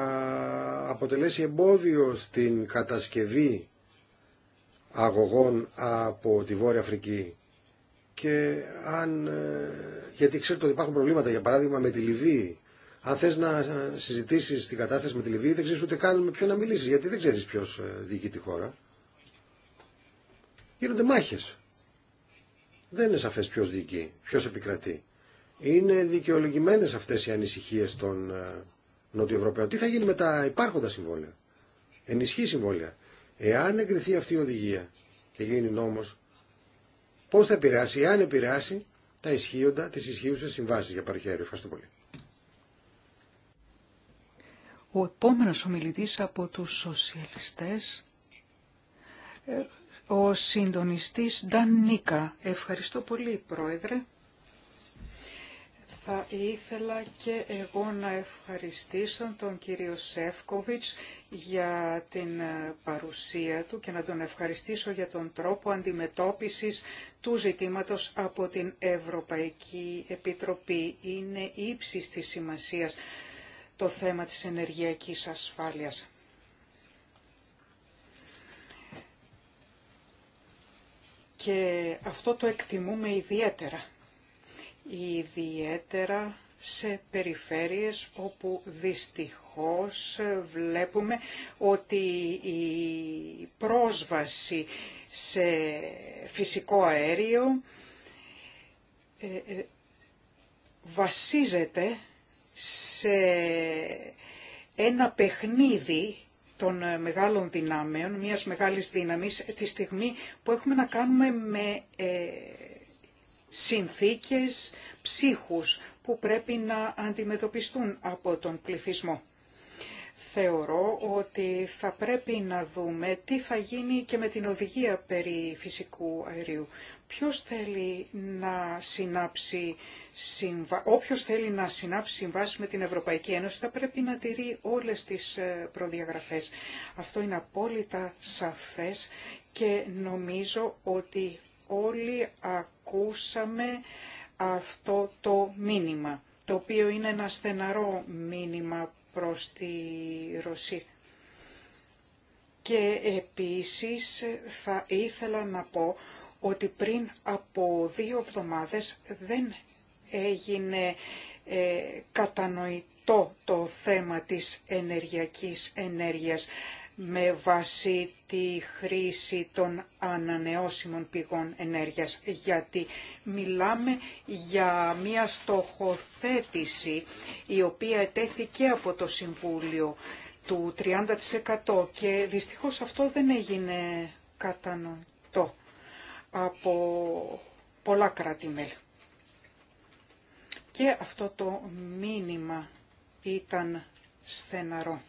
αποτελέσει εμπόδιο στην κατασκευή αγωγών από τη Βόρεια Αφρική και αν, ε, γιατί ξέρετε ότι υπάρχουν προβλήματα για παράδειγμα με τη Λιβύη αν θες να συζητήσεις την κατάσταση με τη Λιβύη δεν ξέρεις ούτε καν με ποιον να μιλήσεις γιατί δεν ξέρεις ποιος ε, διοικεί τη χώρα γίνονται μάχες δεν είναι σαφές ποιος διοικεί, ποιος επικρατεί είναι δικαιολογημένες αυτές οι ανησυχίες των ε, Νοτιοευρωπαίων. Τι θα γίνει με τα υπάρχοντα συμβόλαια, ενισχύ συμβόλαια. Εάν εγκριθεί αυτή η οδηγία και γίνει νόμο, πώ θα επηρεάσει, εάν επηρεάσει, τα ισχύοντα, τις ισχύουσες συμβάσει για παρχαίριο. Ευχαριστώ πολύ. Ο επόμενο ομιλητή από του σοσιαλιστέ ε, ο συντονιστής Νίκα. Ευχαριστώ πολύ, Πρόεδρε. Θα ήθελα και εγώ να ευχαριστήσω τον κύριο Σεύκοβιτς για την ε, παρουσία του και να τον ευχαριστήσω για τον τρόπο αντιμετώπισης του ζητήματος από την Ευρωπαϊκή Επιτροπή. Είναι ύψης της σημασίας το θέμα της ενεργειακής ασφάλειας. Και αυτό το εκτιμούμε ιδιαίτερα ιδιαίτερα σε περιφέρειες όπου δυστυχώς βλέπουμε ότι η πρόσβαση σε φυσικό αέριο ε, ε, βασίζεται σε ένα παιχνίδι των μεγάλων δυνάμεων, μιας μεγάλης δύναμης, τη στιγμή που έχουμε να κάνουμε με ε, συνθήκες ψύχους που πρέπει να αντιμετωπιστούν από τον πληθυσμό. Θεωρώ ότι θα πρέπει να δούμε τι θα γίνει και με την οδηγία περί φυσικού αερίου. Ποιος θέλει να συνάψει συμβα... Όποιος θέλει να συνάψει συμβάσει με την Ευρωπαϊκή Ένωση θα πρέπει να τηρεί όλες τις ε, προδιαγραφές. Αυτό είναι απόλυτα σαφές και νομίζω ότι όλοι ακούσαμε αυτό το μήνυμα, το οποίο είναι ένα στεναρό μήνυμα προς τη Ρωσία. Και επίσης θα ήθελα να πω ότι πριν από δύο εβδομάδες δεν έγινε ε, κατανοητό το θέμα της ενεργειακής ενέργειας με βάση τη χρήση των ανανεώσιμων πηγών ενέργειας, γιατί μιλάμε για μια στοχοθέτηση η οποία ετέθηκε από το Συμβούλιο του 30% και δυστυχώς αυτό δεν έγινε κατανοητό από πολλά κράτη-μέλη. Και αυτό το μήνυμα ήταν στεναρό.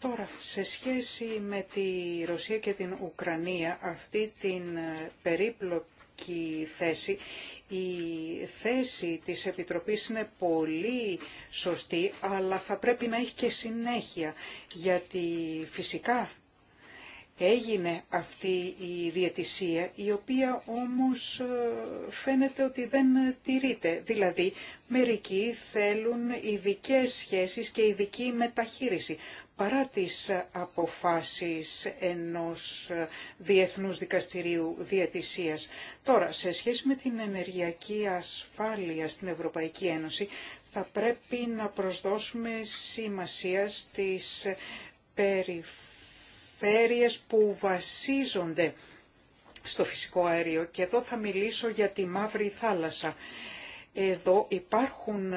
Τώρα, σε σχέση με τη Ρωσία και την Ουκρανία, αυτή την ε, περίπλοκη θέση, η θέση της Επιτροπής είναι πολύ σωστή, αλλά θα πρέπει να έχει και συνέχεια, γιατί φυσικά έγινε αυτή η διαιτησία, η οποία όμως ε, φαίνεται ότι δεν τηρείται. Δηλαδή, μερικοί θέλουν ειδικέ σχέσεις και ειδική μεταχείριση, παρά τις αποφάσεις ενός διεθνούς δικαστηρίου διατησίας. Τώρα, σε σχέση με την ενεργειακή ασφάλεια στην Ευρωπαϊκή Ένωση, θα πρέπει να προσδώσουμε σημασία στις περιφέρειες που βασίζονται στο φυσικό αέριο. Και εδώ θα μιλήσω για τη Μαύρη Θάλασσα. Εδώ υπάρχουν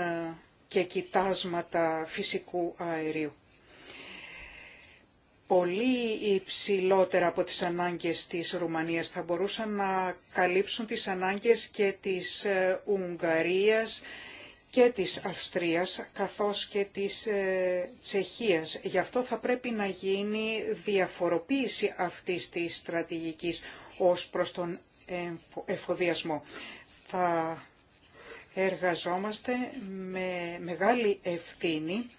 και κοιτάσματα φυσικού αερίου πολύ υψηλότερα από τις ανάγκες της Ρουμανίας. Θα μπορούσαν να καλύψουν τις ανάγκες και της ε, Ουγγαρίας και της Αυστρίας καθώς και της ε, Τσεχίας. Γι' αυτό θα πρέπει να γίνει διαφοροποίηση αυτής της στρατηγικής ως προς τον εφοδιασμό. Θα εργαζόμαστε με μεγάλη ευθύνη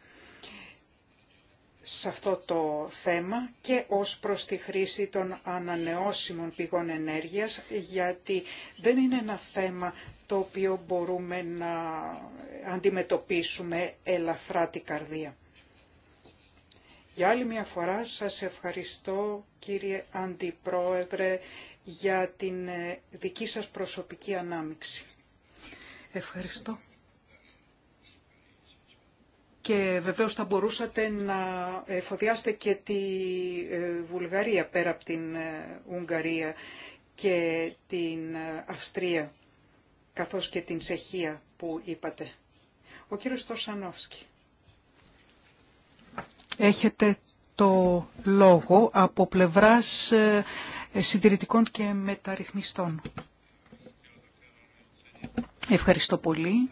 σε αυτό το θέμα και ως προς τη χρήση των ανανεώσιμων πηγών ενέργειας, γιατί δεν είναι ένα θέμα το οποίο μπορούμε να αντιμετωπίσουμε ελαφρά την καρδία. Για άλλη μια φορά σας ευχαριστώ κύριε Αντιπρόεδρε για την ε, δική σας προσωπική ανάμειξη. Ευχαριστώ. Και βεβαίως θα μπορούσατε να εφοδιάσετε και τη ε, Βουλγαρία πέρα από την ε, Ουγγαρία και την ε, Αυστρία, καθώς και την Τσεχία που είπατε. Ο κύριος Στοσανόφσκι. Έχετε το λόγο από πλευράς συντηρητικών και μεταρρυθμιστών. Ευχαριστώ πολύ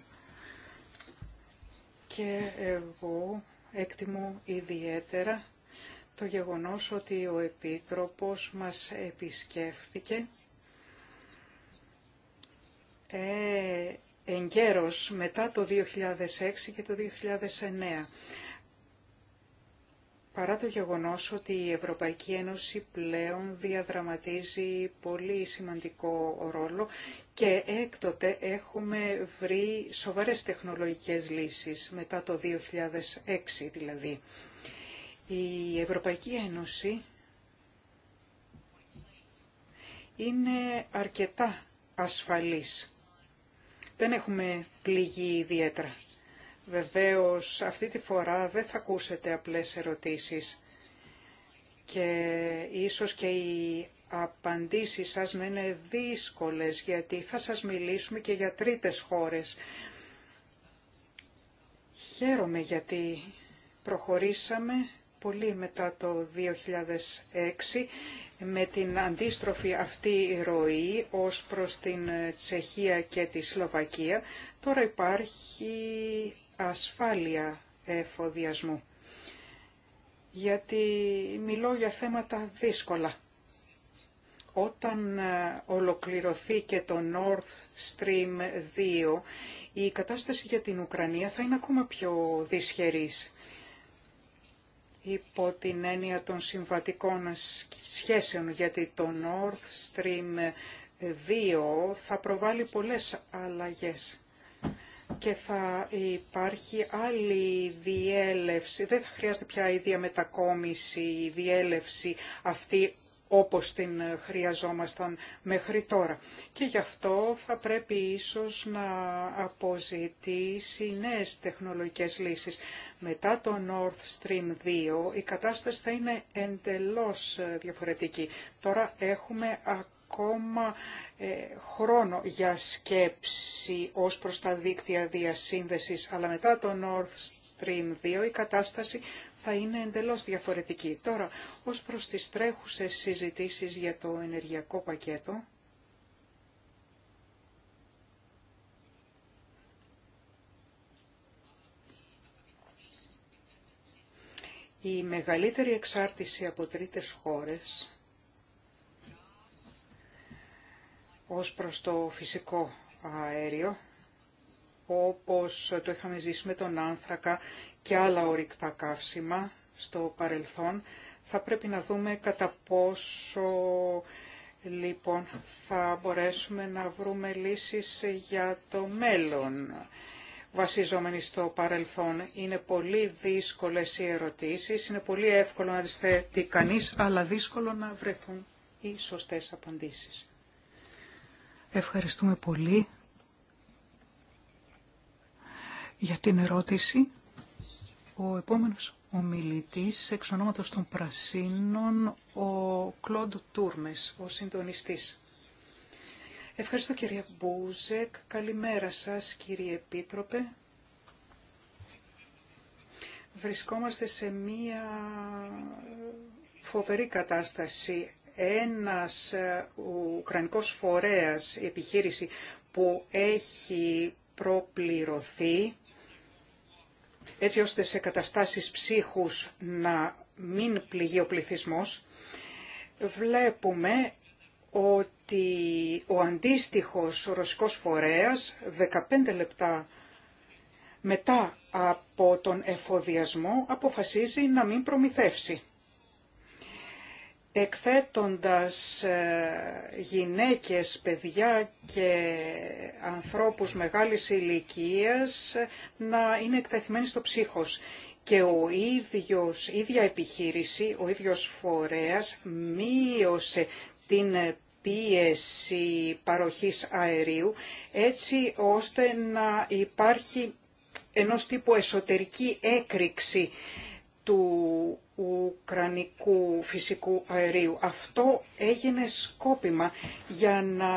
και εγώ εκτιμώ ιδιαίτερα το γεγονός ότι ο Επίτροπος μας επισκέφθηκε ε, μετά το 2006 και το 2009 Παρά το γεγονός ότι η Ευρωπαϊκή Ένωση πλέον διαδραματίζει πολύ σημαντικό ρόλο και έκτοτε έχουμε βρει σοβαρές τεχνολογικές λύσεις, μετά το 2006 δηλαδή. Η Ευρωπαϊκή Ένωση είναι αρκετά ασφαλής. Δεν έχουμε πληγεί ιδιαίτερα. Βεβαίως αυτή τη φορά δεν θα ακούσετε απλές ερωτήσεις και ίσως και οι απαντήσεις σας να είναι δύσκολες γιατί θα σας μιλήσουμε και για τρίτες χώρες. Χαίρομαι γιατί προχωρήσαμε πολύ μετά το 2006 με την αντίστροφη αυτή ροή ως προς την Τσεχία και τη Σλοβακία. Τώρα υπάρχει ασφάλεια εφοδιασμού. Γιατί μιλώ για θέματα δύσκολα. Όταν ε, ολοκληρωθεί και το North Stream 2, η κατάσταση για την Ουκρανία θα είναι ακόμα πιο δυσχερής υπό την έννοια των συμβατικών σχέσεων, γιατί το North Stream 2 θα προβάλλει πολλές αλλαγές και θα υπάρχει άλλη διέλευση. Δεν θα χρειάζεται πια η διαμετακόμιση, η διέλευση αυτή όπως την χρειαζόμασταν μέχρι τώρα. Και γι' αυτό θα πρέπει ίσως να αποζητήσει νέες τεχνολογικές λύσεις. Μετά το North Stream 2 η κατάσταση θα είναι εντελώς διαφορετική. Τώρα έχουμε ακόμα ε, χρόνο για σκέψη ως προς τα δίκτυα διασύνδεσης, αλλά μετά το North Stream 2 η κατάσταση θα είναι εντελώς διαφορετική. Τώρα, ως προς τις τρέχουσες συζητήσεις για το ενεργειακό πακέτο, η μεγαλύτερη εξάρτηση από τρίτες χώρες ως προς το φυσικό αέριο, όπως το είχαμε ζήσει με τον άνθρακα και άλλα ορυκτά καύσιμα στο παρελθόν, θα πρέπει να δούμε κατά πόσο λοιπόν θα μπορέσουμε να βρούμε λύσεις για το μέλλον βασιζόμενοι στο παρελθόν. Είναι πολύ δύσκολες οι ερωτήσεις, είναι πολύ εύκολο να τις θέτει κανείς, αλλά δύσκολο να βρεθούν οι σωστές απαντήσεις. Ευχαριστούμε πολύ για την ερώτηση. Ο επόμενος ομιλητής εξ ονόματος των Πρασίνων, ο Κλοντ Τούρμες, ο συντονιστής. Ευχαριστώ κύριε Μπούζεκ. Καλημέρα σας κύριε Επίτροπε. Βρισκόμαστε σε μία φοβερή κατάσταση ένας ε, ουκρανικός φορέας, η επιχείρηση που έχει προπληρωθεί, έτσι ώστε σε καταστάσεις ψύχους να μην πληγεί ο πληθυσμός, βλέπουμε ότι ο αντίστοιχος ρωσικός φορέας 15 λεπτά μετά από τον εφοδιασμό αποφασίζει να μην προμηθεύσει εκθέτοντας ε, γυναίκες, παιδιά και ανθρώπους μεγάλης ηλικίας ε, να είναι εκτεθειμένοι στο ψύχος. Και ο ίδιος, η ίδια επιχείρηση, ο ίδιος φορέας μείωσε την πίεση παροχής αερίου έτσι ώστε να υπάρχει ενός τύπου εσωτερική έκρηξη του ουκρανικού φυσικού αερίου. Αυτό έγινε σκόπιμα για να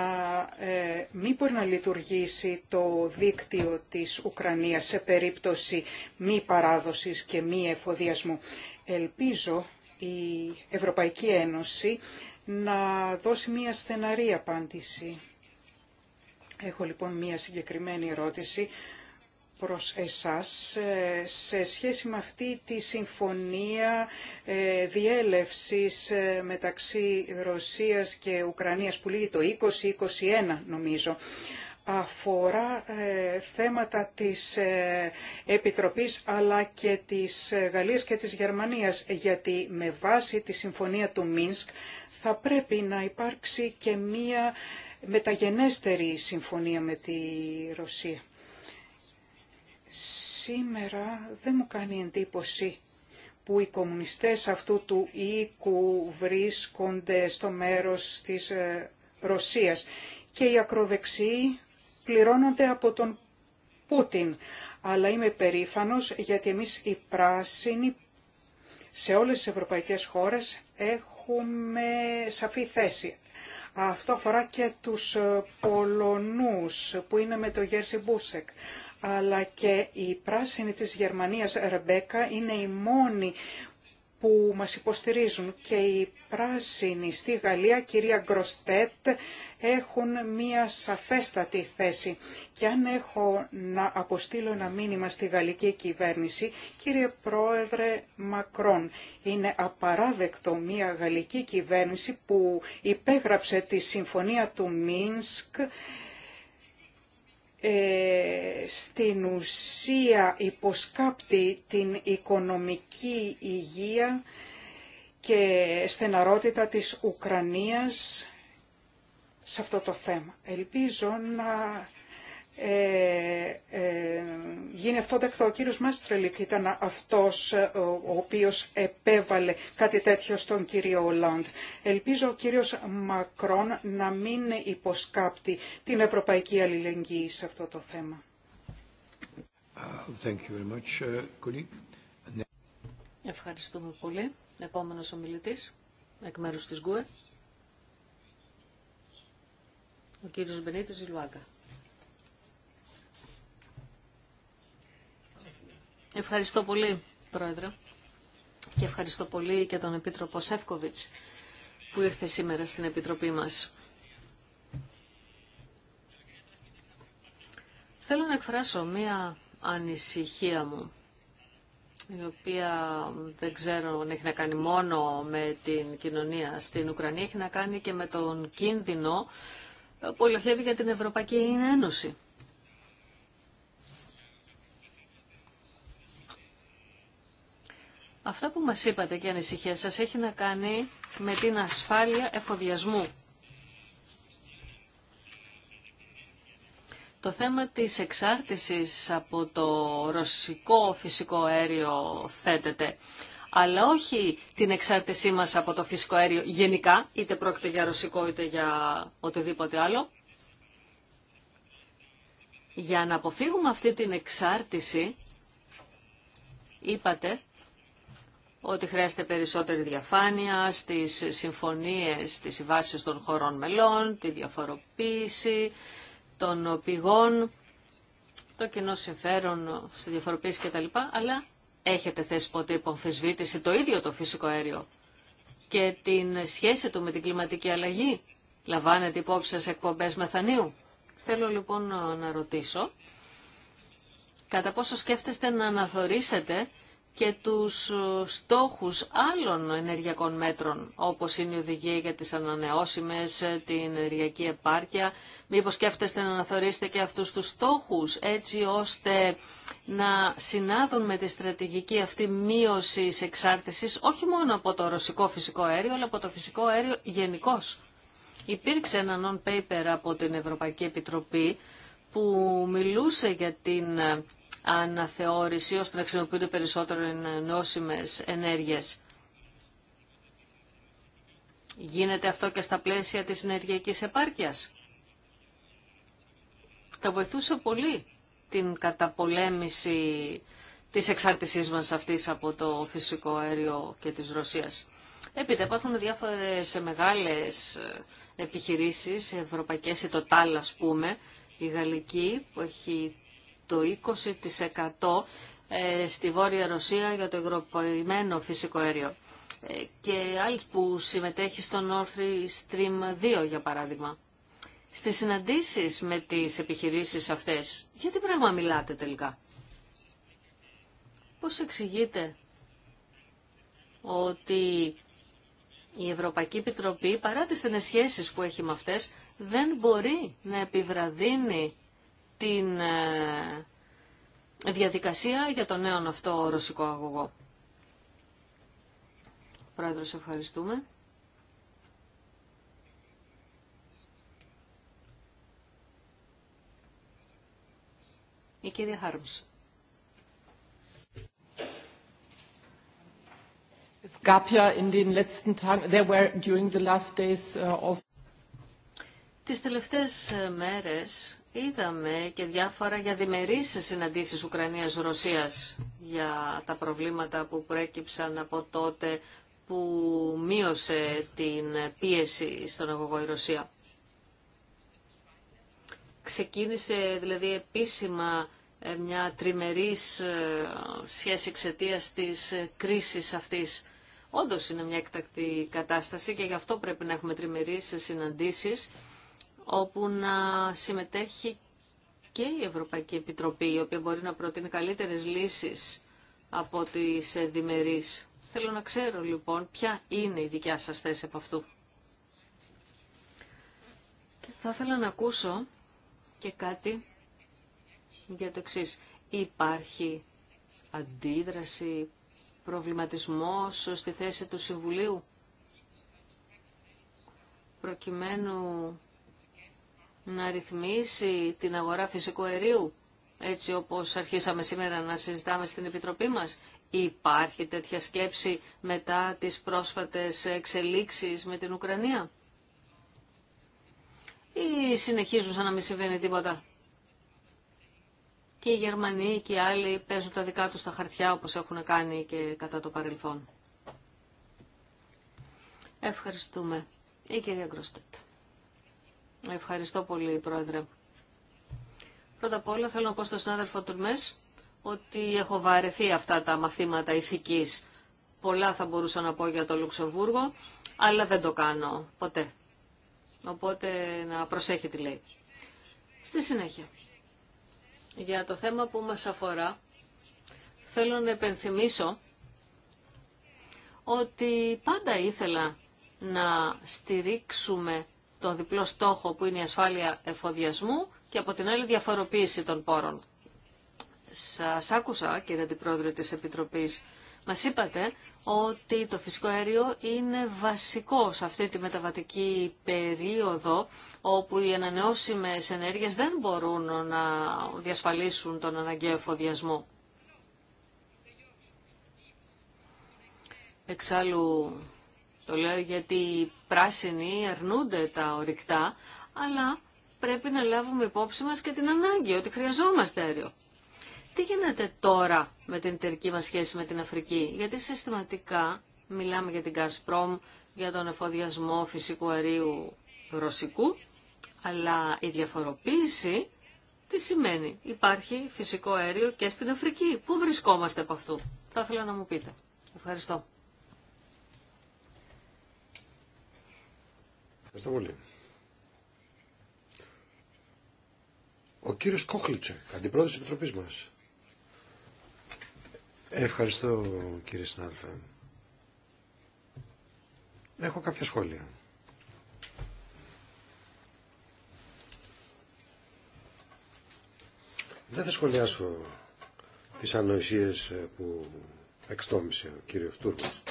ε, μην μπορεί να λειτουργήσει το δίκτυο της Ουκρανίας σε περίπτωση μη παράδοσης και μη εφοδιασμού. Ελπίζω η Ευρωπαϊκή Ένωση να δώσει μια στεναρή απάντηση. Έχω λοιπόν μια συγκεκριμένη ερώτηση προς εσάς ε, σε σχέση με αυτή τη συμφωνία ε, διέλευσης ε, μεταξύ Ρωσίας και Ουκρανίας που λύγει το 2021 νομίζω αφορά θέματα της ε, Επιτροπής αλλά και της Γαλλίας και της Γερμανίας γιατί με βάση τη Συμφωνία του Μίνσκ θα πρέπει να υπάρξει και μία μεταγενέστερη συμφωνία με τη Ρωσία. Σήμερα δεν μου κάνει εντύπωση που οι κομμουνιστές αυτού του οίκου βρίσκονται στο μέρος της ε, Ρωσίας και οι ακροδεξιοί πληρώνονται από τον Πούτιν. Αλλά είμαι περήφανος γιατί εμείς οι πράσινοι σε όλες τις ευρωπαϊκές χώρες έχουμε σαφή θέση. Αυτό αφορά και τους ε, Πολωνούς που είναι με το Γέρσι Μπούσεκ αλλά και η πράσινη της Γερμανίας Ρεμπέκα είναι η μόνη που μας υποστηρίζουν και οι πράσινοι στη Γαλλία, κυρία Γκροστέτ, έχουν μία σαφέστατη θέση. Και αν έχω να αποστείλω ένα μήνυμα στη γαλλική κυβέρνηση, κύριε Πρόεδρε Μακρόν, είναι απαράδεκτο μία γαλλική κυβέρνηση που υπέγραψε τη συμφωνία του Μίνσκ ε, στην ουσία υποσκάπτει την οικονομική υγεία και στεναρότητα της Ουκρανίας σε αυτό το θέμα. Ελπίζω να ε, ε, γίνει αυτό δεκτό. Ο κύριος Μάστρελικ ήταν αυτός ε, ο οποίος επέβαλε κάτι τέτοιο στον κύριο Ολάντ. Ελπίζω ο κύριος Μακρόν να μην υποσκάπτει την ευρωπαϊκή αλληλεγγύη σε αυτό το θέμα. Thank you very much, uh, Ευχαριστούμε πολύ. Επόμενος ομιλητής, εκ μέρους της ΓΚΟΕ, ο κύριος Μπενίτου Ζιλουάγκα. Ευχαριστώ πολύ, Πρόεδρε. Και ευχαριστώ πολύ και τον Επίτροπο Σεύκοβιτς που ήρθε σήμερα στην Επιτροπή μας. Θέλω να εκφράσω μία ανησυχία μου, η οποία δεν ξέρω αν έχει να κάνει μόνο με την κοινωνία στην Ουκρανία, έχει να κάνει και με τον κίνδυνο που ελοχεύει για την Ευρωπαϊκή Ένωση. Αυτά που μας είπατε και ανησυχία σας έχει να κάνει με την ασφάλεια εφοδιασμού. Το θέμα της εξάρτησης από το ρωσικό φυσικό αέριο θέτεται, αλλά όχι την εξάρτησή μας από το φυσικό αέριο γενικά, είτε πρόκειται για ρωσικό είτε για οτιδήποτε άλλο. Για να αποφύγουμε αυτή την εξάρτηση, είπατε ότι χρειάζεται περισσότερη διαφάνεια στις συμφωνίες, στις συμβάσεις των χωρών μελών, τη διαφοροποίηση των πηγών, το κοινό συμφέρον στη διαφοροποίηση κτλ. Αλλά έχετε θέσει ποτέ υπομφισβήτηση το ίδιο το φυσικό αέριο και την σχέση του με την κλιματική αλλαγή. Λαμβάνετε υπόψη σας εκπομπές μεθανίου. Θέλω λοιπόν να ρωτήσω κατά πόσο σκέφτεστε να αναθορίσετε και τους ε, στόχους άλλων ενεργειακών μέτρων, όπως είναι η οδηγία για τις ανανεώσιμες, ε, την ενεργειακή επάρκεια. Μήπως σκέφτεστε να αναθεωρήσετε και αυτούς τους στόχους, έτσι ώστε να συνάδουν με τη στρατηγική αυτή μείωση εξάρτησης, όχι μόνο από το ρωσικό φυσικό αέριο, αλλά από το φυσικό αέριο γενικώ. Υπήρξε ένα non-paper από την Ευρωπαϊκή Επιτροπή που μιλούσε για την ε, αναθεώρηση ώστε να χρησιμοποιούνται περισσότερο νόσιμες ενέργειες. Γίνεται αυτό και στα πλαίσια της ενεργειακής επάρκειας. Θα βοηθούσε πολύ την καταπολέμηση της εξάρτησής μας αυτής από το φυσικό αέριο και της Ρωσίας. Έπειτα υπάρχουν διάφορες μεγάλες ε, επιχειρήσεις, ευρωπαϊκές, η ταλ ας πούμε, η γαλλική που έχει το 20% ε, στη Βόρεια Ρωσία για το υγροποιημένο φυσικό αέριο ε, και άλλοι που συμμετέχει στο North Stream 2 για παράδειγμα. Στις συναντήσεις με τις επιχειρήσεις αυτές, για τι πράγμα μιλάτε τελικά. Πώς εξηγείτε ότι η Ευρωπαϊκή Επιτροπή, παρά τις στενές σχέσεις που έχει με αυτές, δεν μπορεί να επιβραδύνει την ε, διαδικασία για τον νέο αυτό ρωσικό αγωγό. Πρόεδρος, ευχαριστούμε. Η κυρία Χάρμς. Es gab ja in den letzten Tagen, there were during the last days äh, also. Τις τελευταίες ε, μέρες Είδαμε και διάφορα για διμερείς συναντήσεις Ουκρανίας-Ρωσίας για τα προβλήματα που προέκυψαν από τότε που μείωσε την πίεση στον αγωγό η Ρωσία. Ξεκίνησε δηλαδή επίσημα ε, μια τριμερής ε, σχέση εξαιτία της ε, κρίσης αυτής. Όντως είναι μια εκτακτή κατάσταση και γι' αυτό πρέπει να έχουμε τριμερείς συναντήσεις όπου να συμμετέχει και η Ευρωπαϊκή Επιτροπή, η οποία μπορεί να προτείνει καλύτερες λύσεις από τις διμερείς. Θέλω να ξέρω λοιπόν ποια είναι η δικιά σας θέση από αυτού. Και θα ήθελα να ακούσω και κάτι για το εξή. Υπάρχει αντίδραση, προβληματισμός στη θέση του Συμβουλίου προκειμένου να ρυθμίσει την αγορά φυσικού αερίου, έτσι όπως αρχίσαμε σήμερα να συζητάμε στην Επιτροπή μας. Υπάρχει τέτοια σκέψη μετά τις πρόσφατες εξελίξεις με την Ουκρανία. Ή συνεχίζουν σαν να μην συμβαίνει τίποτα. Και οι Γερμανοί και οι άλλοι παίζουν τα δικά τους στα χαρτιά όπως έχουν κάνει και κατά το παρελθόν. Ευχαριστούμε. Η κυρία Γκροστέτ. Ευχαριστώ πολύ, Πρόεδρε. Πρώτα απ' όλα θέλω να πω στον συνάδελφο Τουρμές ότι έχω βαρεθεί αυτά τα μαθήματα ηθικής. Πολλά θα μπορούσα να πω για το Λουξεμβούργο, αλλά δεν το κάνω ποτέ. Οπότε να προσέχει τι λέει. Στη συνέχεια, για το θέμα που μας αφορά, θέλω να επενθυμίσω ότι πάντα ήθελα να στηρίξουμε τον διπλό στόχο που είναι η ασφάλεια εφοδιασμού και από την άλλη διαφοροποίηση των πόρων. Σας άκουσα κύριε Αντιπρόεδρε της Επιτροπής, μας είπατε ότι το φυσικό αέριο είναι βασικό σε αυτή τη μεταβατική περίοδο όπου οι ανανεώσιμες ενέργειες δεν μπορούν να διασφαλίσουν τον αναγκαίο εφοδιασμό. Εξάλλου το λέω γιατί πράσινοι αρνούνται τα ορυκτά, αλλά πρέπει να λάβουμε υπόψη μας και την ανάγκη ότι χρειαζόμαστε αέριο. Τι γίνεται τώρα με την εταιρική μας σχέση με την Αφρική, γιατί συστηματικά μιλάμε για την Gazprom, για τον εφοδιασμό φυσικού αερίου ρωσικού, αλλά η διαφοροποίηση τι σημαίνει. Υπάρχει φυσικό αέριο και στην Αφρική. Πού βρισκόμαστε από αυτού. Θα ήθελα να μου πείτε. Ευχαριστώ. Ευχαριστώ πολύ. Ο κύριος Κόχλιτσεκ, αντιπρόεδρος της Επιτροπής μας. Ευχαριστώ κύριε συνάδελφε. Έχω κάποια σχόλια. Δεν θα σχολιάσω τις ανοησίες που εξτόμησε ο κύριος Τούρκος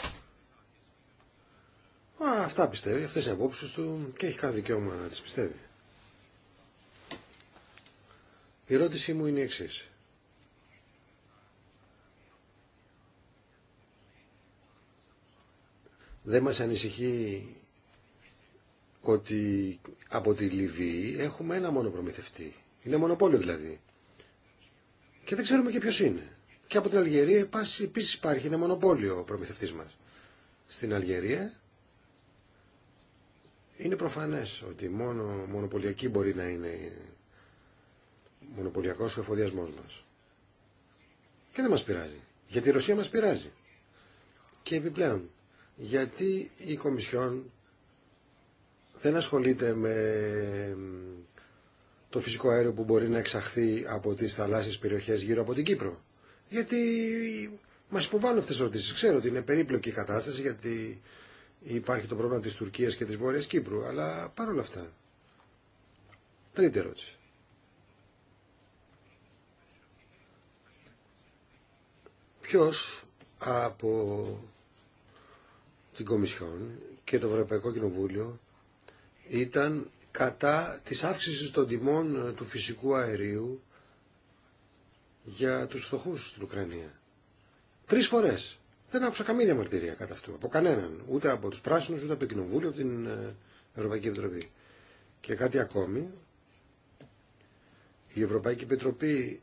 αυτά πιστεύει, αυτές είναι απόψεις του και έχει κάθε δικαίωμα να τις πιστεύει. Η ερώτησή μου είναι η εξής. Δεν μας ανησυχεί ότι από τη Λιβύη έχουμε ένα μόνο προμηθευτή. Είναι μονοπόλιο δηλαδή. Και δεν ξέρουμε και ποιος είναι. Και από την Αλγερία επίσης υπάρχει ένα μονοπόλιο προμηθευτής μας. Στην Αλγερία είναι προφανές ότι μόνο μονοπωλιακή μπορεί να είναι μονοπωλιακός ο εφοδιασμός μας. Και δεν μας πειράζει. Γιατί η Ρωσία μας πειράζει. Και επιπλέον, γιατί η Κομισιόν δεν ασχολείται με το φυσικό αέριο που μπορεί να εξαχθεί από τις θαλάσσιες περιοχές γύρω από την Κύπρο. Γιατί μας υποβάλλουν αυτές τις ερωτήσεις. Ξέρω ότι είναι περίπλοκη η κατάσταση γιατί Υπάρχει το πρόβλημα της Τουρκίας και της Βόρειας Κύπρου, αλλά παρόλα αυτά. Τρίτη ερώτηση. Ποιος από την Κομισιόν και το Ευρωπαϊκό Κοινοβούλιο ήταν κατά της αύξησης των τιμών του φυσικού αερίου για τους φτωχούς στην Ουκρανία. Τρεις φορές. Δεν άκουσα καμία διαμαρτυρία κατά αυτού. Από κανέναν. Ούτε από του πράσινου, ούτε από το Κοινοβούλιο, την ε, Ευρωπαϊκή Επιτροπή. Και κάτι ακόμη. Η Ευρωπαϊκή Επιτροπή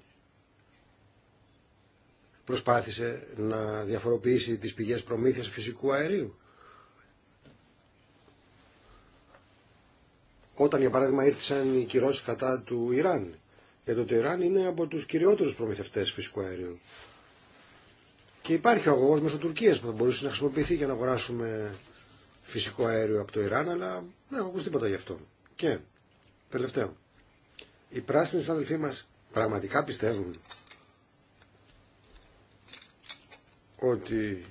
προσπάθησε να διαφοροποιήσει τις πηγές προμήθειας φυσικού αερίου. Όταν, για παράδειγμα, ήρθαν οι κυρώσεις κατά του Ιράν, γιατί το Ιράν είναι από τους κυριότερους προμηθευτές φυσικού αερίου. Και υπάρχει ο αγωγό μέσω Τουρκία που θα μπορούσε να χρησιμοποιηθεί για να αγοράσουμε φυσικό αέριο από το Ιράν, αλλά δεν έχω ακούσει τίποτα γι' αυτό. Και τελευταίο, οι πράσινοι αδελφοί μα πραγματικά πιστεύουν ότι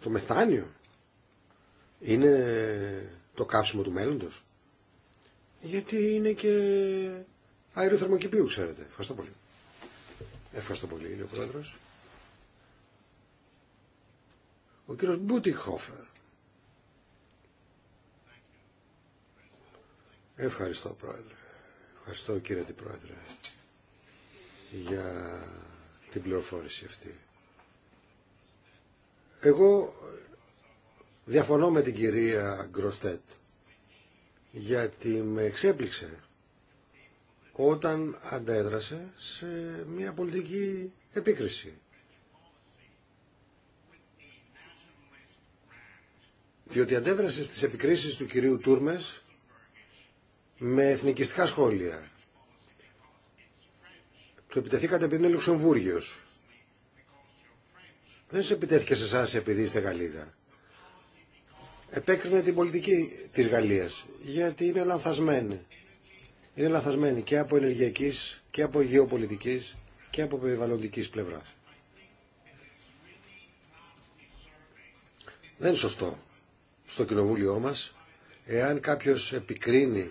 το μεθάνιο είναι το καύσιμο του μέλλοντος. Γιατί είναι και αεροθερμοκηπίου, ξέρετε. Ευχαριστώ πολύ. Ευχαριστώ πολύ, κύριε πρόεδρο. Ο κύριο Μπούτιχόφερ. Ευχαριστώ, Πρόεδρε. Ευχαριστώ, κύριε την Πρόεδρε, για την πληροφόρηση αυτή. Εγώ διαφωνώ με την κυρία Γκροστέτ, γιατί με εξέπληξε όταν αντέδρασε σε μια πολιτική επίκριση. Διότι αντέδρασε στις επικρίσεις του κυρίου Τούρμες με εθνικιστικά σχόλια. Του επιτεθήκατε επειδή είναι Λουξεμβούργιος. Δεν σε επιτέθηκε σε εσά επειδή είστε Γαλλίδα. Επέκρινε την πολιτική της Γαλλίας, γιατί είναι λανθασμένη είναι λαθασμένη και από ενεργειακής και από γεωπολιτικής και από περιβαλλοντικής πλευράς. Δεν είναι σωστό στο κοινοβούλιο μας εάν κάποιος επικρίνει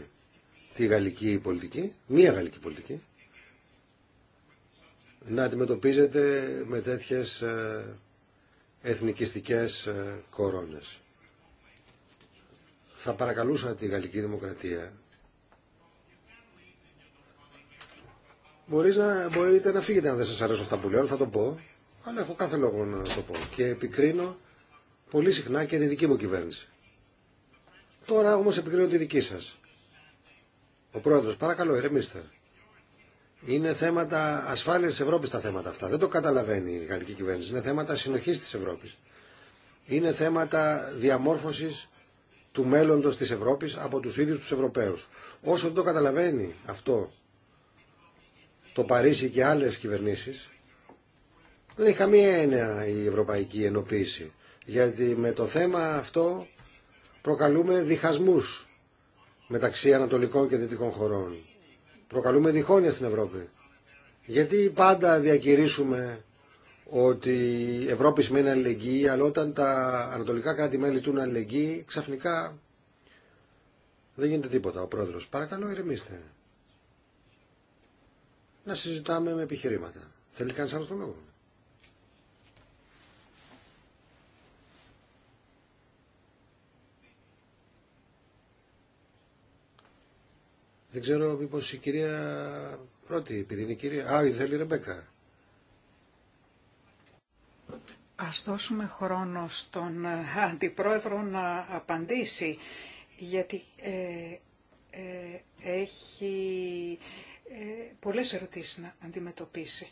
τη γαλλική πολιτική, μία γαλλική πολιτική, να αντιμετωπίζεται με τέτοιες ε, εθνικιστικές ε, κορώνες. Θα παρακαλούσα τη Γαλλική Δημοκρατία Μπορείς να, μπορείτε να φύγετε αν δεν σας αρέσουν αυτά που λέω, αλλά θα το πω. Αλλά έχω κάθε λόγο να το πω. Και επικρίνω πολύ συχνά και τη δική μου κυβέρνηση. Τώρα όμως επικρίνω τη δική σας. Ο πρόεδρος, παρακαλώ, ηρεμήστε. Είναι θέματα ασφάλεια τη Ευρώπη τα θέματα αυτά. Δεν το καταλαβαίνει η γαλλική κυβέρνηση. Είναι θέματα συνοχή τη Ευρώπη. Είναι θέματα διαμόρφωση του μέλλοντο τη Ευρώπη από του ίδιου του Ευρωπαίου. Όσο δεν το καταλαβαίνει αυτό το Παρίσι και άλλες κυβερνήσεις δεν έχει καμία έννοια η ευρωπαϊκή ενοποίηση γιατί με το θέμα αυτό προκαλούμε διχασμούς μεταξύ ανατολικών και δυτικών χωρών. Προκαλούμε διχόνοια στην Ευρώπη. Γιατί πάντα διακηρύσουμε ότι η Ευρώπη σημαίνει αλληλεγγύη, αλλά όταν τα ανατολικά κράτη-μέλη του αλληλεγγύη, ξαφνικά δεν γίνεται τίποτα. Ο πρόεδρος, παρακαλώ ηρεμήστε να συζητάμε με επιχειρήματα. Θέλει κανείς άλλο τον λόγο. Δεν ξέρω μήπως η κυρία πρώτη, επειδή είναι η κυρία... Α, θέλει η Ρεμπέκα. Ας δώσουμε χρόνο στον ε, αντιπρόεδρο να απαντήσει, γιατί ε, ε, έχει ε, πολλές ερωτήσεις να αντιμετωπίσει.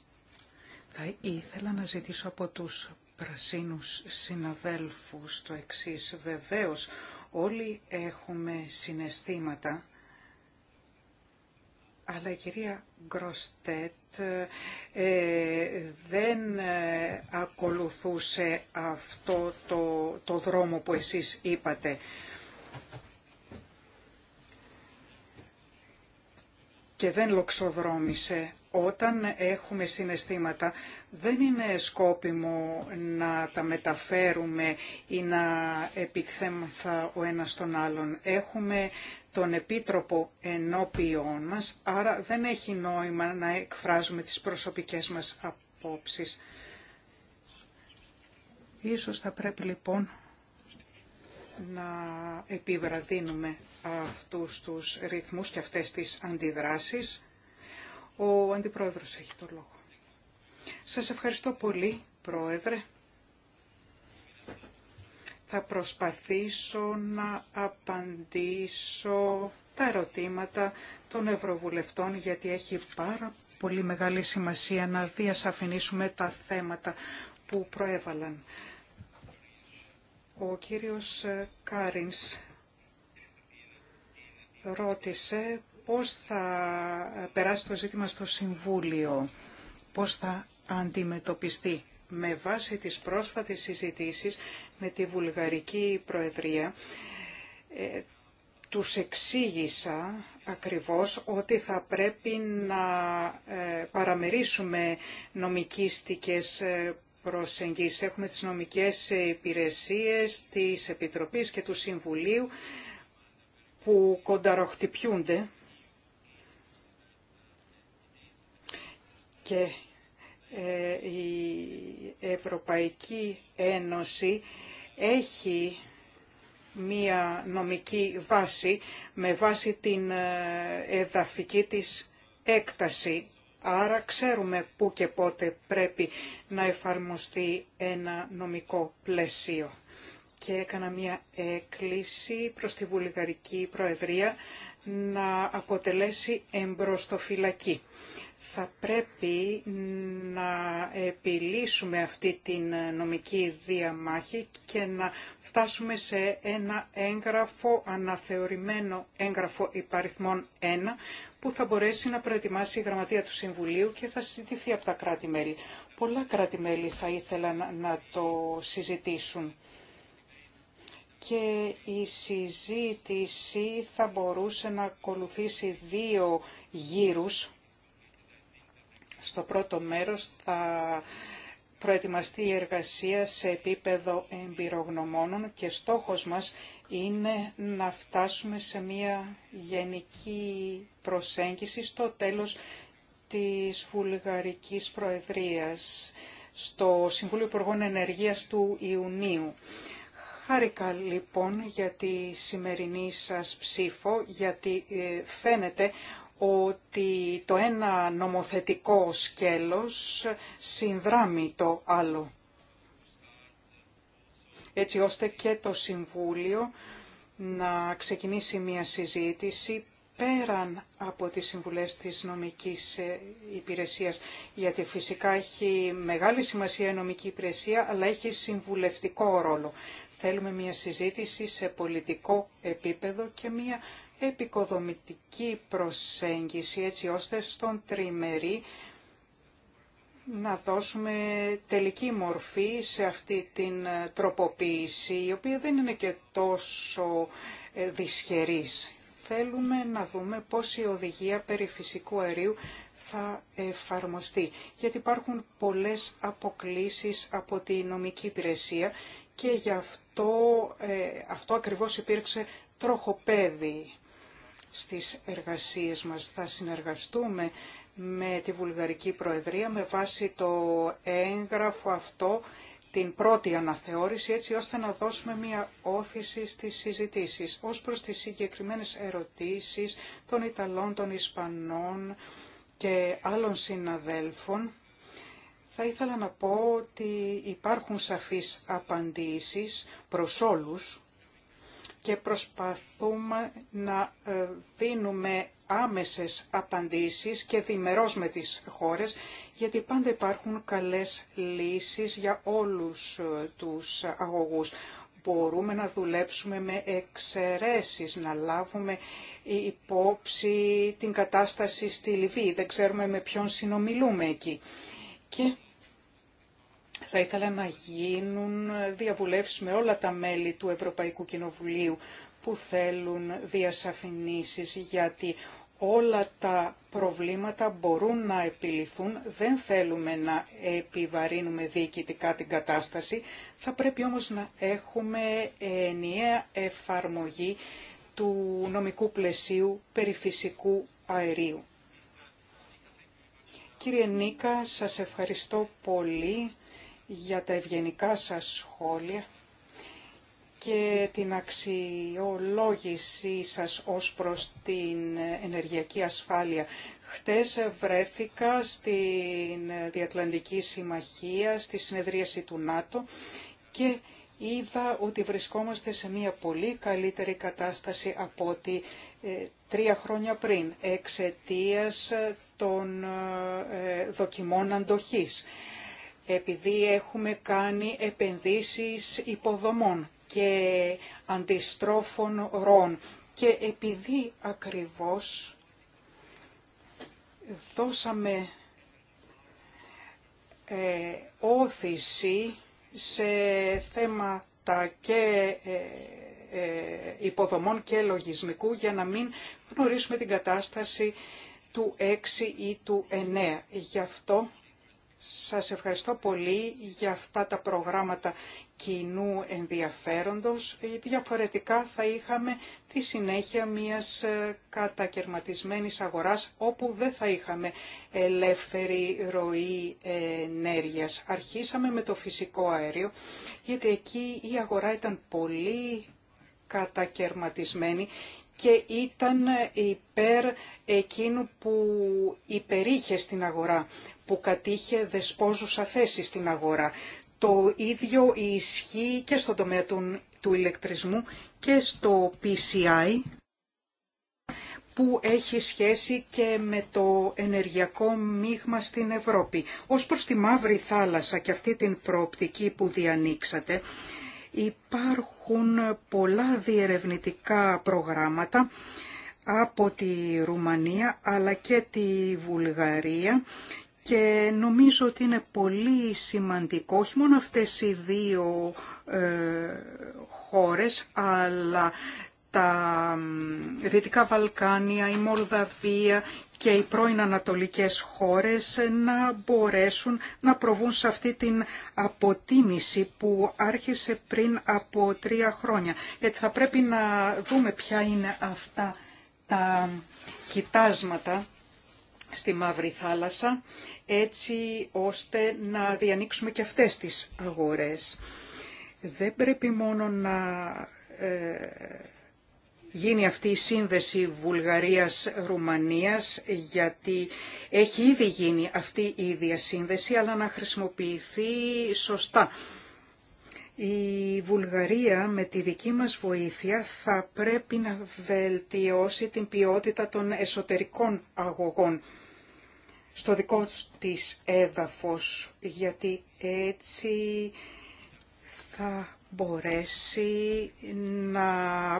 Θα ήθελα να ζητήσω από τους πρασίνους συναδέλφους το εξής. Βεβαίως, όλοι έχουμε συναισθήματα, αλλά η κυρία Γκροστέτ ε, δεν ε, ακολουθούσε αυτό το, το δρόμο που εσείς είπατε. και δεν λοξοδρόμησε. Όταν έχουμε συναισθήματα δεν είναι σκόπιμο να τα μεταφέρουμε ή να επιθέμεθα ο ένας τον άλλον. Έχουμε τον Επίτροπο ενώπιόν μας, άρα δεν έχει νόημα να εκφράζουμε τις προσωπικές μας απόψεις. Ίσως θα πρέπει λοιπόν να επιβραδύνουμε αυτούς τους ρυθμούς και αυτές τις αντιδράσεις. Ο Αντιπρόεδρος έχει το λόγο. Σας ευχαριστώ πολύ, Πρόεδρε. Θα προσπαθήσω να απαντήσω τα ερωτήματα των Ευρωβουλευτών, γιατί έχει πάρα πολύ μεγάλη σημασία να διασαφηνίσουμε τα θέματα που προέβαλαν. Ο κύριος Κάρινς ρώτησε πώς θα περάσει το ζήτημα στο Συμβούλιο, πώς θα αντιμετωπιστεί με βάση τις πρόσφατες συζητήσεις με τη Βουλγαρική Προεδρία. Ε, τους εξήγησα ακριβώς ότι θα πρέπει να ε, παραμερίσουμε νομικίστικες ε, προσεγγίσεις. Έχουμε τις νομικές υπηρεσίες της Επιτροπής και του Συμβουλίου που κονταροχτυπιούνται και ε, η Ευρωπαϊκή Ένωση έχει μία νομική βάση με βάση την ε, εδαφική της έκταση. Άρα ξέρουμε πού και πότε πρέπει να εφαρμοστεί ένα νομικό πλαίσιο και έκανα μια έκκληση προς τη Βουλγαρική Προεδρία να αποτελέσει εμπροστοφυλακή. Θα πρέπει να επιλύσουμε αυτή την νομική διαμάχη και να φτάσουμε σε ένα έγγραφο, αναθεωρημένο έγγραφο υπαριθμών 1, που θα μπορέσει να προετοιμάσει η Γραμματεία του Συμβουλίου και θα συζητηθεί από τα κράτη-μέλη. Πολλά κράτη-μέλη θα ήθελαν να το συζητήσουν και η συζήτηση θα μπορούσε να ακολουθήσει δύο γύρους. Στο πρώτο μέρος θα προετοιμαστεί η εργασία σε επίπεδο εμπειρογνωμόνων και στόχος μας είναι να φτάσουμε σε μια γενική προσέγγιση στο τέλος της Βουλγαρικής Προεδρίας στο Συμβούλιο Υπουργών Ενεργείας του Ιουνίου. Χάρηκα λοιπόν για τη σημερινή σας ψήφο, γιατί ε, φαίνεται ότι το ένα νομοθετικό σκέλος συνδράμει το άλλο. Έτσι ώστε και το Συμβούλιο να ξεκινήσει μια συζήτηση πέραν από τις συμβουλές της νομικής ε, υπηρεσίας, γιατί φυσικά έχει μεγάλη σημασία η νομική υπηρεσία, αλλά έχει συμβουλευτικό ρόλο. Θέλουμε μια συζήτηση σε πολιτικό επίπεδο και μια επικοδομητική προσέγγιση έτσι ώστε στον τριμερή να δώσουμε τελική μορφή σε αυτή την τροποποίηση η οποία δεν είναι και τόσο ε, δυσχερής. Θέλουμε να δούμε πώς η οδηγία περί φυσικού αερίου θα εφαρμοστεί, γιατί υπάρχουν πολλές αποκλήσεις από τη νομική υπηρεσία και γι' αυτό, ε, αυτό ακριβώς υπήρξε τροχοπέδι στις εργασίες μας. Θα συνεργαστούμε με τη Βουλγαρική Προεδρία με βάση το έγγραφο αυτό την πρώτη αναθεώρηση έτσι ώστε να δώσουμε μια όθηση στις συζητήσεις ως προς τις συγκεκριμένες ερωτήσεις των Ιταλών, των Ισπανών και άλλων συναδέλφων θα ήθελα να πω ότι υπάρχουν σαφείς απαντήσεις προς όλους και προσπαθούμε να ε, δίνουμε άμεσες απαντήσεις και διμερώς με τις χώρες, γιατί πάντα υπάρχουν καλές λύσεις για όλους ε, τους αγωγούς. Μπορούμε να δουλέψουμε με εξαιρέσει, να λάβουμε υπόψη την κατάσταση στη Λιβύη. Δεν ξέρουμε με ποιον συνομιλούμε εκεί. Και θα ήθελα να γίνουν διαβουλεύσεις με όλα τα μέλη του Ευρωπαϊκού Κοινοβουλίου που θέλουν διασαφηνίσεις γιατί όλα τα προβλήματα μπορούν να επιληθούν. Δεν θέλουμε να επιβαρύνουμε διοικητικά την κατάσταση. Θα πρέπει όμως να έχουμε ενιαία εφαρμογή του νομικού πλαισίου περιφυσικού αερίου. Κύριε Νίκα, σας ευχαριστώ πολύ για τα ευγενικά σας σχόλια και την αξιολόγησή σας ως προς την ενεργειακή ασφάλεια. Χτες βρέθηκα στην Διατλαντική Συμμαχία, στη συνεδρίαση του ΝΑΤΟ και είδα ότι βρισκόμαστε σε μια πολύ καλύτερη κατάσταση από ότι ε, τρία χρόνια πριν εξαιτίας των ε, δοκιμών αντοχής επειδή έχουμε κάνει επενδύσεις υποδομών και αντιστρόφων ρών και επειδή ακριβώς δώσαμε ε, όθηση σε θέματα και ε, ε, υποδομών και λογισμικού για να μην γνωρίσουμε την κατάσταση του 6 ή του 9. Γι' αυτό σας ευχαριστώ πολύ για αυτά τα προγράμματα κοινού ενδιαφέροντος. Ε, διαφορετικά θα είχαμε τη συνέχεια μιας ε, κατακαιρματισμένης αγοράς όπου δεν θα είχαμε ελεύθερη ροή ενέργειας. Αρχίσαμε με το φυσικό αέριο γιατί εκεί η αγορά ήταν πολύ κατακαιρματισμένη και ήταν υπέρ εκείνου που υπερήχε στην αγορά, που κατήχε δεσπόζουσα θέση στην αγορά. Το ίδιο ισχύει και στον τομέα του, του ηλεκτρισμού και στο PCI που έχει σχέση και με το ενεργειακό μείγμα στην Ευρώπη. Ως προς τη Μαύρη Θάλασσα και αυτή την προοπτική που διανοίξατε, Υπάρχουν πολλά διερευνητικά προγράμματα από τη Ρουμανία αλλά και τη Βουλγαρία και νομίζω ότι είναι πολύ σημαντικό όχι μόνο αυτές οι δύο ε, χώρες αλλά τα Δυτικά Βαλκάνια, η Μολδαβία και οι πρώην ανατολικές χώρες να μπορέσουν να προβούν σε αυτή την αποτίμηση που άρχισε πριν από τρία χρόνια. Γιατί θα πρέπει να δούμε ποια είναι αυτά τα κοιτάσματα στη Μαύρη Θάλασσα, έτσι ώστε να διανοίξουμε και αυτές τις αγορές. Δεν πρέπει μόνο να ε, γίνει αυτή η σύνδεση Βουλγαρίας-Ρουμανίας γιατί έχει ήδη γίνει αυτή η διασύνδεση αλλά να χρησιμοποιηθεί σωστά. Η Βουλγαρία με τη δική μας βοήθεια θα πρέπει να βελτιώσει την ποιότητα των εσωτερικών αγωγών στο δικό της έδαφος γιατί έτσι θα μπορέσει να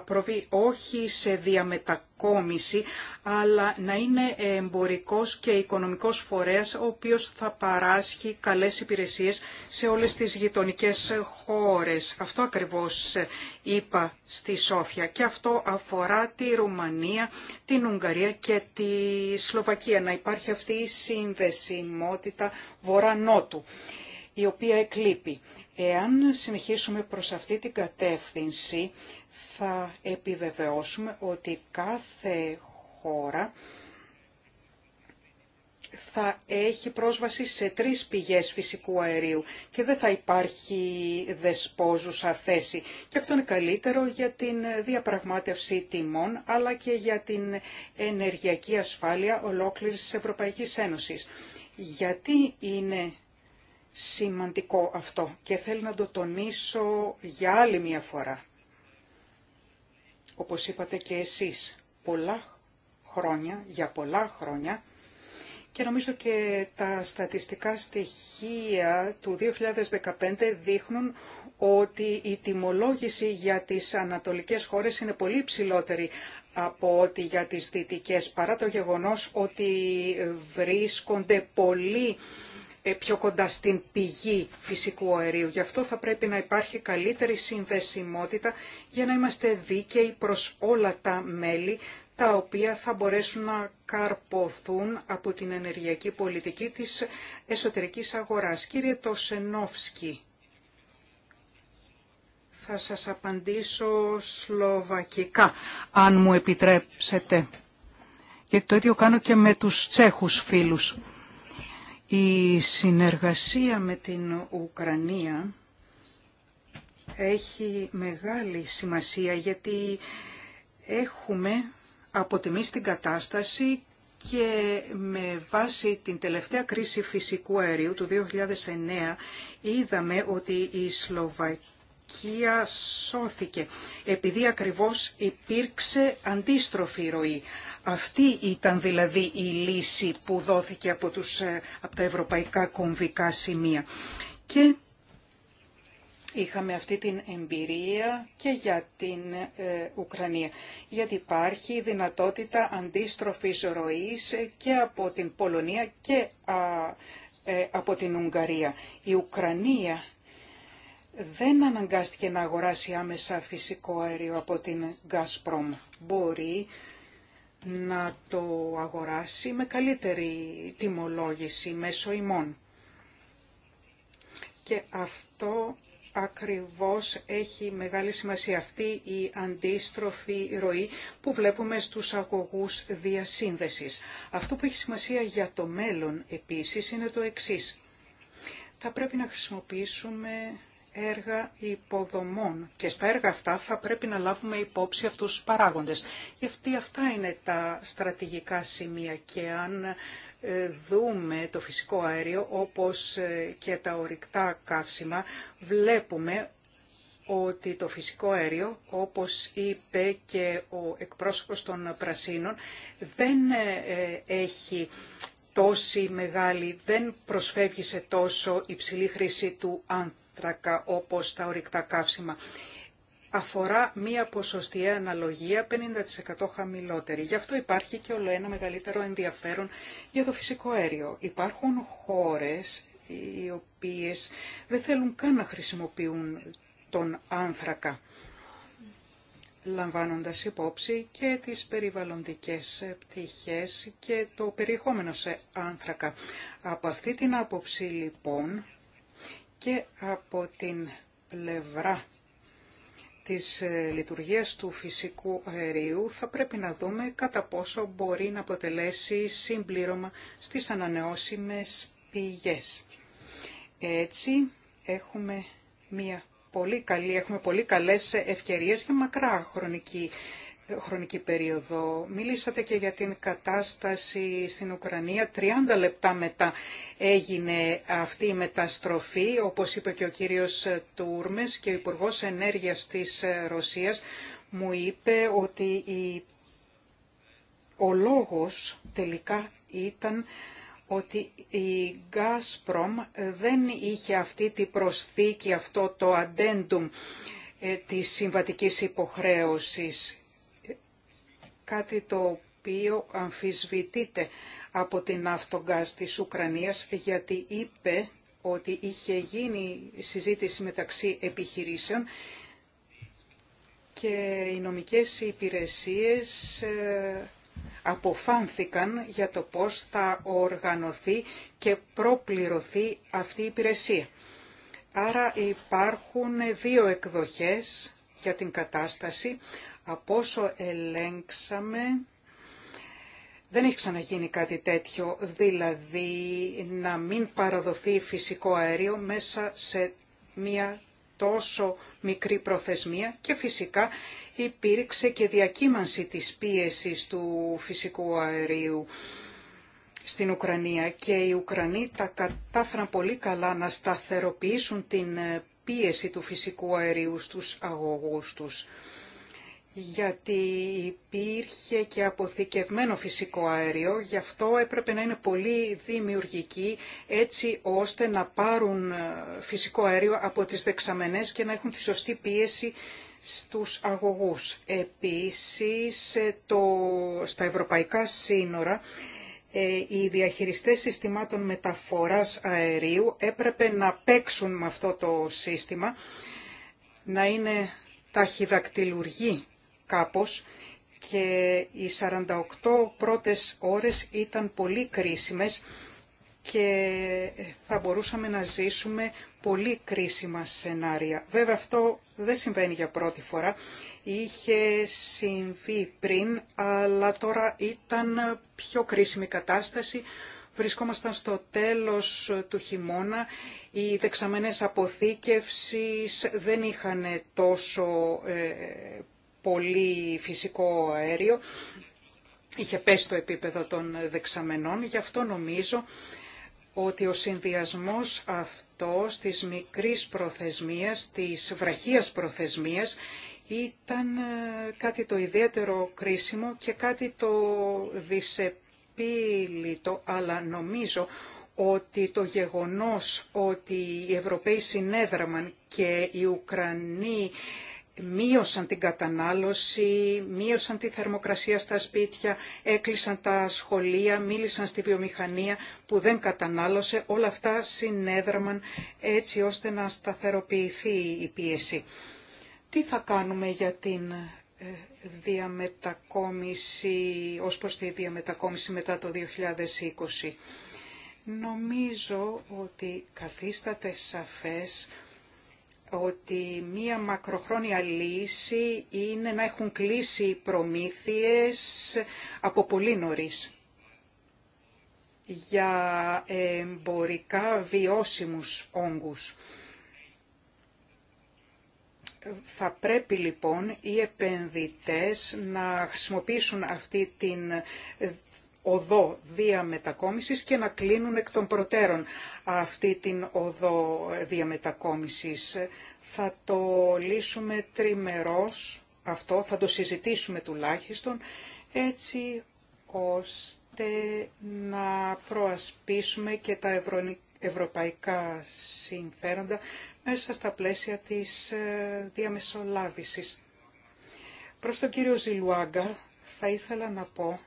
προβεί όχι σε διαμετακόμιση, αλλά να είναι εμπορικός και οικονομικός φορέας, ο οποίος θα παράσχει καλές υπηρεσίες σε όλες τις γειτονικές χώρες. Αυτό ακριβώς είπα στη Σόφια και αυτό αφορά τη Ρουμανία, την Ουγγαρία και τη Σλοβακία. Να υπάρχει αυτή η συνδεσιμότητα η οποία εκλείπει. Εάν συνεχίσουμε προς αυτή την κατεύθυνση, θα επιβεβαιώσουμε ότι κάθε χώρα θα έχει πρόσβαση σε τρεις πηγές φυσικού αερίου και δεν θα υπάρχει δεσπόζουσα θέση. Και αυτό είναι καλύτερο για την διαπραγμάτευση τιμών, αλλά και για την ενεργειακή ασφάλεια ολόκληρης της Ευρωπαϊκής Ένωσης. Γιατί είναι σημαντικό αυτό και θέλω να το τονίσω για άλλη μια φορά. Όπως είπατε και εσείς, πολλά χρόνια, για πολλά χρόνια, και νομίζω και τα στατιστικά στοιχεία του 2015 δείχνουν ότι η τιμολόγηση για τις ανατολικές χώρες είναι πολύ ψηλότερη από ότι για τις δυτικές, παρά το γεγονός ότι βρίσκονται πολύ ε, πιο κοντά στην πηγή φυσικού αερίου. Γι' αυτό θα πρέπει να υπάρχει καλύτερη συνδεσιμότητα για να είμαστε δίκαιοι προς όλα τα μέλη τα οποία θα μπορέσουν να καρποθούν από την ενεργειακή πολιτική της εσωτερικής αγοράς. Κύριε Τοσενόφσκι, θα σας απαντήσω σλοβακικά, αν μου επιτρέψετε. Και το ίδιο κάνω και με τους τσέχους φίλους. Η συνεργασία με την Ουκρανία έχει μεγάλη σημασία γιατί έχουμε αποτιμήσει την κατάσταση και με βάση την τελευταία κρίση φυσικού αερίου του 2009 είδαμε ότι η Σλοβακία σώθηκε επειδή ακριβώς υπήρξε αντίστροφη ροή αυτή ήταν δηλαδή η λύση που δόθηκε από, τους, ε, από τα ευρωπαϊκά κομβικά σημεία. Και είχαμε αυτή την εμπειρία και για την ε, Ουκρανία. Γιατί υπάρχει δυνατότητα αντίστροφης ροής και από την Πολωνία και ε, από την Ουγγαρία. Η Ουκρανία δεν αναγκάστηκε να αγοράσει άμεσα φυσικό αέριο από την Gazprom. Μπορεί να το αγοράσει με καλύτερη τιμολόγηση μέσω ημών. Και αυτό ακριβώς έχει μεγάλη σημασία αυτή η αντίστροφη ροή που βλέπουμε στους αγωγούς διασύνδεσης. Αυτό που έχει σημασία για το μέλλον επίσης είναι το εξής. Θα πρέπει να χρησιμοποιήσουμε έργα υποδομών και στα έργα αυτά θα πρέπει να λάβουμε υπόψη αυτούς τους παράγοντες. Γιατί αυτά είναι τα στρατηγικά σημεία και αν ε, δούμε το φυσικό αέριο όπως ε, και τα ορυκτά καύσιμα βλέπουμε ότι το φυσικό αέριο, όπως είπε και ο εκπρόσωπος των Πρασίνων, δεν ε, έχει τόση μεγάλη, δεν προσφεύγει σε τόσο υψηλή χρήση του ανθρώπου άνθρακα όπως τα ορυκτά καύσιμα αφορά μία ποσοστιαία αναλογία 50% χαμηλότερη. Γι' αυτό υπάρχει και όλο ένα μεγαλύτερο ενδιαφέρον για το φυσικό αέριο. Υπάρχουν χώρες οι οποίες δεν θέλουν καν να χρησιμοποιούν τον άνθρακα λαμβάνοντας υπόψη και τις περιβαλλοντικές πτυχές και το περιεχόμενο σε άνθρακα. Από αυτή την άποψη λοιπόν και από την πλευρά της ε, λειτουργίας του φυσικού αερίου θα πρέπει να δούμε κατά πόσο μπορεί να αποτελέσει συμπλήρωμα στις ανανεώσιμες πηγές. Έτσι έχουμε μια πολύ καλή, έχουμε πολύ καλές ευκαιρίες για μακρά χρονική χρονική περίοδο. Μίλησατε και για την κατάσταση στην Ουκρανία. 30 λεπτά μετά έγινε αυτή η μεταστροφή, όπως είπε και ο κύριος Τούρμες και ο Υπουργός Ενέργειας της Ρωσίας μου είπε ότι ο λόγος τελικά ήταν ότι η Gazprom δεν είχε αυτή την προσθήκη, αυτό το addendum ε, της συμβατικής υποχρέωσης κάτι το οποίο αμφισβητείται από την Αυτογκάς της Ουκρανίας γιατί είπε ότι είχε γίνει συζήτηση μεταξύ επιχειρήσεων και οι νομικές υπηρεσίες ε, αποφάνθηκαν για το πώς θα οργανωθεί και προπληρωθεί αυτή η υπηρεσία. Άρα υπάρχουν δύο εκδοχές για την κατάσταση. Από όσο ελέγξαμε, δεν έχει ξαναγίνει κάτι τέτοιο, δηλαδή να μην παραδοθεί φυσικό αέριο μέσα σε μία τόσο μικρή προθεσμία και φυσικά υπήρξε και διακύμανση της πίεσης του φυσικού αερίου στην Ουκρανία και οι Ουκρανοί τα κατάφεραν πολύ καλά να σταθεροποιήσουν την πίεση του φυσικού αερίου στους αγωγούς τους γιατί υπήρχε και αποθηκευμένο φυσικό αέριο, γι' αυτό έπρεπε να είναι πολύ δημιουργικοί έτσι ώστε να πάρουν ε, φυσικό αέριο από τις δεξαμενές και να έχουν τη σωστή πίεση στους αγωγούς. Επίσης, ε, το, στα ευρωπαϊκά σύνορα, ε, οι διαχειριστές συστημάτων μεταφοράς αερίου έπρεπε να παίξουν με αυτό το σύστημα, να είναι ταχυδακτηλουργοί κάπως και οι 48 πρώτες ώρες ήταν πολύ κρίσιμες και θα μπορούσαμε να ζήσουμε πολύ κρίσιμα σενάρια. Βέβαια αυτό δεν συμβαίνει για πρώτη φορά. Είχε συμβεί πριν, αλλά τώρα ήταν πιο κρίσιμη κατάσταση. Βρισκόμασταν στο τέλος του χειμώνα, οι δεξαμενές αποθήκευσης δεν είχαν τόσο ε, πολύ φυσικό αέριο. Είχε πέσει το επίπεδο των δεξαμενών, γι' αυτό νομίζω ότι ο συνδυασμός αυτός της μικρής προθεσμίας, της βραχίας προθεσμίας, ήταν ε, κάτι το ιδιαίτερο κρίσιμο και κάτι το δυσεπίλητο, αλλά νομίζω ότι το γεγονός ότι οι Ευρωπαίοι συνέδραμαν και οι Ουκρανοί μείωσαν την κατανάλωση, μείωσαν τη θερμοκρασία στα σπίτια, έκλεισαν τα σχολεία, μίλησαν στη βιομηχανία που δεν κατανάλωσε. Όλα αυτά συνέδραμαν έτσι ώστε να σταθεροποιηθεί η πίεση. Τι θα κάνουμε για την ε, διαμετακόμιση, ως προς τη διαμετακόμιση μετά το 2020. Νομίζω ότι καθίσταται σαφές ότι μία μακροχρόνια λύση είναι να έχουν κλείσει οι προμήθειες από πολύ νωρίς για εμπορικά βιώσιμους όγκους. Θα πρέπει λοιπόν οι επενδυτές να χρησιμοποιήσουν αυτή την οδό διαμετακόμισης και να κλείνουν εκ των προτέρων αυτή την οδό διαμετακόμισης. Θα το λύσουμε τριμερός αυτό, θα το συζητήσουμε τουλάχιστον, έτσι ώστε να προασπίσουμε και τα ευρωπαϊκά συμφέροντα μέσα στα πλαίσια της ε, διαμεσολάβησης. Προς τον κύριο Ζιλουάγκα θα ήθελα να πω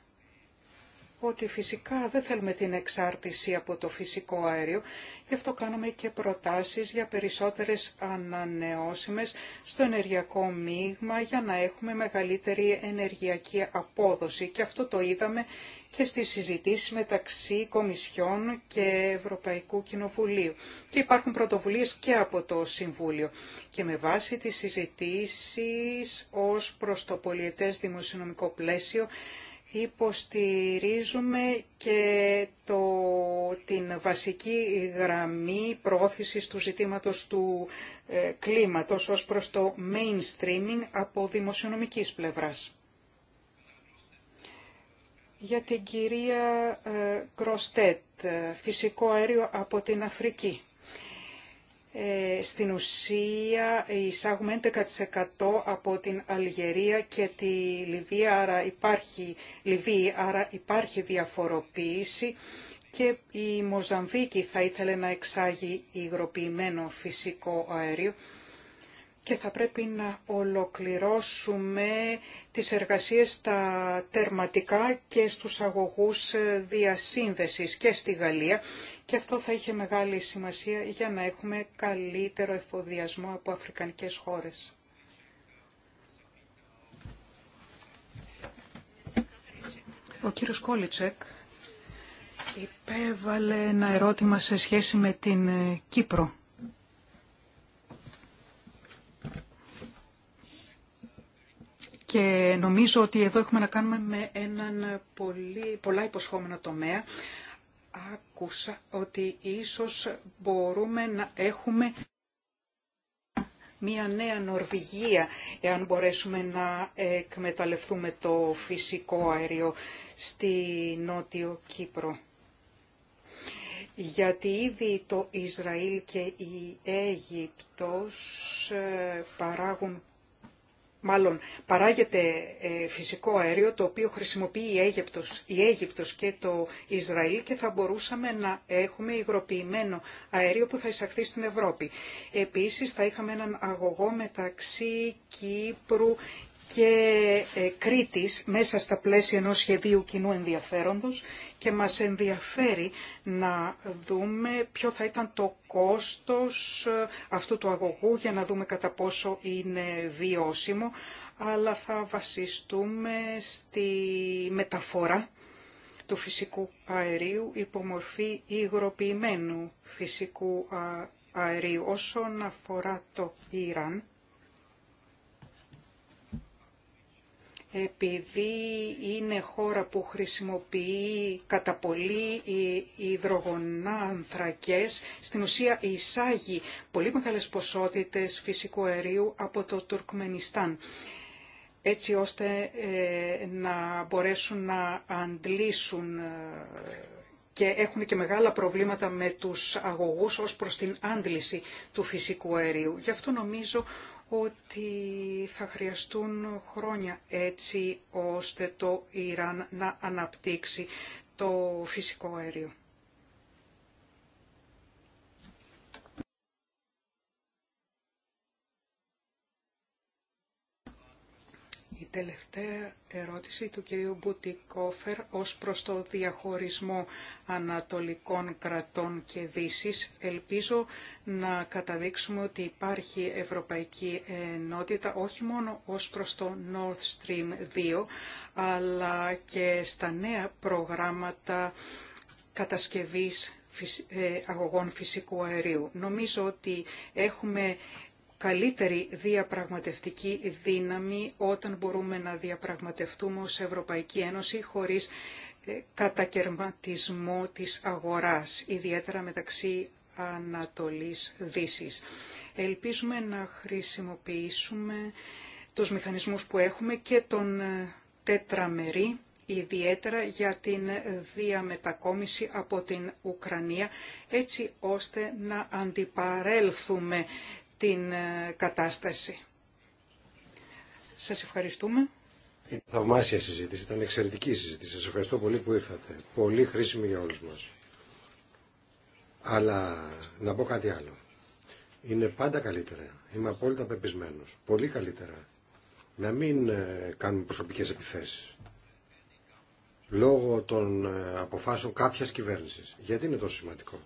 ότι φυσικά δεν θέλουμε την εξάρτηση από το φυσικό αέριο, γι' αυτό κάναμε και προτάσεις για περισσότερες ανανεώσιμες στο ενεργειακό μείγμα για να έχουμε μεγαλύτερη ενεργειακή απόδοση και αυτό το είδαμε και στις συζητήσεις μεταξύ Κομισιών και Ευρωπαϊκού Κοινοβουλίου. Και υπάρχουν πρωτοβουλίες και από το Συμβούλιο. Και με βάση τις συζητήσεις ως προς το πολιετές δημοσιονομικό πλαίσιο Υποστηρίζουμε και το, την βασική γραμμή προώθησης του ζητήματος του ε, κλίματος ως προς το mainstreaming από δημοσιονομικής πλευράς. Για την κυρία ε, Κροστέτ, ε, φυσικό αέριο από την Αφρική. Ε, στην ουσία εισάγουμε 11% από την Αλγερία και τη Λιβύη, άρα υπάρχει, Λιβύη, άρα υπάρχει διαφοροποίηση και η Μοζαμβίκη θα ήθελε να εξάγει υγροποιημένο φυσικό αέριο και θα πρέπει να ολοκληρώσουμε τις εργασίες στα τερματικά και στους αγωγούς διασύνδεσης και στη Γαλλία και αυτό θα είχε μεγάλη σημασία για να έχουμε καλύτερο εφοδιασμό από αφρικανικές χώρες. Ο κύριος Κόλιτσεκ υπέβαλε ένα ερώτημα σε σχέση με την ε, Κύπρο. Και νομίζω ότι εδώ έχουμε να κάνουμε με έναν πολύ, πολλά υποσχόμενο τομέα, άκουσα ότι ίσως μπορούμε να έχουμε μια νέα Νορβηγία, εάν μπορέσουμε να εκμεταλλευτούμε το φυσικό αέριο στη Νότιο Κύπρο. Γιατί ήδη το Ισραήλ και η Αίγυπτος ε, παράγουν μάλλον παράγεται ε, φυσικό αέριο το οποίο χρησιμοποιεί η Αίγυπτος, η Αίγυπτος και το Ισραήλ και θα μπορούσαμε να έχουμε υγροποιημένο αέριο που θα εισαχθεί στην Ευρώπη. Επίσης θα είχαμε έναν αγωγό μεταξύ Κύπρου και ε, Κρήτης μέσα στα πλαίσια ενός σχεδίου κοινού ενδιαφέροντος και μας ενδιαφέρει να δούμε ποιο θα ήταν το κόστος ε, αυτού του αγωγού για να δούμε κατά πόσο είναι βιώσιμο, αλλά θα βασιστούμε στη μεταφορά του φυσικού αερίου υπομορφή υγροποιημένου φυσικού αερίου. Όσον αφορά το Ιράν, επειδή είναι χώρα που χρησιμοποιεί κατά πολύ υδρογονάνθρακες, στην ουσία εισάγει πολύ μεγάλες ποσότητες φυσικού αερίου από το Τουρκμενιστάν έτσι ώστε ε, να μπορέσουν να αντλήσουν ε, και έχουν και μεγάλα προβλήματα με τους αγωγούς ως προς την άντληση του φυσικού αερίου. Γι' αυτό νομίζω ότι θα χρειαστούν χρόνια έτσι ώστε το Ιράν να αναπτύξει το φυσικό αέριο. Η τελευταία ερώτηση του κυρίου Μπουτικόφερ ως προς το διαχωρισμό ανατολικών κρατών και δύσης. Ελπίζω να καταδείξουμε ότι υπάρχει ευρωπαϊκή ενότητα όχι μόνο ως προς το North Stream 2, αλλά και στα νέα προγράμματα κατασκευής ε, αγωγών φυσικού αερίου. Νομίζω ότι έχουμε καλύτερη διαπραγματευτική δύναμη όταν μπορούμε να διαπραγματευτούμε ως Ευρωπαϊκή Ένωση χωρίς ε, κατακαιρματισμό της αγοράς, ιδιαίτερα μεταξύ Ανατολής Δύσης. Ελπίζουμε να χρησιμοποιήσουμε τους μηχανισμούς που έχουμε και τον ε, τετραμερή, ιδιαίτερα για την διαμετακόμιση από την Ουκρανία, έτσι ώστε να αντιπαρέλθουμε την ε, κατάσταση. Σας ευχαριστούμε. Ήταν θαυμάσια συζήτηση, ήταν εξαιρετική συζήτηση. Σας ευχαριστώ πολύ που ήρθατε. Πολύ χρήσιμη για όλους μας. Αλλά να πω κάτι άλλο. Είναι πάντα καλύτερα. Είμαι απόλυτα πεπισμένος. Πολύ καλύτερα. Να μην ε, κάνουμε προσωπικές επιθέσεις. Λόγω των ε, αποφάσεων κάποιας κυβέρνησης. Γιατί είναι τόσο σημαντικό.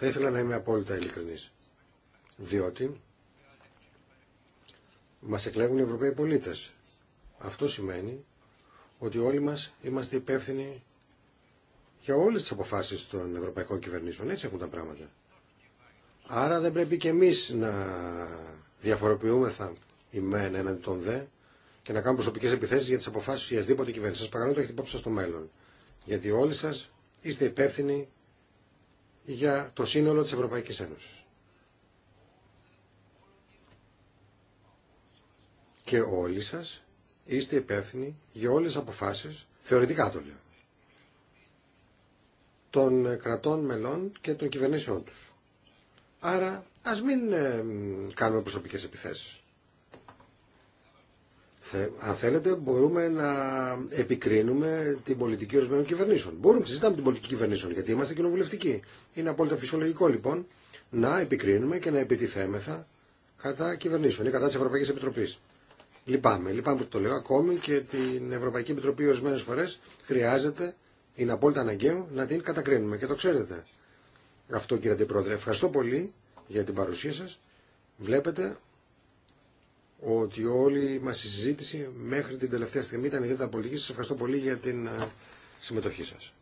Θα ήθελα να είμαι απόλυτα ειλικρινής. Διότι μας εκλέγουν οι Ευρωπαίοι πολίτες. Αυτό σημαίνει ότι όλοι μας είμαστε υπεύθυνοι για όλες τις αποφάσεις των ευρωπαϊκών κυβερνήσεων. Έτσι έχουν τα πράγματα. Άρα δεν πρέπει και εμείς να διαφοροποιούμεθα μένα έναντι των δε και να κάνουμε προσωπικές επιθέσεις για τις αποφάσεις οποιασδήποτε κυβέρνηση. Σας παρακαλώ το έχετε υπόψη σας στο μέλλον. Γιατί όλοι σας είστε υπεύθυνοι για το σύνολο της Ευρωπαϊκής Ένωσης. Και όλοι σας είστε υπεύθυνοι για όλες τις αποφάσεις, θεωρητικά το λέω, των κρατών μελών και των κυβερνήσεών τους. Άρα ας μην ε, κάνουμε προσωπικές επιθέσεις αν θέλετε, μπορούμε να επικρίνουμε την πολιτική ορισμένων κυβερνήσεων. Μπορούμε να συζητάμε την πολιτική κυβερνήσεων, γιατί είμαστε κοινοβουλευτικοί. Είναι απόλυτα φυσιολογικό, λοιπόν, να επικρίνουμε και να επιτιθέμεθα κατά κυβερνήσεων ή κατά τη Ευρωπαϊκή Επιτροπή. Λυπάμαι, λυπάμαι που το λέω ακόμη και την Ευρωπαϊκή Επιτροπή ορισμένε φορέ χρειάζεται, είναι απόλυτα αναγκαίο να την κατακρίνουμε και το ξέρετε. Αυτό κύριε Αντιπρόεδρε. Ευχαριστώ πολύ για την παρουσία σα. Βλέπετε ότι όλη μας η συζήτηση μέχρι την τελευταία στιγμή ήταν ιδιαίτερα πολιτική. σα. ευχαριστώ πολύ για την ε, συμμετοχή σας.